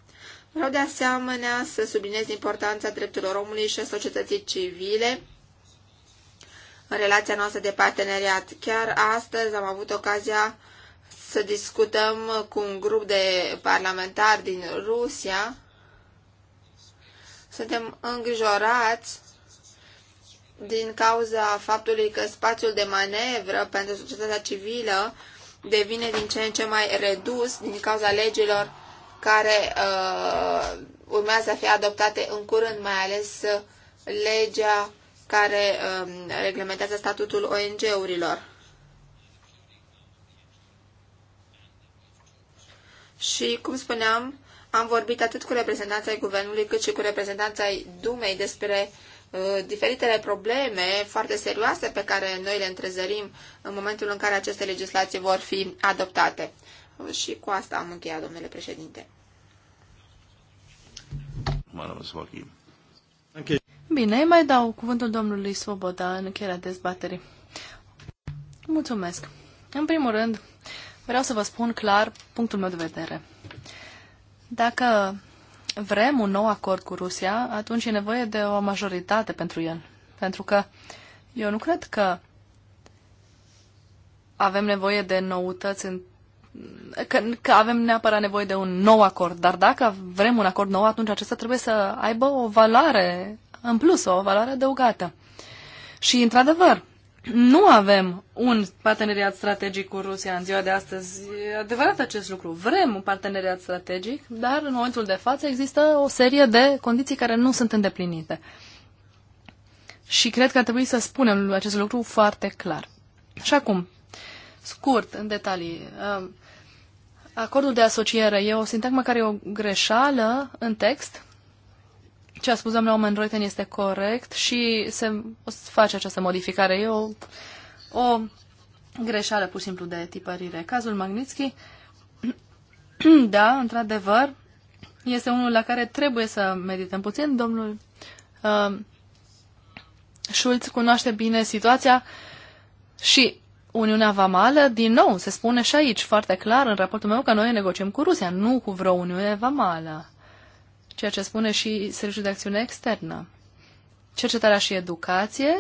Vreau de asemenea să subliniez importanța drepturilor omului și a societății civile în relația noastră de parteneriat. Chiar astăzi am avut ocazia să discutăm cu un grup de parlamentari din Rusia. Suntem îngrijorați din cauza faptului că spațiul de manevră pentru societatea civilă devine din ce în ce mai redus din cauza legilor care uh, urmează să fie adoptate în curând, mai ales legea care um, reglementează statutul ONG-urilor. Și, cum spuneam, am vorbit atât cu reprezentanța ai guvernului cât și cu reprezentanța ai Dumei despre uh, diferitele probleme foarte serioase pe care noi le întrezărim în momentul în care aceste legislații vor fi adoptate. și cu asta am încheiat, domnule președinte. Mă rog, Bine, mai dau cuvântul domnului Svoboda în încheierea dezbaterii. Mulțumesc. În primul rând, vreau să vă spun clar punctul meu de vedere. Dacă vrem un nou acord cu Rusia, atunci e nevoie de o majoritate pentru el. Pentru că eu nu cred că avem nevoie de noutăți în Că, că avem neapărat nevoie de un nou acord, dar dacă vrem un acord nou, atunci acesta trebuie să aibă o valoare în plus, o valoare adăugată. Și, într-adevăr, nu avem un parteneriat strategic cu Rusia în ziua de astăzi. E adevărat acest lucru. Vrem un parteneriat strategic, dar în momentul de față există o serie de condiții care nu sunt îndeplinite. Și cred că ar trebui să spunem acest lucru foarte clar. Și acum, scurt, în detalii, acordul de asociere e o sintagmă care e o greșeală în text ce a spus doamna Omen Reuten este corect și se o să face această modificare. E o, o greșeală pur și simplu de tipărire. Cazul Magnitsky, da, într-adevăr, este unul la care trebuie să medităm puțin. Domnul uh, Schulz cunoaște bine situația și Uniunea Vamală, din nou, se spune și aici foarte clar în raportul meu că noi negociem cu Rusia, nu cu vreo Uniune Vamală ceea ce spune și Serviciul de Acțiune Externă. Cercetarea și educație,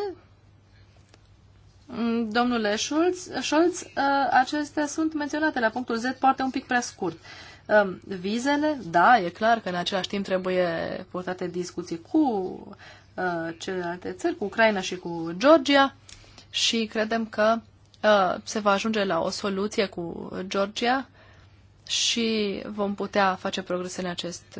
mm, domnule Schulz, Schulz uh, acestea sunt menționate la punctul Z, poate un pic prea scurt. Um, vizele, da, e clar că în același timp trebuie purtate discuții cu uh, celelalte țări, cu Ucraina și cu Georgia și credem că uh, se va ajunge la o soluție cu Georgia și vom putea face progrese în acest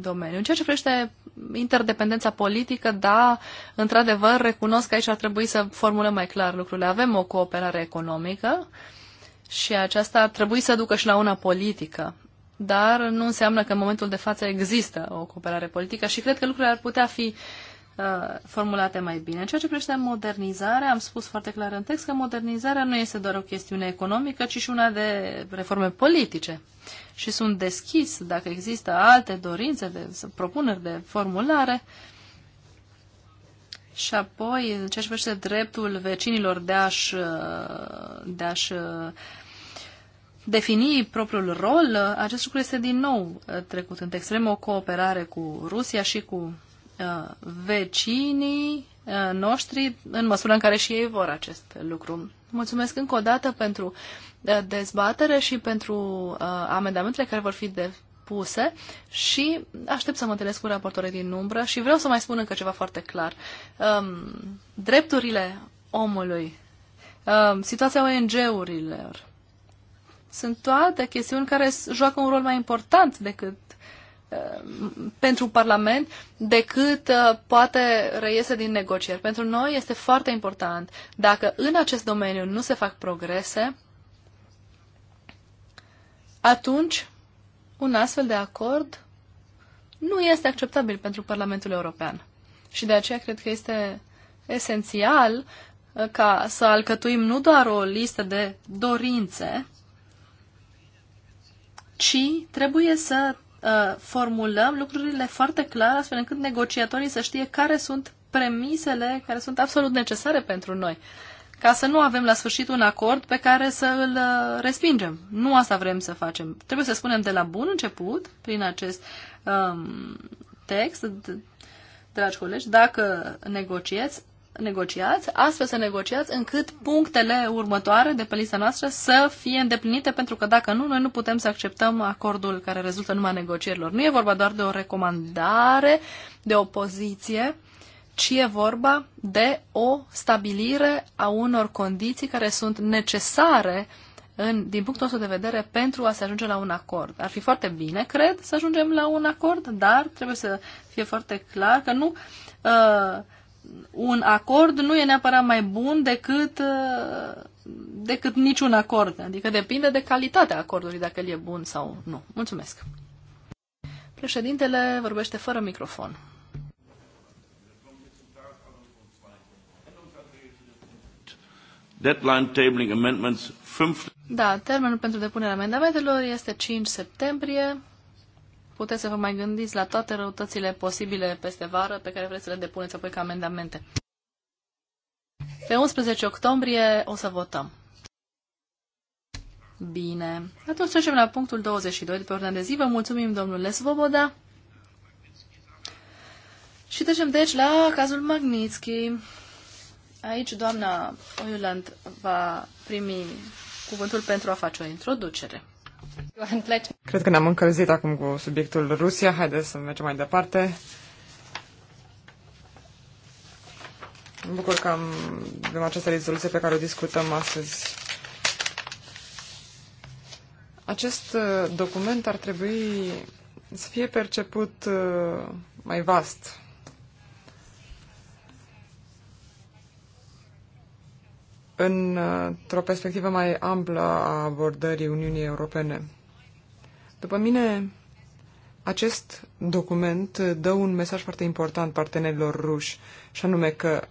domeniu. În ceea ce privește interdependența politică, da, într-adevăr, recunosc că aici ar trebui să formulăm mai clar lucrurile. Avem o cooperare economică și aceasta ar trebui să ducă și la una politică. Dar nu înseamnă că în momentul de față există o cooperare politică și cred că lucrurile ar putea fi uh, Uh, formulate mai bine. În ceea ce privește modernizarea, am spus foarte clar în text că modernizarea nu este doar o chestiune economică, ci și una de reforme politice. Și sunt deschis, dacă există alte dorințe, de propuneri de formulare, și apoi, în ceea ce privește dreptul vecinilor de a-și, uh, de a-și uh, defini propriul rol, acest lucru este din nou trecut în text. Vrem o cooperare cu Rusia și cu Uh, vecinii uh, noștri în măsura în care și ei vor acest lucru. Mulțumesc încă o dată pentru uh, dezbatere și pentru amendamentele care vor fi depuse și aștept să mă întâlnesc cu raportorii din umbră și vreau să mai spun încă ceva foarte clar. Um, drepturile omului, um, situația ONG-urilor, sunt toate chestiuni care joacă un rol mai important decât pentru Parlament decât uh, poate reiese din negocieri. Pentru noi este foarte important. Dacă în acest domeniu nu se fac progrese, atunci un astfel de acord nu este acceptabil pentru Parlamentul European. Și de aceea cred că este esențial uh, ca să alcătuim nu doar o listă de dorințe, ci trebuie să Uh, formulăm lucrurile foarte clar, astfel încât negociatorii să știe care sunt premisele care sunt absolut necesare pentru noi, ca să nu avem la sfârșit un acord pe care să îl uh, respingem. Nu asta vrem să facem. Trebuie să spunem de la bun început, prin acest um, text, dragi colegi, dacă negociați, negociați, astfel să negociați încât punctele următoare de pe lista noastră să fie îndeplinite, pentru că dacă nu, noi nu putem să acceptăm acordul care rezultă numai negocierilor. Nu e vorba doar de o recomandare, de o poziție, ci e vorba de o stabilire a unor condiții care sunt necesare în, din punctul nostru de vedere, pentru a se ajunge la un acord. Ar fi foarte bine, cred, să ajungem la un acord, dar trebuie să fie foarte clar că nu uh, un acord nu e neapărat mai bun decât, uh, decât niciun acord. Adică depinde de calitatea acordului, dacă el e bun sau nu. Mulțumesc. Președintele vorbește fără microfon. Deadline tabling amendments 5. Da, termenul pentru depunerea amendamentelor este 5 septembrie puteți să vă mai gândiți la toate răutățile posibile peste vară pe care vreți să le depuneți apoi ca amendamente. Pe 11 octombrie o să votăm. Bine. Atunci trecem la punctul 22 de pe ordinea de zi. Vă mulțumim, domnule Svoboda. Și trecem deci la cazul Magnitsky. Aici doamna Oiuland va primi cuvântul pentru a face o introducere. Cred că ne-am încălzit acum cu subiectul Rusia. Haideți să mergem mai departe. Mă bucur că am, avem această rezoluție pe care o discutăm astăzi. Acest uh, document ar trebui să fie perceput uh, mai vast într-o perspectivă mai amplă a abordării Uniunii Europene. După mine, acest document dă un mesaj foarte important partenerilor ruși, și anume că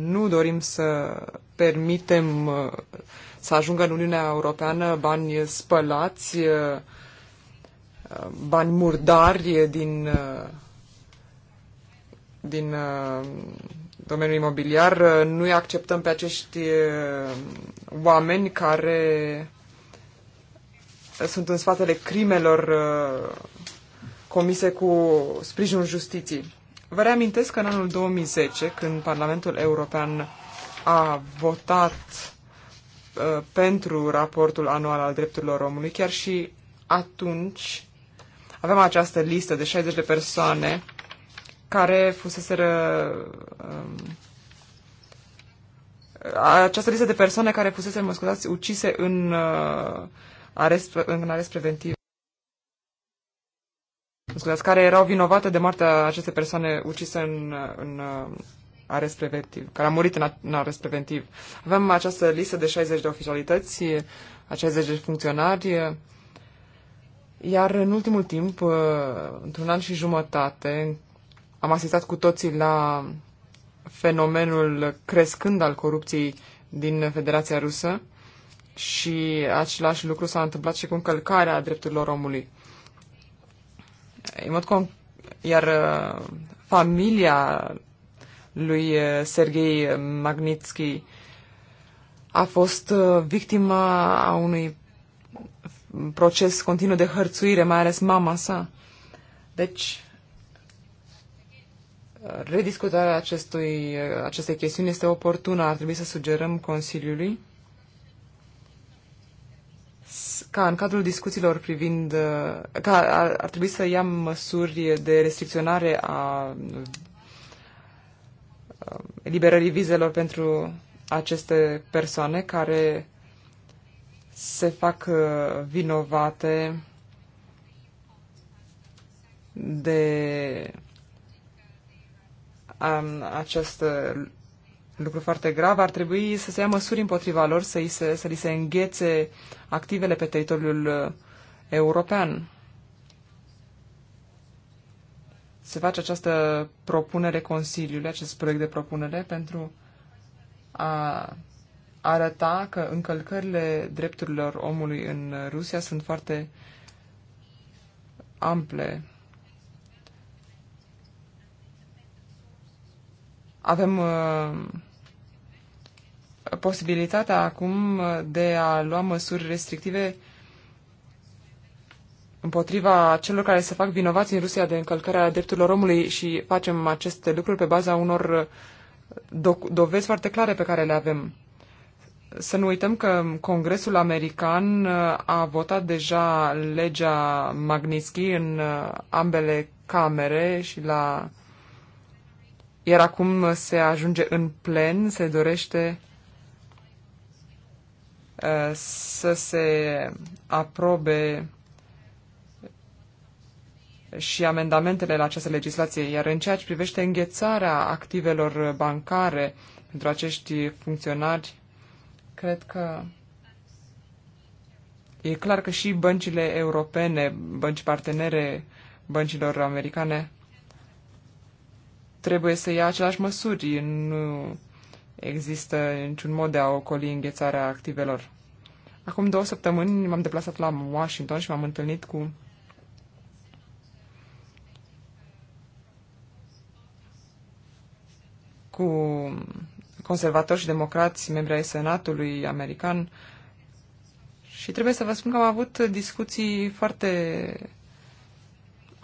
nu dorim să permitem uh, să ajungă în Uniunea Europeană bani spălați, uh, bani murdari din, uh, din domeniul imobiliar, uh, nu îi acceptăm pe acești uh, oameni care sunt în spatele crimelor uh, comise cu sprijinul justiției. Vă reamintesc că în anul 2010, când Parlamentul European a votat pentru raportul anual al drepturilor omului, chiar și atunci aveam această listă de 60 de persoane care fusese um, această listă de persoane care fusese, mă scuzați, ucise în, uh, arest, în arest preventiv. Mă scuzați, care erau vinovate de moartea acestei persoane ucise în, în uh, arest preventiv, care a murit în, în arest preventiv. Avem această listă de 60 de oficialități, 60 de funcționari, iar în ultimul timp, uh, într-un an și jumătate, am asistat cu toții la fenomenul crescând al corupției din Federația Rusă și același lucru s-a întâmplat și cu încălcarea drepturilor omului. În mod con- iar uh, familia lui uh, Sergei Magnitsky a fost uh, victima a unui proces continuu de hărțuire, mai ales mama sa. Deci, rediscutarea acestui, acestei chestiuni este oportună. Ar trebui să sugerăm Consiliului ca în cadrul discuțiilor privind, ca ar, ar trebui să ia măsuri de restricționare a um, eliberării vizelor pentru aceste persoane care se fac uh, vinovate de acest uh, lucru foarte grav, ar trebui să se ia măsuri împotriva lor, să, se, să li se înghețe activele pe teritoriul uh, european. Se face această propunere Consiliului, acest proiect de propunere, pentru a arăta că încălcările drepturilor omului în Rusia sunt foarte ample. avem uh, posibilitatea acum uh, de a lua măsuri restrictive împotriva celor care se fac vinovați în Rusia de încălcarea drepturilor omului și facem aceste lucruri pe baza unor uh, dovezi foarte clare pe care le avem. Să nu uităm că Congresul American a votat deja legea Magnitsky în ambele camere și la iar acum se ajunge în plen, se dorește uh, să se aprobe și amendamentele la această legislație, iar în ceea ce privește înghețarea activelor bancare pentru acești funcționari, cred că e clar că și băncile europene, bănci partenere băncilor americane, trebuie să ia aceleași măsuri. Nu există niciun mod de a ocoli înghețarea activelor. Acum două săptămâni m-am deplasat la Washington și m-am întâlnit cu cu conservatori și democrați, membri ai Senatului american. Și trebuie să vă spun că am avut discuții foarte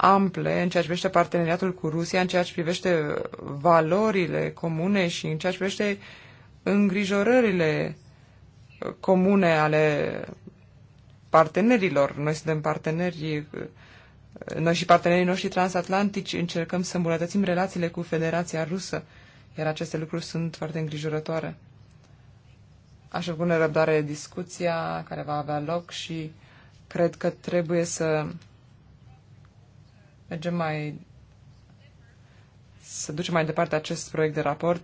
ample în ceea ce privește parteneriatul cu Rusia, în ceea ce privește valorile comune și în ceea ce privește îngrijorările comune ale partenerilor. Noi suntem parteneri, noi și partenerii noștri transatlantici încercăm să îmbunătățim relațiile cu Federația Rusă, iar aceste lucruri sunt foarte îngrijorătoare. Aș cu nerăbdare discuția care va avea loc și cred că trebuie să mergem mai să ducem mai departe acest proiect de raport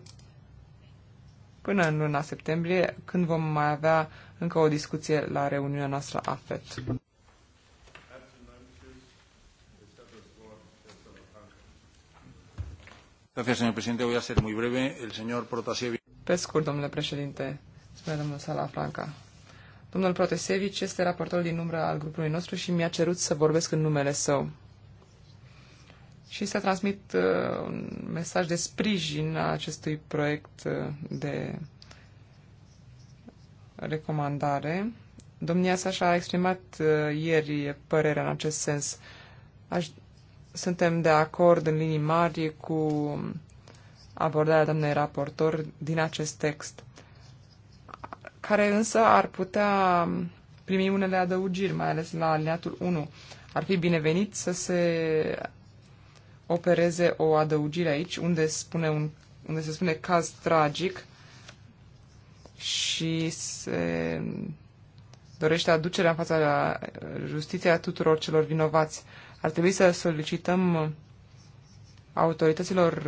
până în luna septembrie, când vom mai avea încă o discuție la reuniunea noastră AFET. Pe scurt, domnule președinte, spune domnul Salafranca. Domnul Protasevici este raportor din umbră al grupului nostru și mi-a cerut să vorbesc în numele său și să transmit uh, un mesaj de sprijin a acestui proiect uh, de recomandare. Domnia Sașa a exprimat uh, ieri părerea în acest sens. Aș, suntem de acord în linii mari cu abordarea doamnei raportor din acest text, care însă ar putea primi unele adăugiri, mai ales la alineatul 1. Ar fi binevenit să se opereze o adăugire aici, unde, spune un, unde se spune caz tragic și se dorește aducerea în fața justiției a tuturor celor vinovați. Ar trebui să solicităm autorităților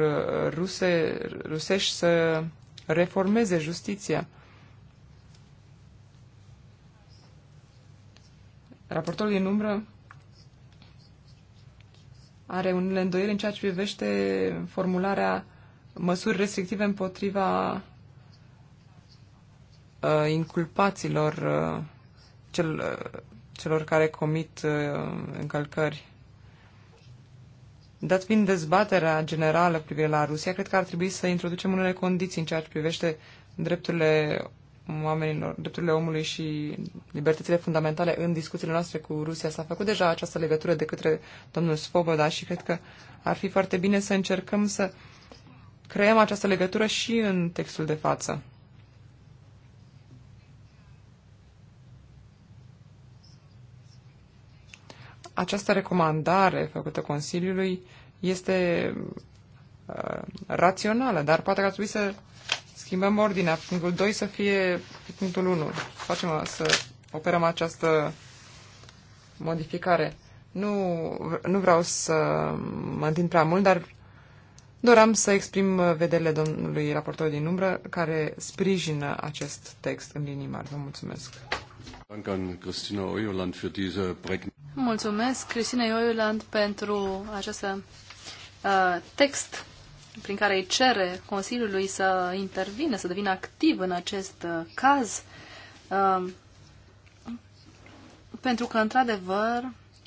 ruse, rusești să reformeze justiția. Raportorul din umbră are unele îndoieli în ceea ce privește formularea măsuri restrictive împotriva uh, inculpaților uh, cel, uh, celor care comit uh, încălcări. Dat fiind dezbaterea generală privire la Rusia, cred că ar trebui să introducem unele condiții în ceea ce privește drepturile oamenilor, drepturile omului și libertățile fundamentale în discuțiile noastre cu Rusia. S-a făcut deja această legătură de către domnul Svoboda și cred că ar fi foarte bine să încercăm să creăm această legătură și în textul de față. Această recomandare făcută Consiliului este uh, rațională, dar poate că ar trebui să schimbăm ordinea, punctul 2 să fie punctul 1. Facem să operăm această modificare. Nu, nu vreau să mă întind prea mult, dar doram să exprim vederile domnului raportor din umbră care sprijină acest text în linii mari. Vă mulțumesc. Mulțumesc, Cristina Ioiuland, pentru acest uh, text prin care îi cere Consiliului să intervină, să devină activ în acest uh, caz, um, pentru că, într-adevăr,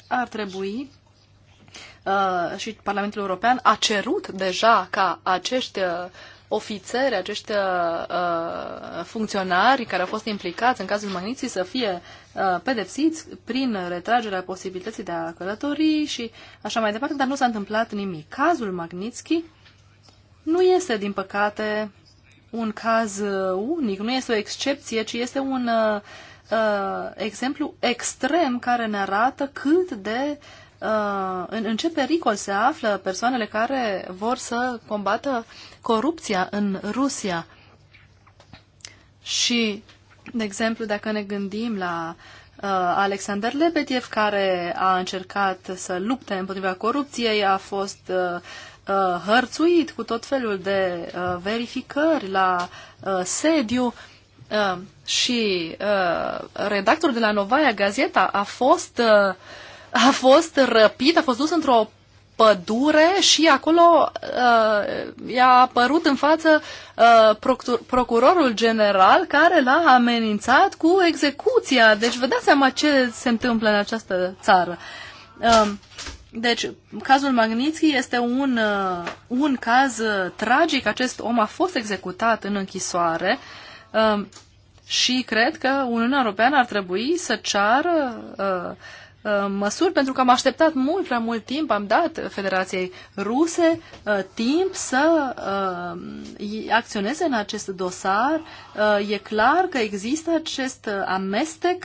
ar trebui uh, și Parlamentul European a cerut deja ca acești uh, ofițeri, acești funcționari care au fost implicați în cazul Magniții să fie pedepsiți prin retragerea posibilității de a călători și așa mai departe, dar nu s-a întâmplat nimic. Cazul Magnitsky nu este, din păcate, un caz uh, unic, nu este o excepție, ci este un uh, uh, exemplu extrem care ne arată cât de uh, în, în ce pericol se află persoanele care vor să combată corupția în Rusia. Și, de exemplu, dacă ne gândim la uh, Alexander Lebediev, care a încercat să lupte împotriva corupției, a fost uh, uh, hărțuit cu tot felul de uh, verificări la uh, sediu uh, și uh, redactorul de la Novaia Gazeta a fost, uh, a fost răpit, a fost dus într-o pădure și acolo uh, i-a apărut în față uh, procur- procurorul general care l-a amenințat cu execuția. Deci vă dați seama ce se întâmplă în această țară. Uh, deci, cazul Magnitsky este un, uh, un caz uh, tragic. Acest om a fost executat în închisoare uh, și cred că Uniunea Europeană ar trebui să ceară măsuri, pentru că am așteptat mult prea mult timp, am dat Federației Ruse timp să acționeze în acest dosar. E clar că există acest amestec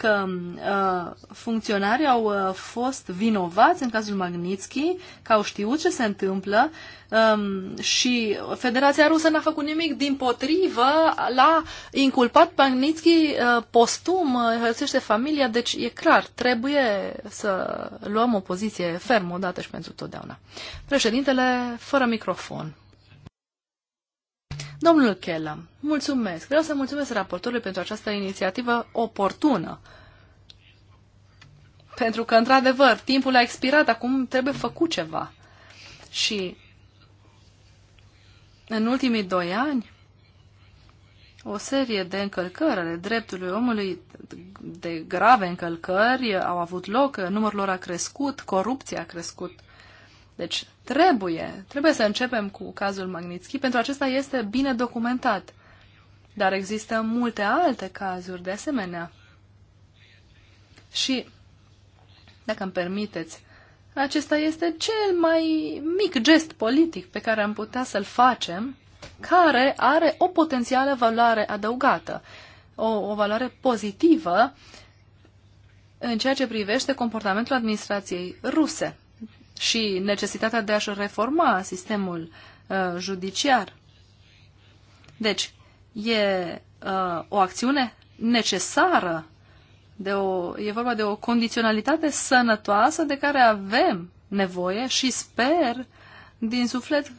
că uh, funcționarii au uh, fost vinovați în cazul Magnitsky, că au știut ce se întâmplă um, și Federația Rusă n-a făcut nimic din potrivă, l-a inculpat Magnitsky uh, postum, hărțește uh, familia, deci e clar, trebuie să luăm o poziție fermă odată și pentru totdeauna. Președintele, fără microfon. Domnul Kellam, mulțumesc. Vreau să mulțumesc raportorului pentru această inițiativă oportună. Pentru că, într-adevăr, timpul a expirat, acum trebuie făcut ceva. Și în ultimii doi ani, o serie de încălcări ale dreptului omului, de grave încălcări, au avut loc, numărul lor a crescut, corupția a crescut. Deci Trebuie, trebuie să începem cu cazul Magnitsky, pentru acesta este bine documentat. Dar există multe alte cazuri de asemenea. Și, dacă îmi permiteți, acesta este cel mai mic gest politic pe care am putea să-l facem, care are o potențială valoare adăugată, o, o valoare pozitivă în ceea ce privește comportamentul administrației ruse și necesitatea de a-și reforma sistemul uh, judiciar. Deci, e uh, o acțiune necesară, de o, e vorba de o condiționalitate sănătoasă de care avem nevoie și sper din suflet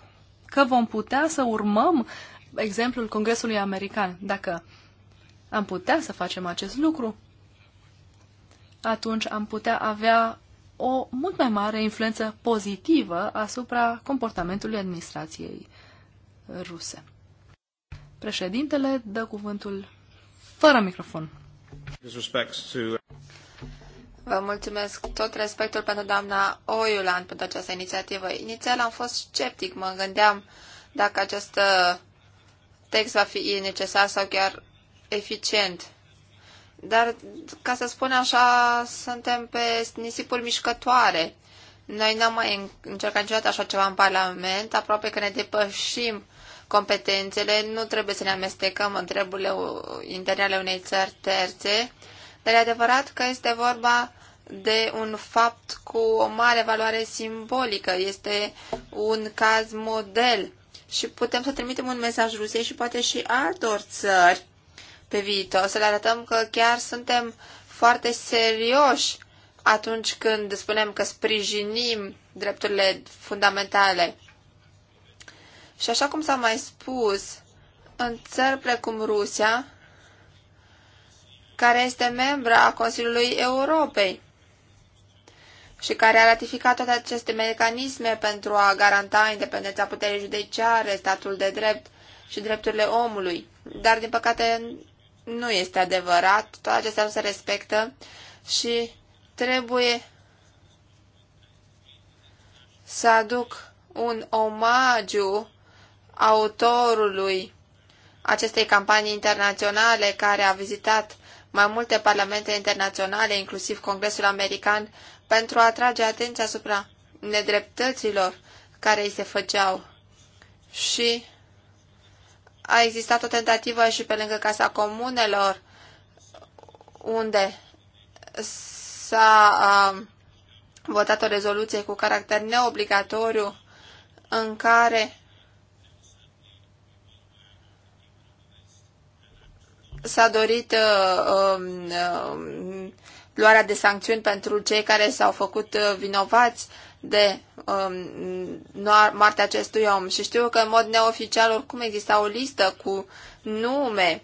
că vom putea să urmăm exemplul Congresului American. Dacă am putea să facem acest lucru, atunci am putea avea o mult mai mare influență pozitivă asupra comportamentului administrației ruse. Președintele dă cuvântul fără microfon. Vă mulțumesc tot respectul pentru doamna Oiulan pentru această inițiativă. Inițial am fost sceptic, mă gândeam dacă acest text va fi necesar sau chiar eficient. Dar, ca să spun așa, suntem pe nisipuri mișcătoare. Noi n-am mai încercat niciodată așa ceva în Parlament, aproape că ne depășim competențele, nu trebuie să ne amestecăm în treburile interne ale unei țări terțe, dar e adevărat că este vorba de un fapt cu o mare valoare simbolică, este un caz model și putem să trimitem un mesaj Rusiei și poate și altor țări pe viitor, să le arătăm că chiar suntem foarte serioși atunci când spunem că sprijinim drepturile fundamentale. Și așa cum s-a mai spus, în țări precum Rusia, care este membra a Consiliului Europei și care a ratificat toate aceste mecanisme pentru a garanta independența puterii judiciare, statul de drept și drepturile omului. Dar, din păcate, nu este adevărat, toate acestea nu se respectă și trebuie să aduc un omagiu autorului acestei campanii internaționale care a vizitat mai multe parlamente internaționale, inclusiv Congresul American, pentru a atrage atenția asupra nedreptăților care îi se făceau. Și a existat o tentativă și pe lângă Casa Comunelor, unde s-a um, votat o rezoluție cu caracter neobligatoriu în care s-a dorit uh, uh, luarea de sancțiuni pentru cei care s-au făcut uh, vinovați uh, de um, moartea acestui om și știu că în mod neoficial oricum exista o listă cu nume,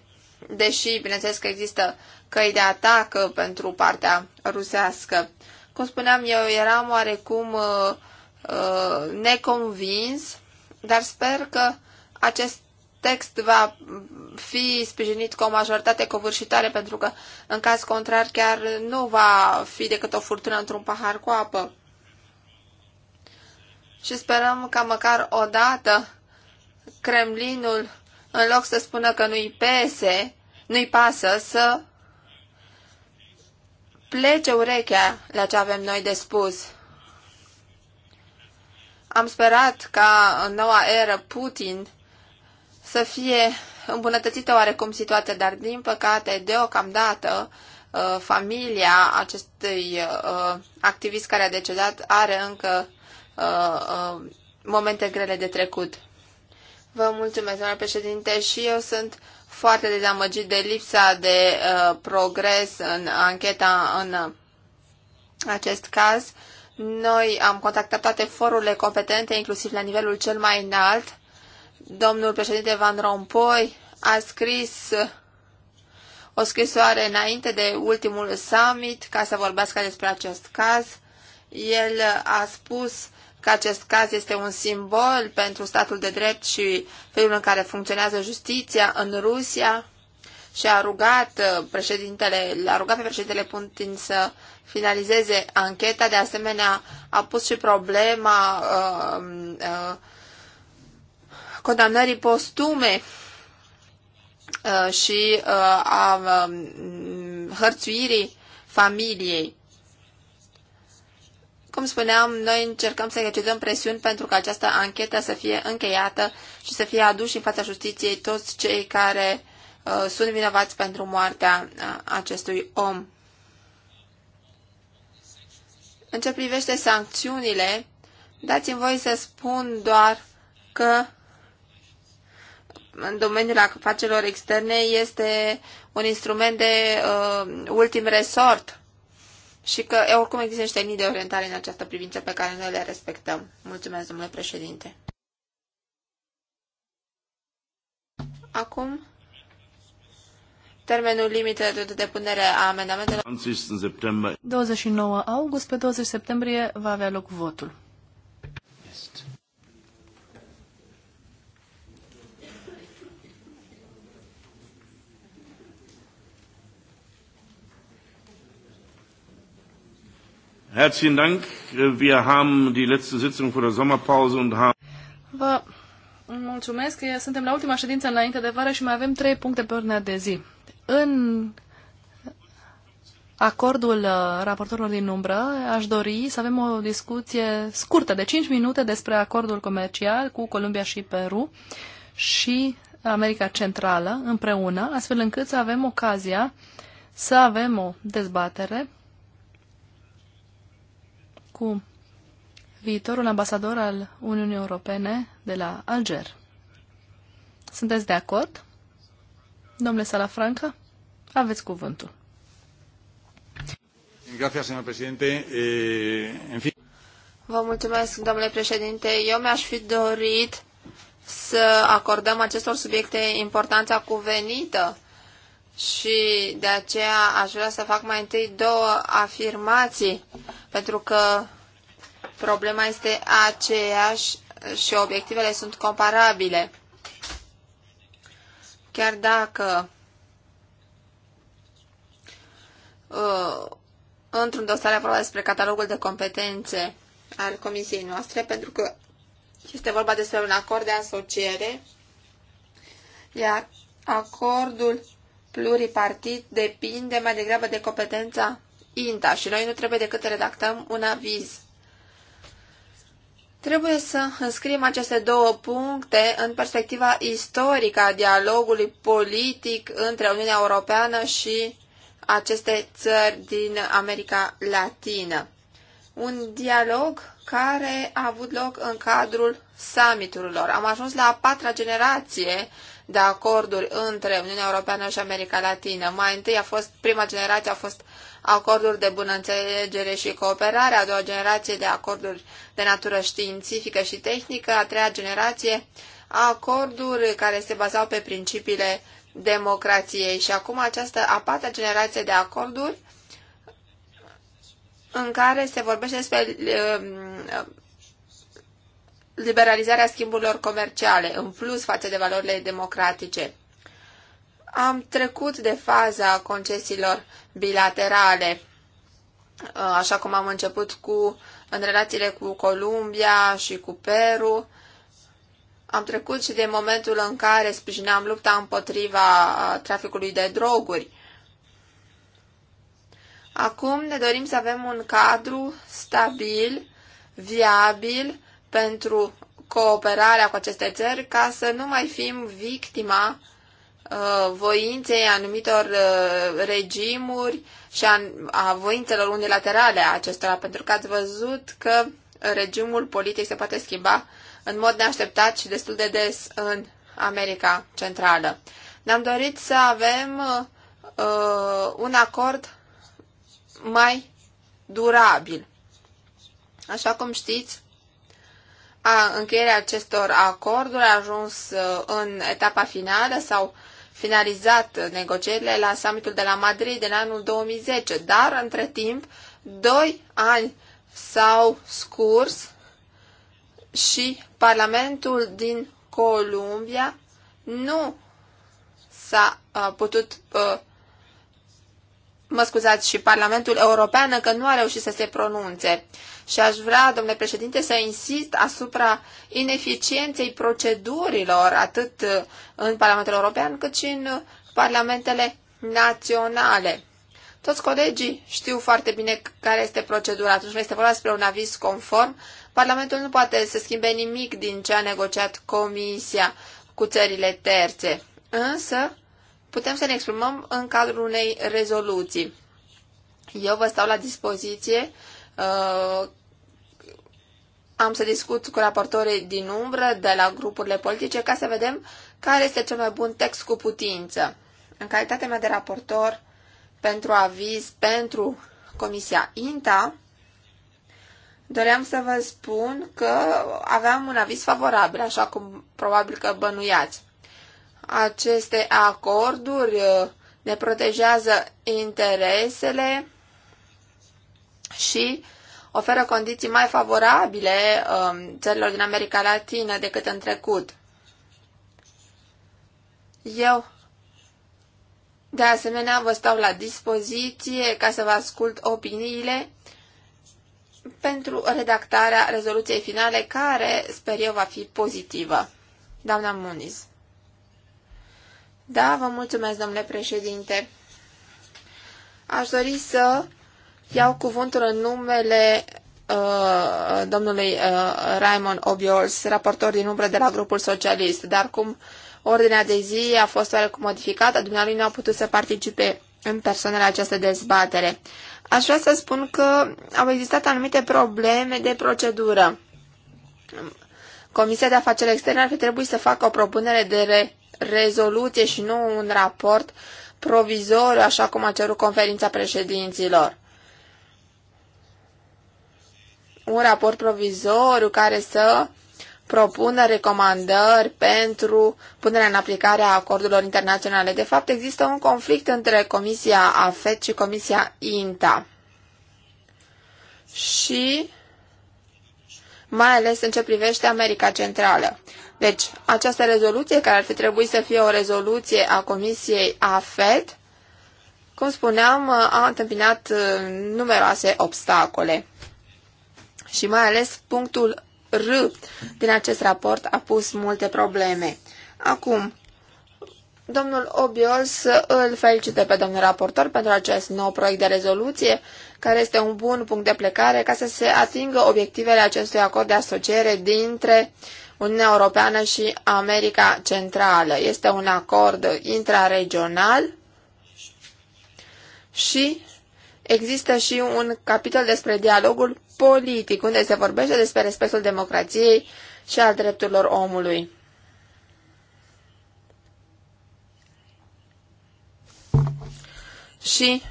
deși bineînțeles că există căi de atac uh, pentru partea rusească. Cum spuneam, eu eram oarecum uh, uh, neconvins, dar sper că acest text va fi sprijinit cu o majoritate covârșitoare, pentru că, în caz contrar, chiar nu va fi decât o furtună într-un pahar cu apă și sperăm ca măcar o dată Kremlinul, în loc să spună că nu-i pese, nu-i pasă, să plece urechea la ce avem noi de spus. Am sperat ca în noua eră Putin să fie îmbunătățită oarecum situația, dar din păcate, deocamdată, uh, familia acestui uh, activist care a decedat are încă uh, uh, momente grele de trecut. Vă mulțumesc, doamna președinte, și eu sunt foarte dezamăgit de lipsa de uh, progres în ancheta în acest caz. Noi am contactat toate forurile competente, inclusiv la nivelul cel mai înalt. Domnul președinte Van Rompuy a scris o scrisoare înainte de ultimul summit ca să vorbească despre acest caz. El a spus că acest caz este un simbol pentru statul de drept și felul în care funcționează justiția în Rusia și a rugat uh, președintele, l-a rugat pe președintele Putin să finalizeze ancheta. De asemenea, a pus și problema uh, uh, condamnării postume uh, și uh, a uh, hărțuirii familiei. Cum spuneam, noi încercăm să exercităm presiuni pentru ca această anchetă să fie încheiată și să fie aduși în fața justiției toți cei care uh, sunt vinovați pentru moartea uh, acestui om. În ce privește sancțiunile, dați-mi voi să spun doar că în domeniul afacerilor externe este un instrument de uh, ultim resort și că oricum există niște linii de orientare în această privință pe care noi le respectăm. Mulțumesc, domnule președinte. Acum, termenul limită de depunere a amendamentelor. 29 august, pe 20 septembrie va avea loc votul. Herzlichen Dank. Wir haben die letzte Sitzung vor der Sommerpause und haben. Vă mulțumesc. Suntem la ultima ședință înainte de vară și mai avem trei puncte pe ordinea de zi. În acordul uh, raportorilor din umbră, aș dori să avem o discuție scurtă de 5 minute despre acordul comercial cu Columbia și Peru și America Centrală împreună, astfel încât să avem ocazia să avem o dezbatere cu viitorul ambasador al Uniunii Europene de la Alger. Sunteți de acord? Domnule Salafranca, aveți cuvântul. Eh, Vă mulțumesc, domnule președinte. Eu mi-aș fi dorit să acordăm acestor subiecte importanța cuvenită și de aceea aș vrea să fac mai întâi două afirmații, pentru că problema este aceeași și obiectivele sunt comparabile. Chiar dacă uh, într-un dosar e vorba despre catalogul de competențe al comisiei noastre, pentru că este vorba despre un acord de asociere, iar acordul pluripartit depinde mai degrabă de competența INTA și noi nu trebuie decât să redactăm un aviz. Trebuie să înscriem aceste două puncte în perspectiva istorică a dialogului politic între Uniunea Europeană și aceste țări din America Latină. Un dialog care a avut loc în cadrul summiturilor. Am ajuns la a patra generație de acorduri între Uniunea Europeană și America Latină. Mai întâi a fost, prima generație a fost acorduri de bună înțelegere și cooperare, a doua generație de acorduri de natură științifică și tehnică, a treia generație acorduri care se bazau pe principiile democrației și acum această a patra generație de acorduri în care se vorbește despre um, liberalizarea schimburilor comerciale, în plus față de valorile democratice. Am trecut de faza concesiilor bilaterale, uh, așa cum am început cu, în relațiile cu Columbia și cu Peru. Am trecut și de momentul în care sprijineam lupta împotriva traficului de droguri. Acum ne dorim să avem un cadru stabil, viabil, pentru cooperarea cu aceste țări ca să nu mai fim victima uh, voinței anumitor uh, regimuri și a, voințelor unilaterale a acestora, pentru că ați văzut că regimul politic se poate schimba în mod neașteptat și destul de des în America Centrală. Ne-am dorit să avem uh, un acord mai durabil. Așa cum știți, a încheierea acestor acorduri a ajuns uh, în etapa finală sau finalizat negocierile la summitul de la Madrid în anul 2010, dar între timp doi ani s-au scurs și Parlamentul din Columbia nu s-a uh, putut, uh, mă scuzați, și Parlamentul European că nu a reușit să se pronunțe. Și aș vrea, domnule președinte, să insist asupra ineficienței procedurilor, atât uh, în Parlamentul European, cât și în uh, parlamentele naționale. Toți colegii știu foarte bine care este procedura. Atunci când este vorba despre un aviz conform, Parlamentul nu poate să schimbe nimic din ce a negociat Comisia cu țările terțe. Însă, putem să ne exprimăm în cadrul unei rezoluții. Eu vă stau la dispoziție Uh, am să discut cu raportorii din umbră de la grupurile politice ca să vedem care este cel mai bun text cu putință. În calitatea mea de raportor pentru aviz, pentru Comisia INTA, doream să vă spun că aveam un aviz favorabil, așa cum probabil că bănuiați. Aceste acorduri uh, ne protejează interesele și oferă condiții mai favorabile um, țărilor din America Latină decât în trecut. Eu, de asemenea, vă stau la dispoziție ca să vă ascult opiniile pentru redactarea rezoluției finale, care sper eu va fi pozitivă. Doamna Muniz. Da, vă mulțumesc, domnule președinte. Aș dori să Iau cuvântul în numele uh, domnului uh, Raymond Obiols, raportor din umbră de la grupul socialist, dar cum ordinea de zi a fost oarecum modificată, dumnealui nu a putut să participe în persoană la această dezbatere. Aș vrea să spun că au existat anumite probleme de procedură. Comisia de Afaceri Externe ar fi trebuit să facă o propunere de re rezoluție și nu un raport provizoriu, așa cum a cerut conferința președinților un raport provizoriu care să propună recomandări pentru punerea în aplicare a acordurilor internaționale. De fapt, există un conflict între Comisia AFET și Comisia INTA. Și mai ales în ce privește America Centrală. Deci, această rezoluție, care ar fi trebuit să fie o rezoluție a Comisiei AFET, cum spuneam, a întâmpinat uh, numeroase obstacole și mai ales punctul R din acest raport a pus multe probleme. Acum, domnul Obiols îl felicită pe domnul raportor pentru acest nou proiect de rezoluție, care este un bun punct de plecare ca să se atingă obiectivele acestui acord de asociere dintre Uniunea Europeană și America Centrală. Este un acord intraregional și există și un capitol despre dialogul politic, unde se vorbește despre respectul democrației și al drepturilor omului. Și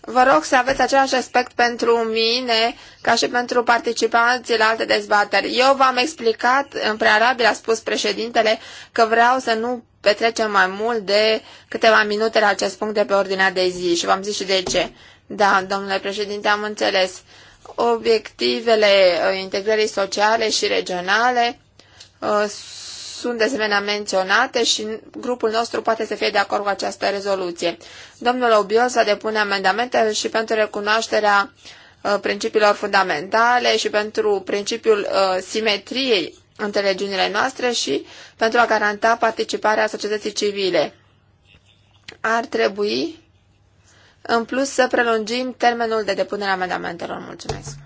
vă rog să aveți același respect pentru mine ca și pentru participanții la alte dezbateri. Eu v-am explicat în prealabil, a spus președintele, că vreau să nu petrecem mai mult de câteva minute la acest punct de pe ordinea de zi și v-am zis și de ce. Da, domnule președinte, am înțeles. Obiectivele uh, integrării sociale și regionale uh, sunt de asemenea menționate și grupul nostru poate să fie de acord cu această rezoluție. Domnul Obiol să depune amendamente și pentru recunoașterea uh, principiilor fundamentale și pentru principiul simetriei între regiunile noastre și pentru a garanta participarea societății civile. Ar trebui în plus să prelungim termenul de depunere a amendamentelor. Mulțumesc!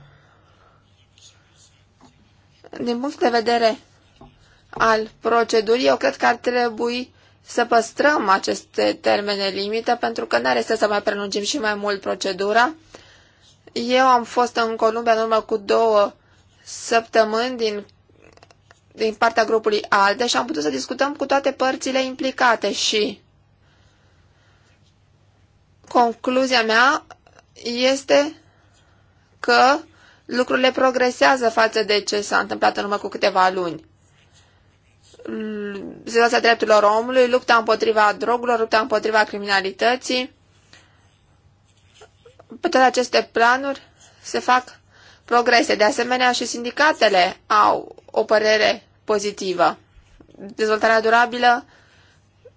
Din punct de vedere al procedurii, eu cred că ar trebui să păstrăm aceste termene limită, pentru că nu are să mai prelungim și mai mult procedura. Eu am fost în Columbia în urmă cu două săptămâni din, din partea grupului ALDE și am putut să discutăm cu toate părțile implicate și concluzia mea este că lucrurile progresează față de ce s-a întâmplat în urmă cu câteva luni. Situația drepturilor omului, lupta împotriva drogurilor, lupta împotriva criminalității, pe toate aceste planuri se fac progrese. De asemenea, și sindicatele au o părere pozitivă. Dezvoltarea durabilă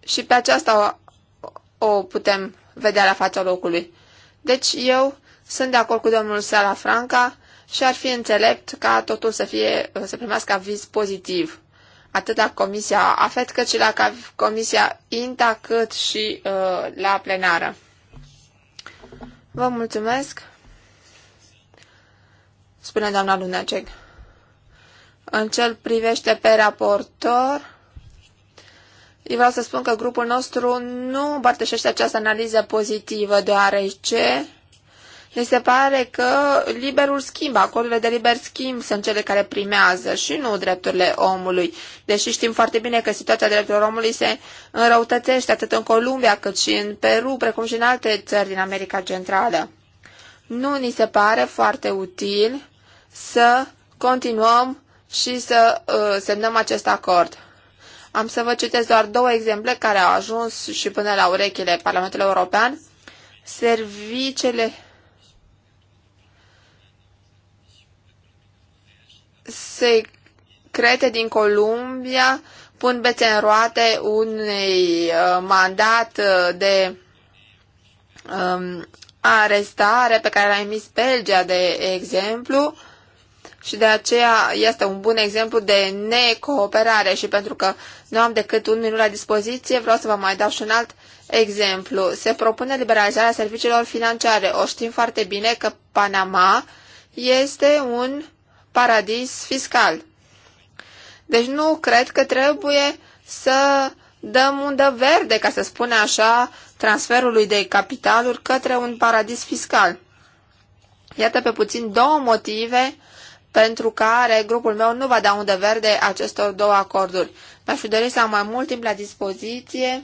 și pe aceasta o, o putem vedea la fața locului. Deci eu sunt de acord cu domnul Sala Franca și ar fi înțelept ca totul să, fie, să primească aviz pozitiv, atât la Comisia AFET, cât și la Comisia INTA, cât și uh, la plenară. Vă mulțumesc, spune doamna Lunacek. În cel privește pe raportor, și vreau să spun că grupul nostru nu împărtășește această analiză pozitivă, deoarece Ne se pare că liberul schimb, acordurile de liber schimb sunt cele care primează și nu drepturile omului, deși știm foarte bine că situația drepturilor omului se înrăutățește atât în Columbia cât și în Peru, precum și în alte țări din America Centrală. Nu ni se pare foarte util să continuăm și să uh, semnăm acest acord. Am să vă citesc doar două exemple care au ajuns și până la urechile Parlamentului European. Serviciile secrete din Columbia pun bețe în roate unui uh, mandat uh, de um, arestare pe care l-a emis Belgia, de exemplu, și de aceea este un bun exemplu de necooperare și pentru că nu am decât un minut la dispoziție, vreau să vă mai dau și un alt exemplu. Se propune liberalizarea serviciilor financiare. O știm foarte bine că Panama este un paradis fiscal. Deci nu cred că trebuie să dăm undă verde, ca să spune așa, transferului de capitaluri către un paradis fiscal. Iată pe puțin două motive pentru care grupul meu nu va da unde verde acestor două acorduri. Mi-aș fi dorit să am mai mult timp la dispoziție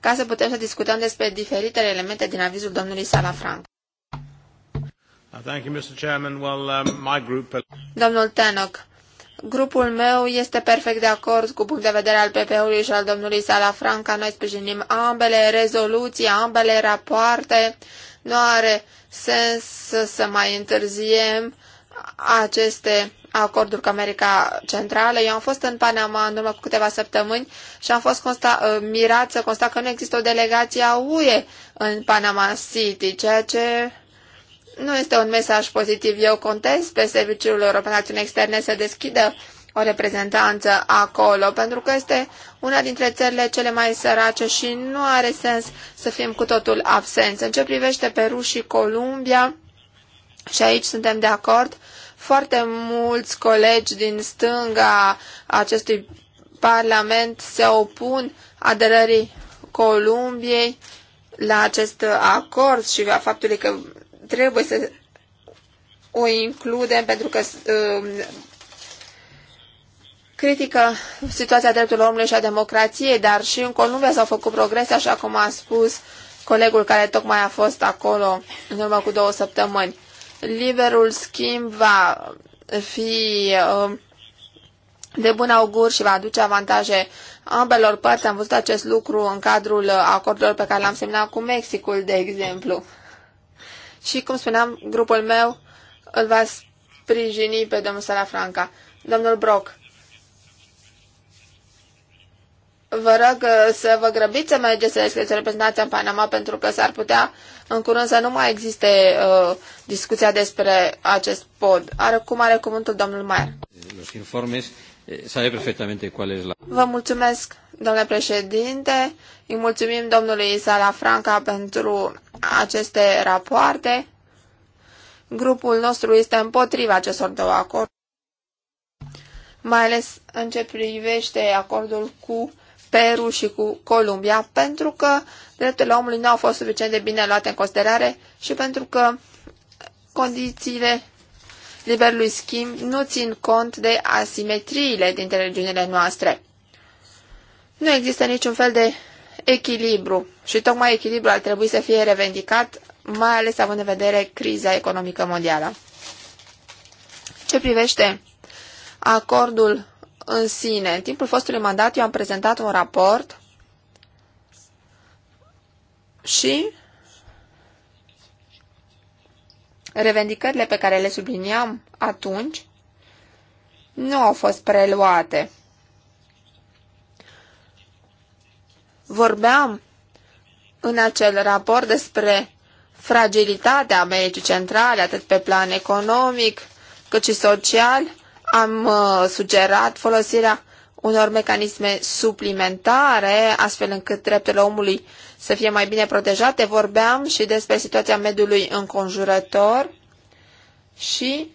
ca să putem să discutăm despre diferitele elemente din avizul domnului Salafranc. Uh, thank Well, um, group... Domnul Tenoc, grupul meu este perfect de acord cu punct de vedere al PP-ului și al domnului Salafranca. Noi sprijinim ambele rezoluții, ambele rapoarte. Nu are sens să mai întârziem aceste acorduri cu America Centrală. Eu am fost în Panama în urmă cu câteva săptămâni și am fost consta, uh, mirat să constat că nu există o delegație a UE în Panama City, ceea ce nu este un mesaj pozitiv. Eu contez pe Serviciul European Acțiune Externe să deschidă o reprezentanță acolo, pentru că este una dintre țările cele mai sărace și nu are sens să fim cu totul absenți. În ce privește Peru și Columbia, și aici suntem de acord. Foarte mulți colegi din stânga acestui Parlament se opun aderării Columbiei la acest acord și la faptul că trebuie să o includem pentru că um, critică situația drepturilor omului și a democrației, dar și în Columbia s-au făcut progrese, așa cum a spus colegul care tocmai a fost acolo în urmă cu două săptămâni liberul schimb va fi uh, de bun augur și va aduce avantaje ambelor părți. Am văzut acest lucru în cadrul acordurilor pe care l am semnat cu Mexicul, de exemplu. Și, cum spuneam, grupul meu îl va sprijini pe domnul Salafranca. Domnul Brock, Vă rog uh, să vă grăbiți să mergeți să scrieți reprezentația în Panama pentru că s-ar putea în curând să nu mai existe uh, discuția despre acest pod. Are cum are cuvântul domnul Maier. Los informes eh, sabe perfectamente cuál es la... Vă mulțumesc, domnule președinte. Îi mulțumim domnului Salafranca pentru aceste rapoarte. Grupul nostru este împotriva acestor două acorduri mai ales în ce privește acordul cu Peru și cu Columbia pentru că drepturile omului nu au fost suficient de bine luate în considerare și pentru că condițiile liberului schimb nu țin cont de asimetriile dintre regiunile noastre. Nu există niciun fel de echilibru și tocmai echilibru ar trebui să fie revendicat, mai ales având în vedere criza economică mondială. Ce privește acordul în sine. În timpul fostului mandat eu am prezentat un raport și revendicările pe care le subliniam atunci nu au fost preluate. Vorbeam în acel raport despre fragilitatea Americii Centrale, atât pe plan economic, cât și social, am uh, sugerat folosirea unor mecanisme suplimentare, astfel încât dreptele omului să fie mai bine protejate. Vorbeam și despre situația mediului înconjurător și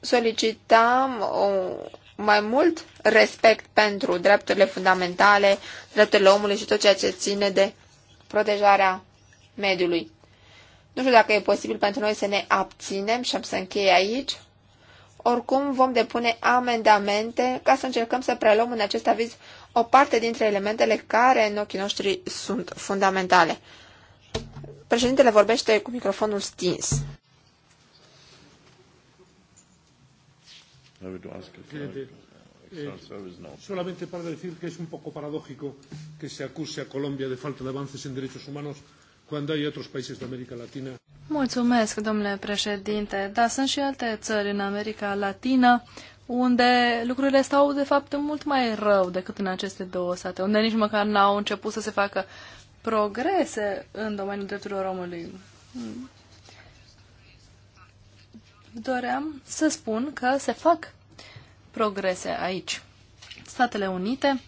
solicitam uh, mai mult respect pentru drepturile fundamentale, drepturile omului și tot ceea ce ține de protejarea mediului. Nu știu dacă e posibil pentru noi să ne abținem și am să închei aici. Oricum vom depune amendamente ca să încercăm să preluăm în acest aviz o parte dintre elementele care în ochii noștri sunt fundamentale. Președintele vorbește cu microfonul stins. Eh, solamente para decir que es un poco paradójico que se acuse a Colombia de falta de avances en derechos humanos cuando hay otros países de América Latina. Mulțumesc, domnule președinte, dar sunt și alte țări în America Latina unde lucrurile stau, de fapt, mult mai rău decât în aceste două state, unde nici măcar n-au început să se facă progrese în domeniul drepturilor omului. Doream să spun că se fac progrese aici. Statele Unite,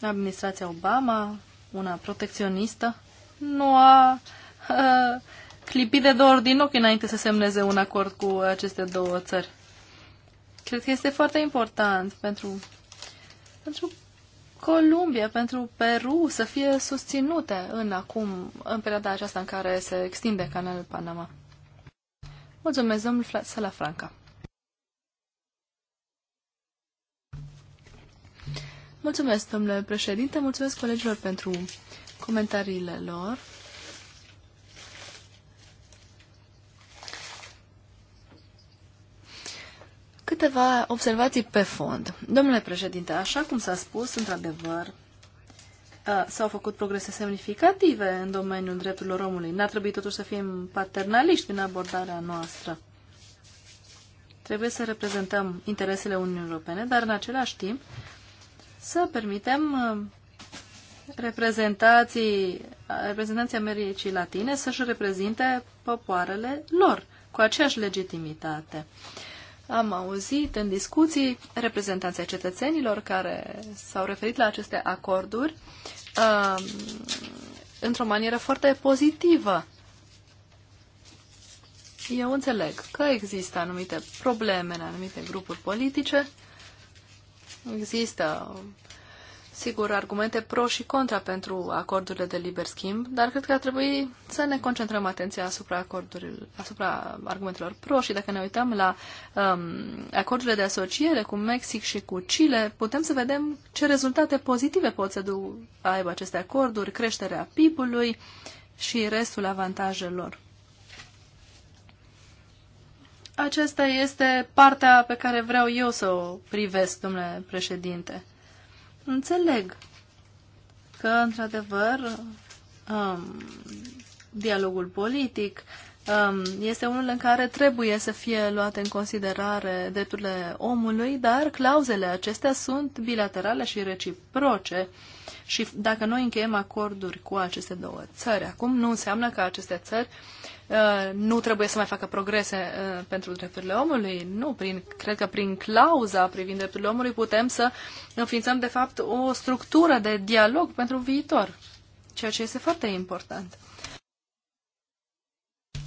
administrația Obama, una protecționistă, nu a uh, clipit de două ori din ochi înainte să semneze un acord cu aceste două țări. Cred că este foarte important pentru, pentru Columbia, pentru Peru să fie susținute în acum, în perioada aceasta în care se extinde canalul Panama. Mulțumesc, domnul Sala Franca. Mulțumesc, domnule președinte, mulțumesc colegilor pentru comentariile lor. Câteva observații pe fond. Domnule președinte, așa cum s-a spus, într-adevăr, s-au făcut progrese semnificative în domeniul drepturilor omului. N-ar trebui totuși să fim paternaliști în abordarea noastră. Trebuie să reprezentăm interesele Uniunii Europene, dar în același timp să permitem reprezentații, reprezentanții Americii Latine să-și reprezinte popoarele lor cu aceeași legitimitate. Am auzit în discuții reprezentanții cetățenilor care s-au referit la aceste acorduri uh, într-o manieră foarte pozitivă. Eu înțeleg că există anumite probleme în anumite grupuri politice, există sigur, argumente pro și contra pentru acordurile de liber schimb, dar cred că ar trebui să ne concentrăm atenția asupra acordurilor, asupra argumentelor pro și dacă ne uităm la um, acordurile de asociere cu Mexic și cu Chile, putem să vedem ce rezultate pozitive pot să du- aibă aceste acorduri, creșterea PIB-ului și restul avantajelor. Aceasta este partea pe care vreau eu să o privesc, domnule președinte. Înțeleg că, într-adevăr, um, dialogul politic um, este unul în care trebuie să fie luate în considerare drepturile omului, dar clauzele acestea sunt bilaterale și reciproce. Și dacă noi încheiem acorduri cu aceste două țări acum, nu înseamnă că aceste țări uh, Uh, nu trebuie să mai facă progrese uh, pentru drepturile omului. Nu, prin, cred că prin clauza privind drepturile omului putem să înființăm, de fapt, o structură de dialog pentru viitor, ceea ce este foarte important.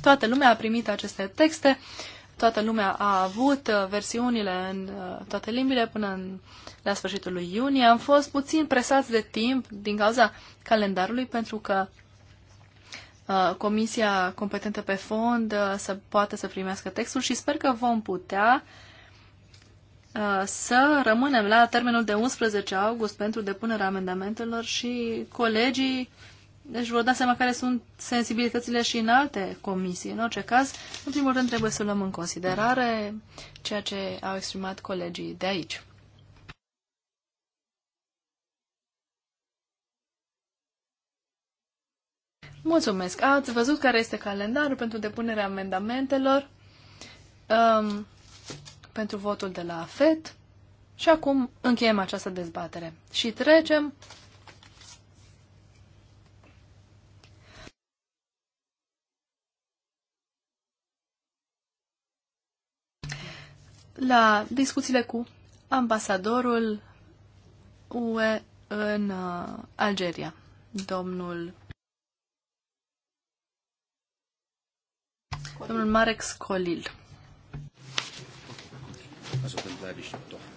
Toată lumea a primit aceste texte, toată lumea a avut uh, versiunile în toate limbile până în, la sfârșitul lui iunie. Am fost puțin presați de timp din cauza calendarului pentru că Uh, comisia competentă pe fond uh, să poată să primească textul și sper că vom putea uh, să rămânem la termenul de 11 august pentru depunerea amendamentelor și colegii deci vor da seama care sunt sensibilitățile și în alte comisii. În orice caz, în primul rând trebuie să luăm în considerare ceea ce au exprimat colegii de aici. Mulțumesc. Ați văzut care este calendarul pentru depunerea amendamentelor, um, pentru votul de la AFET și acum încheiem această dezbatere și trecem la discuțiile cu ambasadorul UE în uh, Algeria, domnul Domnul Marek Scolil. Also